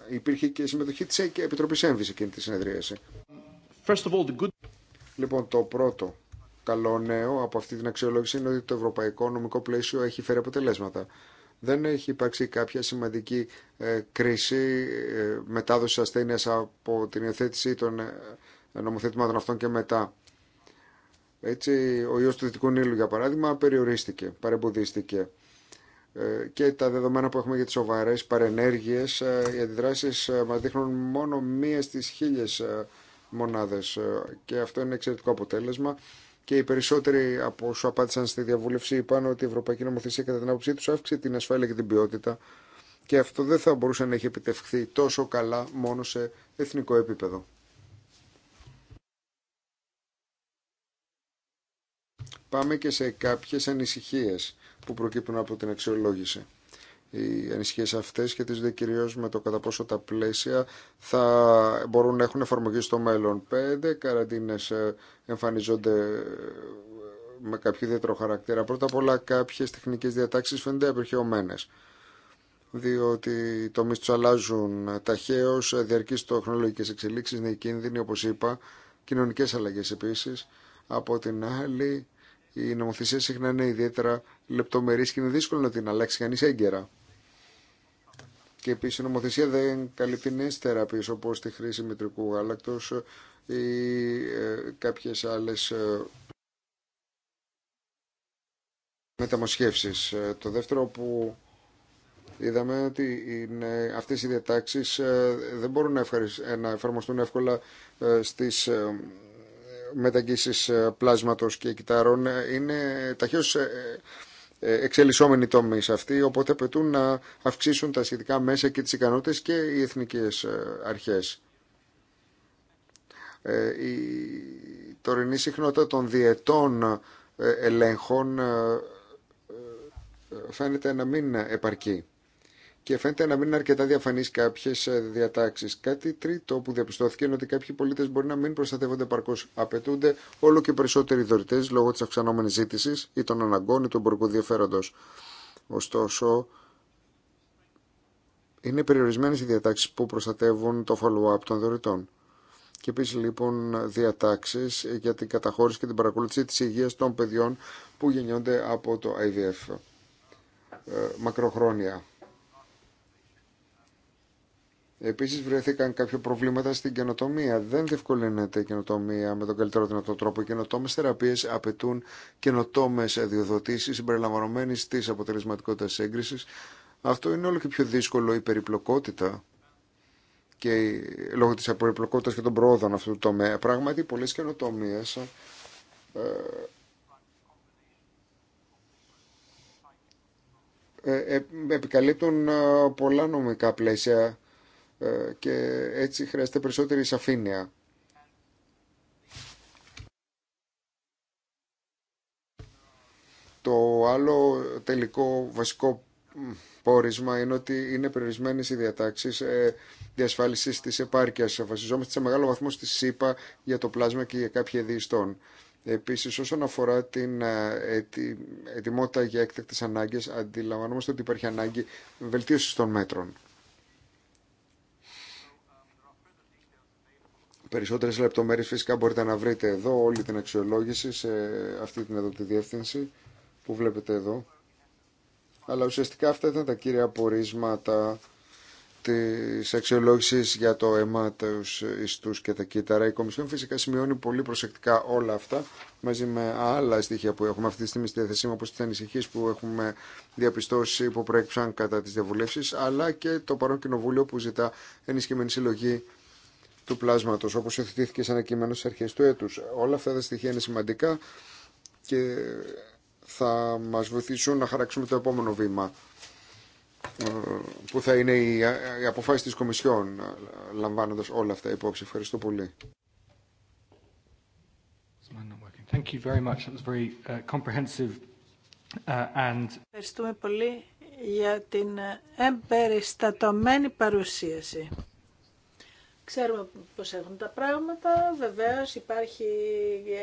υπήρχε και συμμετοχή τη Επιτροπή Έμβηση εκείνη τη συνεδρίαση. Λοιπόν, το πρώτο καλό νέο από αυτή την αξιολόγηση είναι ότι το ευρωπαϊκό νομικό πλαίσιο έχει φέρει αποτελέσματα δεν έχει υπάρξει κάποια σημαντική ε, κρίση ε, μετάδοση ασθένεια από την υιοθέτηση των ε, νομοθετημάτων αυτών και μετά. Έτσι, ο ιός του Δυτικού Νείλου, για παράδειγμα, περιορίστηκε, παρεμποδίστηκε. Και τα δεδομένα που έχουμε για τις σοβαρέ παρενέργειες, οι αντιδράσεις μας δείχνουν μόνο μία στις χίλιες μονάδες. Και αυτό είναι εξαιρετικό αποτέλεσμα και οι περισσότεροι από όσου απάντησαν στη διαβούλευση είπαν ότι η Ευρωπαϊκή Νομοθεσία κατά την άποψή του αύξησε την ασφάλεια και την ποιότητα και αυτό δεν θα μπορούσε να έχει επιτευχθεί τόσο καλά μόνο σε εθνικό επίπεδο. Πάμε και σε κάποιες ανησυχίες που προκύπτουν από την αξιολόγηση οι ανησυχίε αυτέ σχετίζονται κυρίω με το κατά πόσο τα πλαίσια θα μπορούν να έχουν εφαρμογή στο μέλλον. Πέντε καραντίνες ε, εμφανίζονται ε, με κάποιο ιδιαίτερο χαρακτήρα. Πρώτα απ' όλα κάποιε τεχνικέ διατάξει φαίνονται απερχαιωμένε. διότι οι τομεί του αλλάζουν ταχαίως, διαρκείς τεχνολογικές εξελίξεις, νέοι κίνδυνοι, όπω είπα, κοινωνικέ αλλαγέ επίση, Από την άλλη, οι νομοθεσία συχνά είναι ιδιαίτερα λεπτομερεί και είναι δύσκολο να την αλλάξει κανεί έγκαιρα. Και επίση η νομοθεσία δεν καλύπτει νέε θεραπείε όπω τη χρήση μητρικού γάλακτο ή ε, κάποιε άλλε ε, μεταμοσχεύσεις. Ε, το δεύτερο που είδαμε ότι είναι, αυτές οι διατάξεις δεν μπορούν να, εφαρμοστούν εύκολα στις μεταγγίσεις πλάσματος και κυτάρων. Είναι ταχύως ε, εξελισσόμενοι τομεί αυτοί, οπότε απαιτούν να αυξήσουν τα σχετικά μέσα και τις ικανότητες και οι εθνικές ε, αρχές. Ε, η τωρινή συχνότητα των διετών ελέγχων φαίνεται να μην επαρκεί και φαίνεται να μην είναι αρκετά διαφανεί κάποιε διατάξει. Κάτι τρίτο που διαπιστώθηκε είναι ότι κάποιοι πολίτε μπορεί να μην προστατεύονται παρκώ. Απαιτούνται όλο και περισσότεροι δωρητέ λόγω τη αυξανόμενη ζήτηση ή των αναγκών ή του εμπορικού ενδιαφέροντο. Ωστόσο, είναι περιορισμένε οι διατάξει που προστατεύουν το follow-up των δωρητών. Και επίση λοιπόν διατάξει για την καταχώρηση και την παρακολούθηση τη υγεία των παιδιών που γεννιόνται από το IVF. Ε, μακροχρόνια Επίσης βρεθήκαν κάποια προβλήματα στην καινοτομία. Δεν διευκολύνεται η καινοτομία με τον καλύτερο δυνατό τρόπο. Οι καινοτόμε θεραπείες απαιτούν καινοτόμε διοδοτήσει, συμπεριλαμβανομένη τη αποτελεσματικότητας έγκρισης. Αυτό είναι όλο και πιο δύσκολο η περιπλοκότητα και λόγω της περιπλοκότητας και των προόδων αυτού του τομέα. Πράγματι, πολλές καινοτομίες ε, ε, ε επικαλύπτουν ε, πολλά νομικά πλαίσια ε, και έτσι χρειάζεται περισσότερη σαφήνεια. Το άλλο τελικό βασικό πόρισμα είναι ότι είναι περιορισμένες οι διατάξεις ε, διασφάλισης της επάρκειας. Βασιζόμαστε σε μεγάλο βαθμό στη ΣΥΠΑ για το πλάσμα και για κάποια διεστών. Επίσης, όσον αφορά την ε, ετοιμότητα για έκτακτες ανάγκες, αντιλαμβανόμαστε ότι υπάρχει ανάγκη βελτίωση των μέτρων. Περισσότερες λεπτομέρειες φυσικά μπορείτε να βρείτε εδώ όλη την αξιολόγηση σε αυτή την εδώ τη διεύθυνση που βλέπετε εδώ. Αλλά ουσιαστικά αυτά ήταν τα κύρια απορίσματα της αξιολόγησης για το αίμα, τους ιστούς και τα κύτταρα. Η Κομισιόν φυσικά σημειώνει πολύ προσεκτικά όλα αυτά μαζί με άλλα στοιχεία που έχουμε αυτή τη στιγμή στη διαθεσή μου όπως τις ανησυχίες που έχουμε διαπιστώσει που προέκυψαν κατά τις διαβουλεύσεις αλλά και το παρόν κοινοβούλιο που ζητά ενισχυμένη συλλογή του πλάσματο όπω υιοθετήθηκε σε ένα κείμενο στι αρχέ του έτου. Όλα αυτά τα στοιχεία είναι σημαντικά και θα μα βοηθήσουν να χαράξουμε το επόμενο βήμα ε, που θα είναι η αποφάση της Κομισιόν ε, λαμβάνοντας όλα αυτά υπόψη. Ευχαριστώ πολύ. Ευχαριστούμε πολύ για την ε, εμπεριστατωμένη παρουσίαση. Ξέρουμε πώς έχουν τα πράγματα. Βεβαίως υπάρχει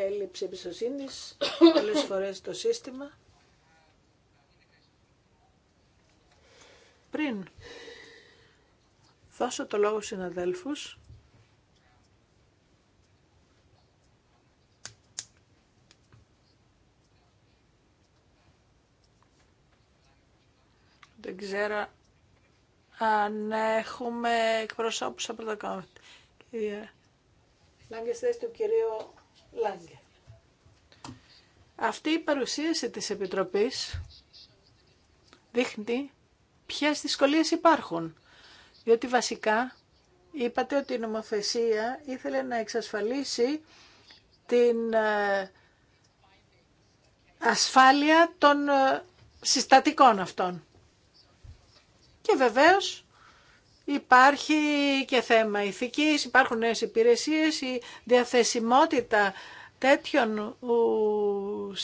έλλειψη εμπιστοσύνη πολλές φορές το σύστημα. Πριν δώσω το λόγο συναδέλφους, δεν ξέρω αν έχουμε εκπροσώπους από το κόμμα. Κυρία Λάγκε, θέση του κυρίου Λάγκε. Αυτή η παρουσίαση της Επιτροπής δείχνει ποιες δυσκολίες υπάρχουν. Διότι βασικά είπατε ότι η νομοθεσία ήθελε να εξασφαλίσει την ε, ασφάλεια των ε, συστατικών αυτών. Και βεβαίως υπάρχει και θέμα ηθικής, υπάρχουν νέες υπηρεσίες, η διαθεσιμότητα τέτοιων ουσιών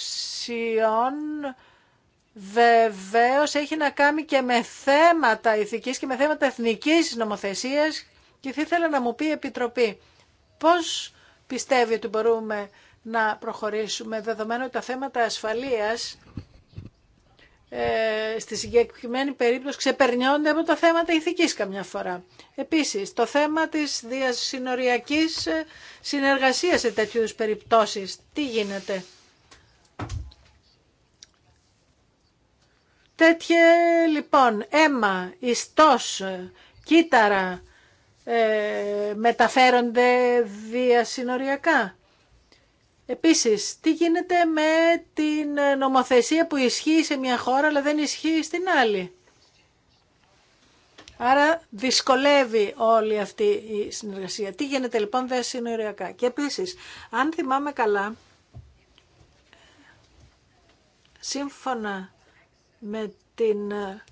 βεβαίως έχει να κάνει και με θέματα ηθικής και με θέματα εθνικής νομοθεσίας και θα ήθελα να μου πει η Επιτροπή πώς πιστεύει ότι μπορούμε να προχωρήσουμε δεδομένου ότι τα θέματα ασφαλείας ε, στη συγκεκριμένη περίπτωση ξεπερνιόνται από τα θέματα ηθικής καμιά φορά. Επίσης, το θέμα της διασυνοριακής ε, συνεργασίας σε τέτοιου περιπτώσεις. Τι γίνεται. Τέτοιε λοιπόν αίμα, ιστός, κύτταρα ε, μεταφέρονται διασυνοριακά. Επίσης, τι γίνεται με την ε, νομοθεσία που ισχύει σε μια χώρα αλλά δεν ισχύει στην άλλη. Άρα δυσκολεύει όλη αυτή η συνεργασία. Τι γίνεται λοιπόν δεν συνοριακά. Και επίσης, αν θυμάμαι καλά, σύμφωνα με την ε,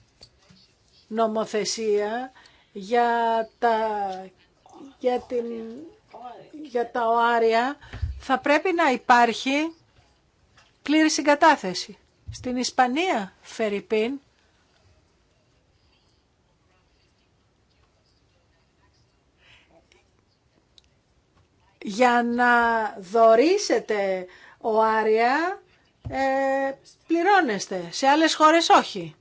νομοθεσία για τα, για την, για τα οάρια, θα πρέπει να υπάρχει πλήρη συγκατάθεση. Στην Ισπανία, Φερρυπίν, για να δωρήσετε ο Άρια, ε, πληρώνεστε. Σε άλλες χώρες όχι.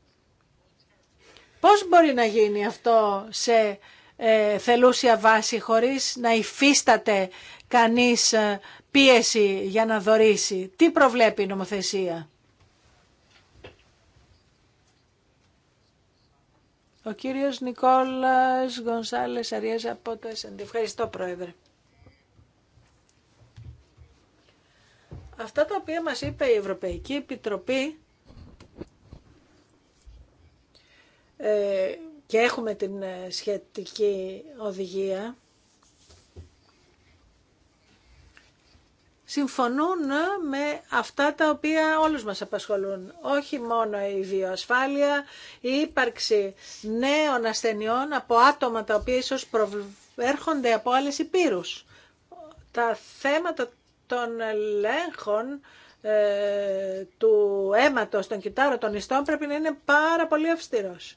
Πώς μπορεί να γίνει αυτό σε ε, θελούσια βάση χωρίς να υφίσταται κανείς ε, πίεση για να δωρήσει. Τι προβλέπει η νομοθεσία. Ο κύριος Νικόλας Γκονσάλες αρίές από το ΕΣΕΝΤ. Ευχαριστώ Πρόεδρε. Αυτά τα οποία μας είπε η Ευρωπαϊκή Επιτροπή ε, και έχουμε την ε, σχετική οδηγία συμφωνούν ναι, με αυτά τα οποία όλους μας απασχολούν. Όχι μόνο η βιοασφάλεια, η ύπαρξη νέων ασθενειών από άτομα τα οποία ίσως έρχονται από άλλες υπήρους. Τα θέματα των ελέγχων ε, του αίματος, των κυτάρων, των ιστών πρέπει να είναι πάρα πολύ αυστηρός.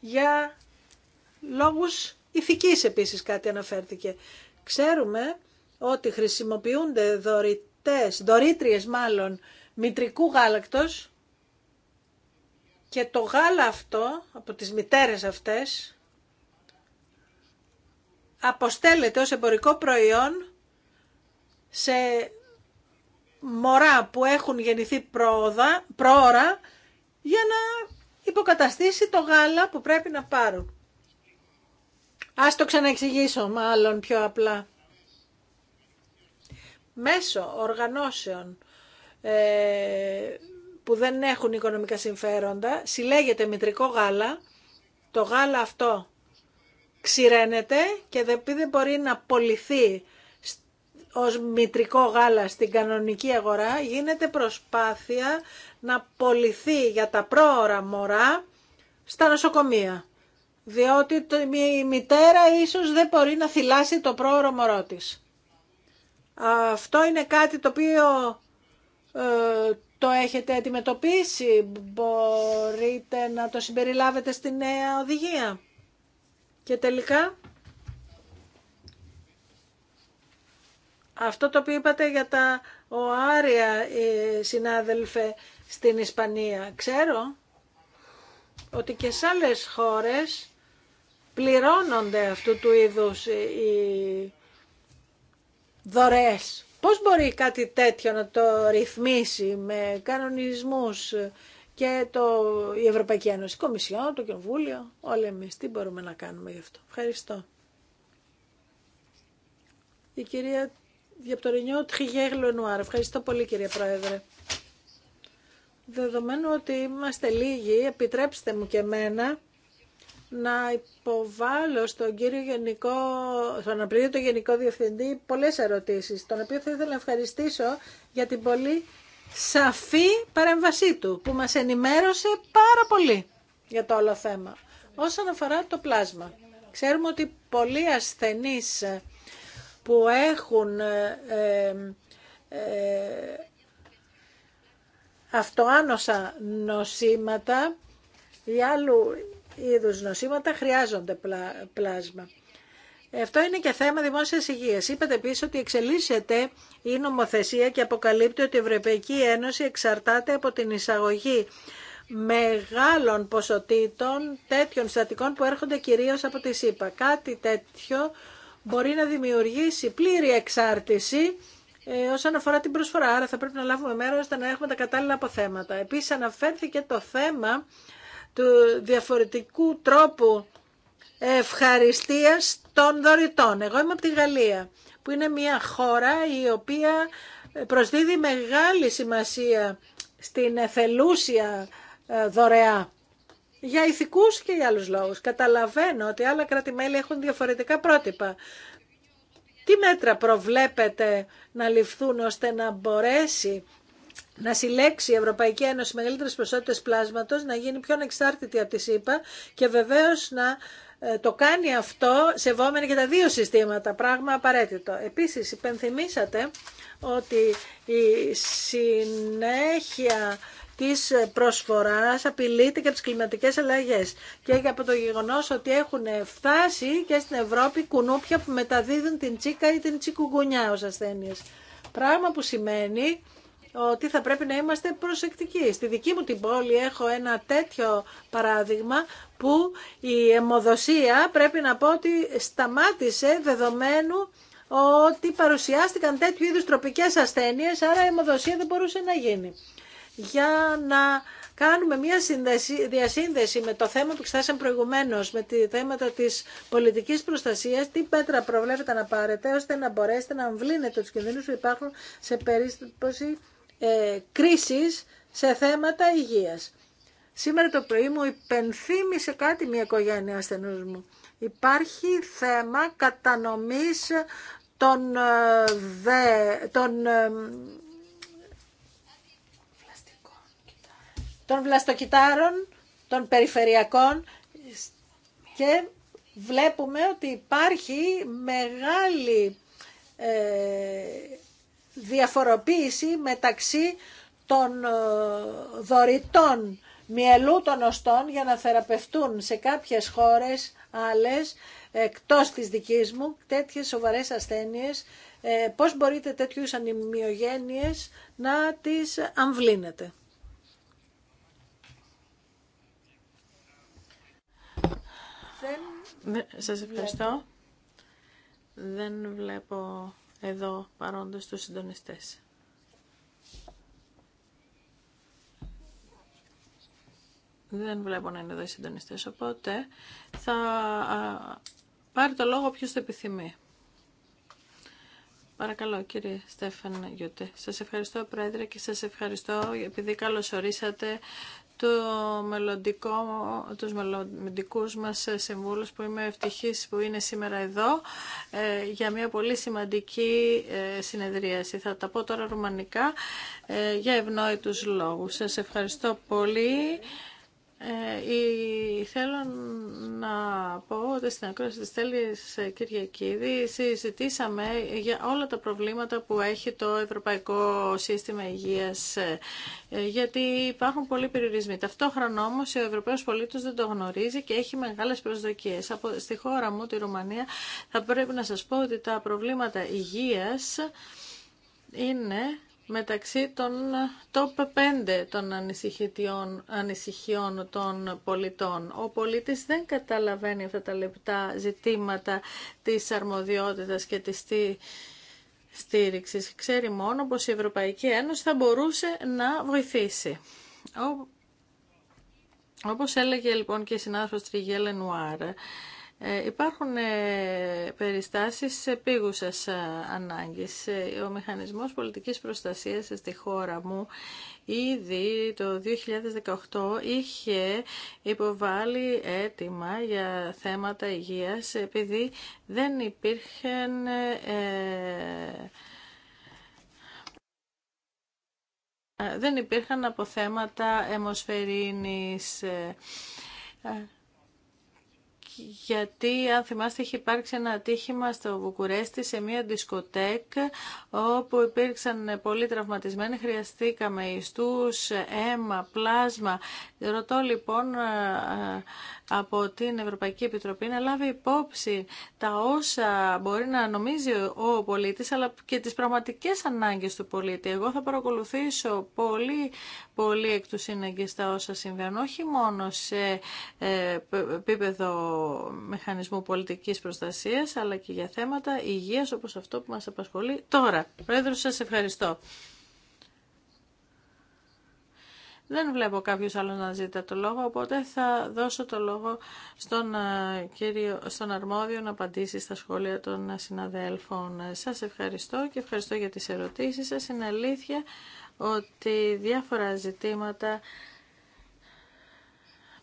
Για λόγους ηθικής επίσης κάτι αναφέρθηκε. Ξέρουμε ότι χρησιμοποιούνται δωρητές, δωρήτριες μάλλον, μητρικού γάλακτος και το γάλα αυτό, από τις μητέρες αυτές, αποστέλλεται ως εμπορικό προϊόν σε μωρά που έχουν γεννηθεί πρόοδα, πρόωρα για να υποκαταστήσει το γάλα που πρέπει να πάρουν. Ας το ξαναεξηγήσω μάλλον πιο απλά μέσω οργανώσεων ε, που δεν έχουν οικονομικά συμφέροντα, συλλέγεται μητρικό γάλα, το γάλα αυτό ξηραίνεται και επειδή δεν μπορεί να πολιθεί ως μητρικό γάλα στην κανονική αγορά, γίνεται προσπάθεια να πολιθεί για τα πρόωρα μωρά στα νοσοκομεία. Διότι η μητέρα ίσως δεν μπορεί να θυλάσει το πρόωρο μωρό της. Αυτό είναι κάτι το οποίο ε, το έχετε αντιμετωπίσει, μπορείτε να το συμπεριλάβετε στη νέα οδηγία. Και τελικά, αυτό το οποίο είπατε για τα οάρια, ε, συνάδελφε, στην Ισπανία. Ξέρω ότι και σε άλλες χώρες πληρώνονται αυτού του είδους οι δωρεές. Πώς μπορεί κάτι τέτοιο να το ρυθμίσει με κανονισμούς και το, η Ευρωπαϊκή Ένωση, η Κομισιόν, το Κοινοβούλιο, όλοι εμείς. Τι μπορούμε να κάνουμε γι' αυτό. Ευχαριστώ. Η κυρία Διαπτορινιό Τχιγέγλου Ενουάρ. Ευχαριστώ πολύ κυρία Πρόεδρε. Δεδομένου ότι είμαστε λίγοι, επιτρέψτε μου και εμένα να υποβάλω στον κύριο Γενικό, στον Απρίλιο, το Γενικό Διευθυντή, πολλές ερωτήσεις, τον οποίο θα ήθελα να ευχαριστήσω για την πολύ σαφή παρέμβασή του, που μας ενημέρωσε πάρα πολύ για το όλο θέμα. Όσον αφορά το πλάσμα, ξέρουμε ότι πολλοί ασθενείς που έχουν ε, ε, ε νοσήματα ή άλλου είδους νοσήματα χρειάζονται πλάσμα. Αυτό είναι και θέμα δημόσιας υγείας. Είπατε επίσης ότι εξελίσσεται η νομοθεσία και αποκαλύπτει ότι η Ευρωπαϊκή Ένωση εξαρτάται από την εισαγωγή μεγάλων ποσοτήτων τέτοιων στατικών που έρχονται κυρίως από τη ΣΥΠΑ. Κάτι τέτοιο μπορεί να δημιουργήσει πλήρη εξάρτηση ε, όσον αφορά την προσφορά. Άρα θα πρέπει να λάβουμε μέρος ώστε να έχουμε τα κατάλληλα αποθέματα. Επίσης αναφέρθηκε το θέμα του διαφορετικού τρόπου ευχαριστίας των δωρητών. Εγώ είμαι από τη Γαλλία, που είναι μια χώρα η οποία προσδίδει μεγάλη σημασία στην εθελούσια ε, δωρεά για ηθικούς και για άλλους λόγους. Καταλαβαίνω ότι άλλα κράτη-μέλη έχουν διαφορετικά πρότυπα. Τι μέτρα προβλέπετε να ληφθούν ώστε να μπορέσει να συλλέξει η Ευρωπαϊκή Ένωση μεγαλύτερες ποσότητες πλάσματος, να γίνει πιο ανεξάρτητη από τη ΣΥΠΑ και βεβαίως να ε, το κάνει αυτό σεβόμενοι και τα δύο συστήματα, πράγμα απαραίτητο. Επίσης υπενθυμίσατε ότι η συνέχεια της προσφοράς απειλείται και τις κλιματικές αλλαγές και από το γεγονός ότι έχουν φτάσει και στην Ευρώπη κουνούπια που μεταδίδουν την τσίκα ή την τσικουγκουνιά ως ασθένειες. Πράγμα που σημαίνει ότι θα πρέπει να είμαστε προσεκτικοί. Στη δική μου την πόλη έχω ένα τέτοιο παράδειγμα που η αιμοδοσία πρέπει να πω ότι σταμάτησε δεδομένου ότι παρουσιάστηκαν τέτοιου είδους τροπικές ασθένειες, άρα η αιμοδοσία δεν μπορούσε να γίνει. Για να κάνουμε μια διασύνδεση με το θέμα που εξετάσαμε προηγουμένως, με τη θέματα της πολιτικής προστασίας, τι πέτρα προβλέπετε να πάρετε, ώστε να μπορέσετε να αμβλύνετε τους κινδύνους που υπάρχουν σε περίπτωση ε, κρίσης σε θέματα υγείας. Σήμερα το πρωί μου υπενθύμησε κάτι μια οικογένεια ασθενούς μου. Υπάρχει θέμα κατανομής των, ε, δε, των, ε, των βλαστοκυτάρων, των περιφερειακών και βλέπουμε ότι υπάρχει μεγάλη ε, διαφοροποίηση μεταξύ των ε, δωρητών μυελού των οστών για να θεραπευτούν σε κάποιες χώρες άλλες εκτός της δικής μου τέτοιες σοβαρές ασθένειες ε, πώς μπορείτε τέτοιους ανημιογένειες να τις αμβλύνετε. Σας ευχαριστώ. Δεν βλέπω εδώ παρόντες τους συντονιστές. Δεν βλέπω να είναι εδώ οι συντονιστές, οπότε θα πάρει το λόγο ποιος το επιθυμεί. Παρακαλώ κύριε Στέφαν Γιούτε, Σας ευχαριστώ πρόεδρε και σας ευχαριστώ επειδή καλωσορίσατε το μελλοντικό, τους μελλοντικούς μας συμβούλους που είμαι ευτυχής που είναι σήμερα εδώ ε, για μια πολύ σημαντική ε, συνεδρίαση. Θα τα πω τώρα ρουμανικά ε, για ευνόητους λόγους. Σας ευχαριστώ πολύ. Ε, θέλω να πω ότι στην ακρόαση της Τέλης ε, Κυριακίδη συζητήσαμε για όλα τα προβλήματα που έχει το Ευρωπαϊκό Σύστημα Υγείας ε, γιατί υπάρχουν πολλοί περιορισμοί. Ταυτόχρονα όμως ο Ευρωπαίος πολίτης δεν το γνωρίζει και έχει μεγάλες προσδοκίες. στη χώρα μου, τη Ρουμανία, θα πρέπει να σας πω ότι τα προβλήματα υγείας είναι μεταξύ των top 5 των ανησυχιών των πολιτών. Ο πολίτης δεν καταλαβαίνει αυτά τα λεπτά ζητήματα της αρμοδιότητας και της στήριξης. Ξέρει μόνο πως η Ευρωπαϊκή Ένωση θα μπορούσε να βοηθήσει. Όπως έλεγε λοιπόν και η συνάδελφος Τριγέλε ε, υπάρχουν ε, περιστάσεις επίγουσας ε, ανάγκης. Ο μηχανισμός πολιτικής προστασίας στη χώρα μου ήδη το 2018 είχε υποβάλει αίτημα για θέματα υγείας επειδή δεν υπήρχαν δεν υπήρχαν αποθέματα αιμοσφαιρίνης γιατί αν θυμάστε έχει υπάρξει ένα ατύχημα στο Βουκουρέστι σε μια δισκοτέκ όπου υπήρξαν πολύ τραυματισμένοι, χρειαστήκαμε ιστούς, αίμα, πλάσμα. Ρωτώ λοιπόν ε, από την Ευρωπαϊκή Επιτροπή να λάβει υπόψη τα όσα μπορεί να νομίζει ο πολίτης αλλά και τις πραγματικές ανάγκες του πολίτη. Εγώ θα παρακολουθήσω πολύ, πολύ εκ του συναγκής τα όσα συμβαίνουν όχι μόνο σε ε, επίπεδο μηχανισμού πολιτικής προστασίας αλλά και για θέματα υγείας όπως αυτό που μας απασχολεί τώρα. Πρόεδρο, σας ευχαριστώ. Δεν βλέπω κάποιος άλλο να ζητά το λόγο, οπότε θα δώσω το λόγο στον, ε, κύριο, στον αρμόδιο να απαντήσει στα σχόλια των συναδέλφων. Σας ευχαριστώ και ευχαριστώ για τις ερωτήσεις σας. Είναι αλήθεια ότι διάφορα ζητήματα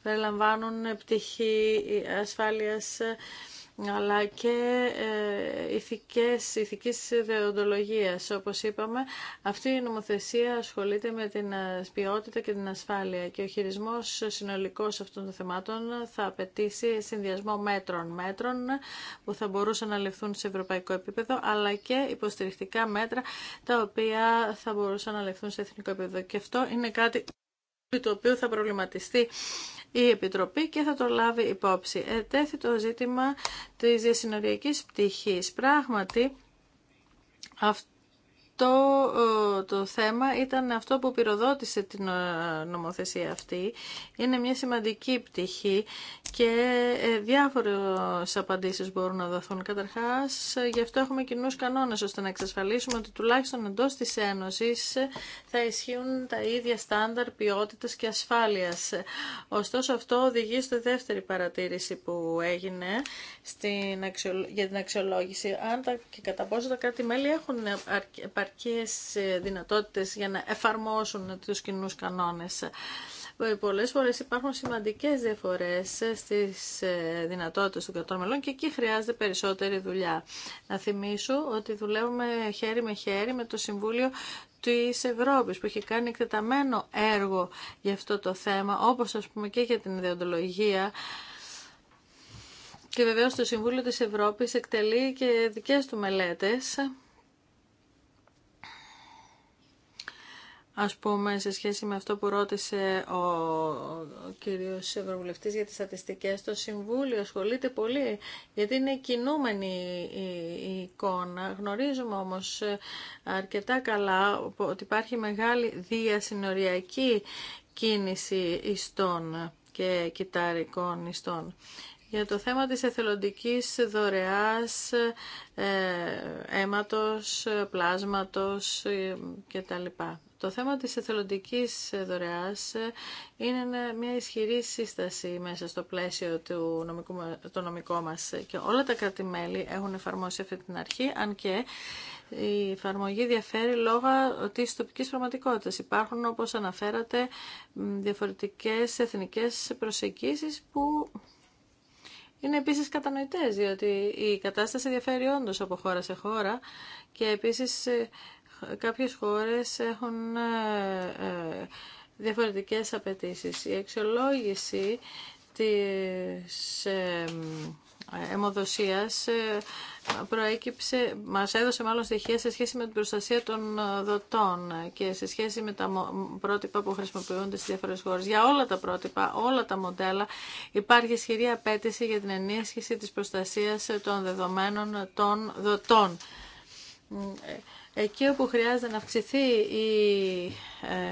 περιλαμβάνουν πτυχή ασφάλειας αλλά και ε, ηθικές, ηθικής δεοντολογίας. Όπως είπαμε, αυτή η νομοθεσία ασχολείται με την ε, ποιότητα και την ασφάλεια και ο χειρισμός συνολικός αυτών των θεμάτων θα απαιτήσει συνδυασμό μέτρων. Μέτρων που θα μπορούσαν να ληφθούν σε ευρωπαϊκό επίπεδο, αλλά και υποστηρικτικά μέτρα τα οποία θα μπορούσαν να ληφθούν σε εθνικό επίπεδο. Και αυτό είναι κάτι το οποίο θα προβληματιστεί η Επιτροπή και θα το λάβει υπόψη. Ετέθη το ζήτημα της διασυνοριακής πτυχής. Πράγματι, αυτό αυτό το θέμα ήταν αυτό που πυροδότησε την ε, νομοθεσία αυτή. Είναι μια σημαντική πτυχή και ε, διάφορες απαντήσεις μπορούν να δοθούν. Καταρχάς, ε, γι' αυτό έχουμε κοινούς κανόνες ώστε να εξασφαλίσουμε ότι τουλάχιστον εντός της Ένωσης θα ισχύουν τα ίδια στάνταρ ποιότητας και ασφάλειας. Ωστόσο, αυτό οδηγεί στη δεύτερη παρατήρηση που έγινε για την αξιολόγηση. Αν τα... και κατά πόσο τα κράτη-μέλη έχουν διαρκείς ε, δυνατότητες για να εφαρμόσουν τους κοινούς κανόνες. Ε, πολλές φορές υπάρχουν σημαντικές διαφορές ε, στις δυνατότητες των κρατών μελών και εκεί χρειάζεται περισσότερη δουλειά. Να θυμίσω ότι δουλεύουμε χέρι με χέρι με το Συμβούλιο τη Ευρώπης που έχει κάνει εκτεταμένο έργο για αυτό το θέμα, όπως α πούμε και για την ιδεοντολογία. Και βεβαίως το Συμβούλιο της Ευρώπης εκτελεί και δικές του μελέτες ας πούμε, σε σχέση με αυτό που ρώτησε ο, ο κύριος Ευρωβουλευτής για τις στατιστικές, το Συμβούλιο ασχολείται πολύ, γιατί είναι κινούμενη η, εικόνα. Γνωρίζουμε όμως ε, αρκετά καλά ότι υπάρχει μεγάλη διασυνοριακή κίνηση ιστών και κυτάρικων ιστών. Για το θέμα της εθελοντικής δωρεάς ε, αίματος, πλάσματος ε, κτλ. Το θέμα της εθελοντικής δωρεάς είναι μια ισχυρή σύσταση μέσα στο πλαίσιο του νομικού, το μας και όλα τα κράτη-μέλη έχουν εφαρμόσει αυτή την αρχή, αν και η εφαρμογή διαφέρει λόγω τη τοπική πραγματικότητα. Υπάρχουν, όπω αναφέρατε, διαφορετικέ εθνικέ προσεγγίσεις που είναι επίση κατανοητέ, διότι η κατάσταση διαφέρει όντω από χώρα σε χώρα και επίση ε, κάποιες χώρες έχουν ε, ε, διαφορετικές απαιτήσεις. Η αξιολόγηση της ε, αιμοδοσίας προέκυψε, μας έδωσε μάλλον στοιχεία σε σχέση με την προστασία των δοτών και σε σχέση με τα πρότυπα που χρησιμοποιούνται στις διάφορες χώρες. Για όλα τα πρότυπα, όλα τα μοντέλα υπάρχει ισχυρή απέτηση για την ενίσχυση της προστασίας των δεδομένων των δοτών εκεί όπου χρειάζεται να αυξηθεί η ε,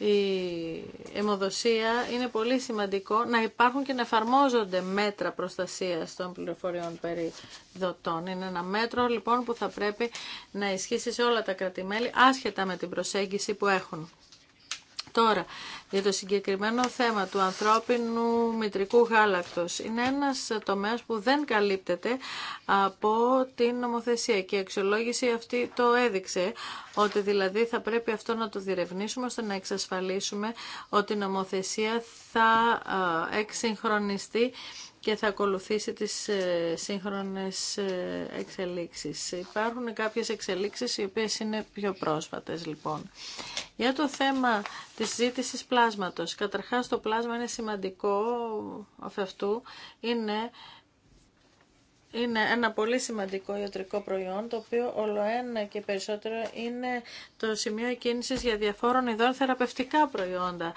η αιμοδοσία είναι πολύ σημαντικό να υπάρχουν και να εφαρμόζονται μέτρα προστασίας των πληροφοριών περί δοτών. Είναι ένα μέτρο λοιπόν που θα πρέπει να ισχύσει σε όλα τα κρατημέλη άσχετα με την προσέγγιση που έχουν. Τώρα, για το συγκεκριμένο θέμα του ανθρώπινου μητρικού γάλακτος. Είναι ένας τομέας που δεν καλύπτεται από την νομοθεσία και η αξιολόγηση αυτή το έδειξε ότι δηλαδή θα πρέπει αυτό να το διερευνήσουμε ώστε να εξασφαλίσουμε ότι η νομοθεσία θα εξυγχρονιστεί και θα ακολουθήσει τις ε, σύγχρονες ε, εξελίξεις. Υπάρχουν κάποιες εξελίξεις οι οποίες είναι πιο πρόσφατες λοιπόν. Για το θέμα της ζήτησης πλάσματος. Καταρχάς το πλάσμα είναι σημαντικό αφ' αυτού. Είναι είναι ένα πολύ σημαντικό ιατρικό προϊόν, το οποίο όλο ένα και περισσότερο είναι το σημείο κίνησης για διαφόρων ειδών θεραπευτικά προϊόντα.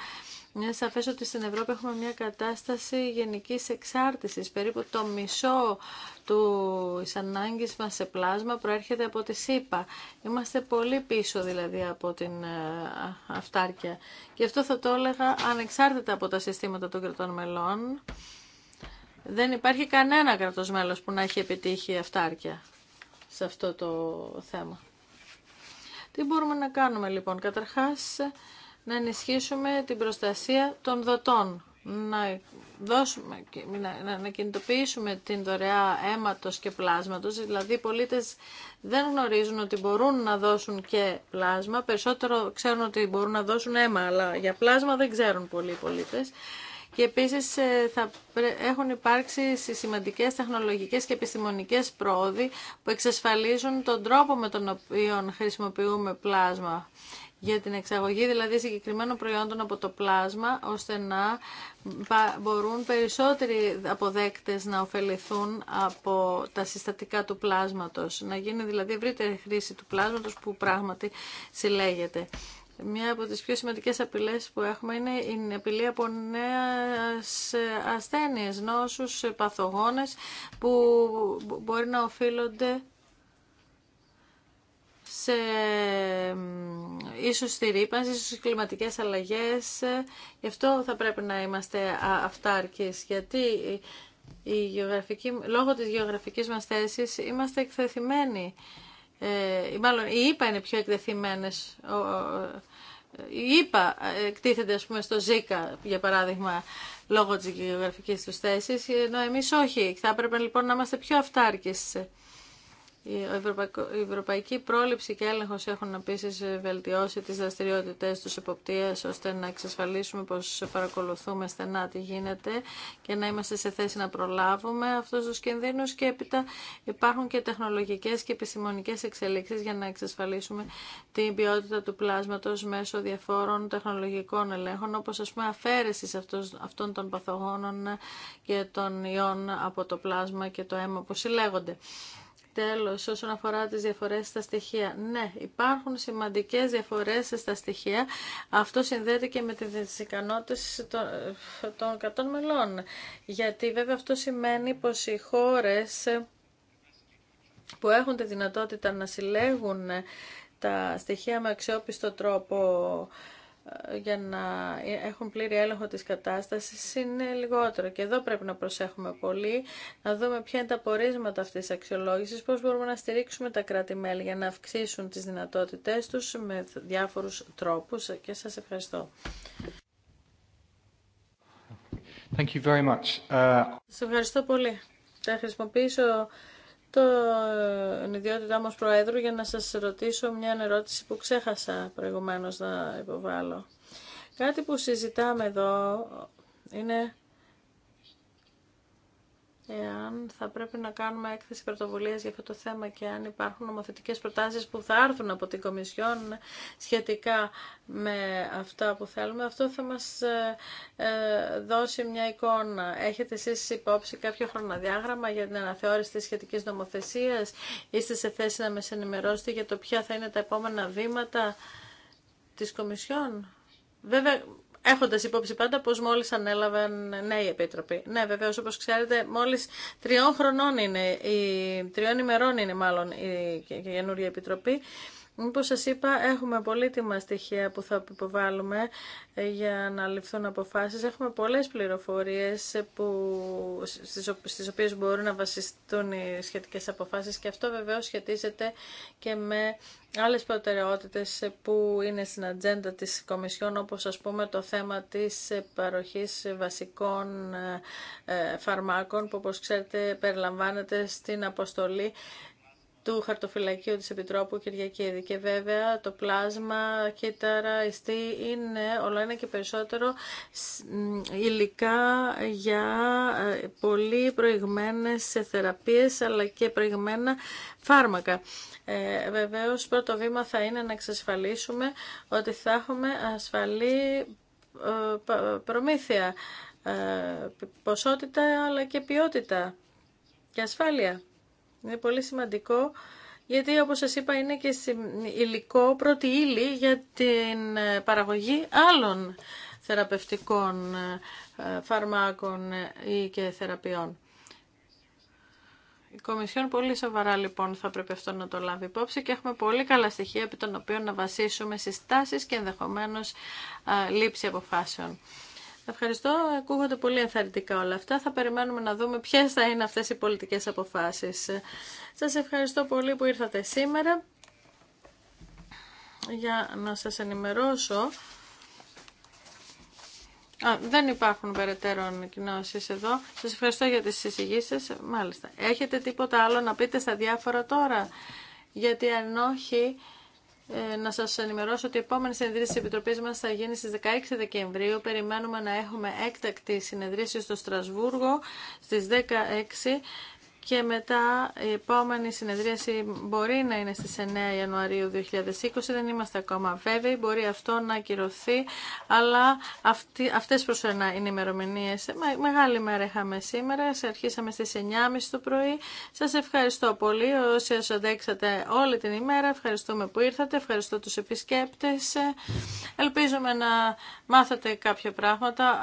Είναι σαφές ότι στην Ευρώπη έχουμε μια κατάσταση γενικής εξάρτησης. Περίπου το μισό του ανάγκη μα σε πλάσμα προέρχεται από τη ΣΥΠΑ. Είμαστε πολύ πίσω δηλαδή από την ε, αυτάρκεια. Και αυτό θα το έλεγα ανεξάρτητα από τα συστήματα των κρατών μελών. Δεν υπάρχει κανένα κρατός μέλος που να έχει επιτύχει αυτάρκεια σε αυτό το θέμα. Τι μπορούμε να κάνουμε λοιπόν. Καταρχάς να ενισχύσουμε την προστασία των δοτών, να, δώσουμε, να, κινητοποιήσουμε την δωρεά αίματος και πλάσματος, δηλαδή οι πολίτες δεν γνωρίζουν ότι μπορούν να δώσουν και πλάσμα, περισσότερο ξέρουν ότι μπορούν να δώσουν αίμα, αλλά για πλάσμα δεν ξέρουν πολλοί πολίτες. Και επίσης ε, θα έχουν υπάρξει σημαντικές τεχνολογικές και επιστημονικές πρόοδοι που εξασφαλίζουν τον τρόπο με τον οποίο χρησιμοποιούμε πλάσμα για την εξαγωγή δηλαδή συγκεκριμένων προϊόντων από το πλάσμα, ώστε να μπορούν περισσότεροι αποδέκτες να ωφεληθούν από τα συστατικά του πλάσματος, να γίνει δηλαδή ευρύτερη χρήση του πλάσματος που πράγματι συλλέγεται. Μία από τις πιο σημαντικές απειλές που έχουμε είναι η απειλή από νέες ασθένειες, νόσους, παθογόνες που μπορεί να οφείλονται ε, ίσως στη ρήπανση, ίσως στις κλιματικές αλλαγές. Γι' αυτό θα πρέπει να είμαστε αυτάρκεις, γιατί η γεωγραφική, λόγω της γεωγραφικής μας θέσης είμαστε εκθεθειμένοι. Ε, μάλλον οι ΙΠΑ είναι πιο ο, Η ΙΠΑ ε, εκτίθεται, ας πούμε στο ΖΙΚΑ για παράδειγμα λόγω της γεωγραφικής του θέσης, ενώ εμείς όχι. Θα έπρεπε λοιπόν να είμαστε πιο αφτάρκες η ευρωπαϊκή πρόληψη και έλεγχο έχουν επίση βελτιώσει τι δραστηριότητέ του εποπτεία ώστε να εξασφαλίσουμε πω παρακολουθούμε στενά τι γίνεται και να είμαστε σε θέση να προλάβουμε αυτού του κινδύνου. Και έπειτα υπάρχουν και τεχνολογικέ και επιστημονικέ εξελίξει για να εξασφαλίσουμε την ποιότητα του πλάσματο μέσω διαφόρων τεχνολογικών ελέγχων, όπω α πούμε αφαίρεση αυτών των παθογόνων και των ιών από το πλάσμα και το αίμα που συλλέγονται. Τέλος, όσον αφορά τις διαφορές στα στοιχεία. Ναι, υπάρχουν σημαντικές διαφορές στα στοιχεία. Αυτό συνδέεται και με τις ικανότητες των 100 μελών. Γιατί βέβαια αυτό σημαίνει πως οι χώρες που έχουν τη δυνατότητα να συλλέγουν τα στοιχεία με αξιόπιστο τρόπο ε, για να έχουν πλήρη έλεγχο της κατάστασης είναι λιγότερο. Και εδώ πρέπει να προσέχουμε πολύ, να δούμε ποια είναι τα πορίσματα αυτής της αξιολόγησης, πώς μπορούμε να στηρίξουμε τα κράτη-μέλη για να αυξήσουν τις δυνατότητές τους με διάφορους τρόπους και σας ευχαριστώ. Thank you very much. Σας ευχαριστώ πολύ. Θα χρησιμοποιήσω το ιδιότητά μου ως Προέδρου για να σας ρωτήσω μια ερώτηση που ξέχασα προηγουμένως να υποβάλω. Κάτι που συζητάμε εδώ είναι εάν θα πρέπει να κάνουμε έκθεση πρωτοβουλία για αυτό το θέμα και αν υπάρχουν νομοθετικέ προτάσεις που θα έρθουν από την Κομισιόν σχετικά με αυτά που θέλουμε. Αυτό θα μας ε, ε, δώσει μια εικόνα. Έχετε εσεί υπόψη κάποιο χρονοδιάγραμμα για την αναθεώρηση της σχετικής νομοθεσίας. Είστε σε θέση να με ενημερώσετε για το ποια θα είναι τα επόμενα βήματα τη Κομισιόν. Βέβαια, Έχοντα υπόψη πάντα πω μόλι ανέλαβαν νέοι επίτροποι. Ναι, βεβαίω, όπω ξέρετε, μόλι τριών χρονών είναι, η, τριών ημερών είναι μάλλον η καινούργια επιτροπή. Όπως σας είπα, έχουμε πολύτιμα στοιχεία που θα υποβάλουμε ε, για να ληφθούν αποφάσεις. Έχουμε πολλές πληροφορίες ε, που, στις οποίες μπορούν να βασιστούν οι σχετικές αποφάσεις και αυτό βεβαίως σχετίζεται και με άλλες προτεραιότητες ε, που είναι στην ατζέντα της Κομισιόν, όπως ας πούμε το θέμα της παροχής βασικών φαρμάκων, που όπως ξέρετε περιλαμβάνεται στην αποστολή του χαρτοφυλακίου της Επιτρόπου κυριακή Και βέβαια το πλάσμα, κύτταρα, ιστή είναι όλο ένα και περισσότερο υλικά για ε, πολύ προηγμένες θεραπείες αλλά και προηγμένα φάρμακα. Ε, βεβαίως πρώτο βήμα θα είναι να εξασφαλίσουμε ότι θα έχουμε ασφαλή ε, προμήθεια, ε, ποσότητα αλλά και ποιότητα και ασφάλεια. Είναι πολύ σημαντικό γιατί όπως σας είπα είναι και υλικό, πρώτη ύλη για την ε, παραγωγή άλλων θεραπευτικών ε, ε, φαρμάκων ή και θεραπείων. Η Κομισιόν πολύ σοβαρά λοιπόν θα πρέπει αυτό να το λάβει υπόψη και έχουμε πολύ καλά στοιχεία από τον οποίων να βασίσουμε συστάσεις και ενδεχομένως λήψη αποφάσεων. Ευχαριστώ. Ακούγονται πολύ ενθαρρυντικά όλα αυτά. Θα περιμένουμε να δούμε ποιες θα είναι αυτές οι πολιτικές αποφάσεις. Σας ευχαριστώ πολύ που ήρθατε σήμερα για να σας ενημερώσω. Α, δεν υπάρχουν περαιτέρω ανακοινώσει εδώ. Σα ευχαριστώ για τις εισηγήσει Μάλιστα. Έχετε τίποτα άλλο να πείτε στα διάφορα τώρα. Γιατί αν όχι, ε, να σας ενημερώσω ότι η επόμενη συνεδρίαση τη Επιτροπής μας θα γίνει στις 16 Δεκεμβρίου. Περιμένουμε να έχουμε έκτακτη συνεδρίαση στο Στρασβούργο στις 16 και μετά η επόμενη συνεδρίαση μπορεί να είναι στις 9 Ιανουαρίου 2020, δεν είμαστε ακόμα βέβαιοι, μπορεί αυτό να ακυρωθεί, αλλά αυτοί, αυτές προσωρινά είναι οι ημερομηνίες. μεγάλη μέρα είχαμε σήμερα, αρχίσαμε στις 9.30 το πρωί. Σας ευχαριστώ πολύ όσοι σας αντέξατε όλη την ημέρα, ευχαριστούμε που ήρθατε, ευχαριστώ τους επισκέπτες. Ελπίζουμε να μάθατε κάποια πράγματα.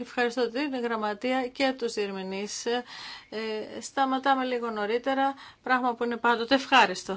Ευχαριστώ την γραμματεία και τους διερμηνείς. Ε, σταματάμε λίγο νωρίτερα, πράγμα που είναι πάντοτε ευχάριστο.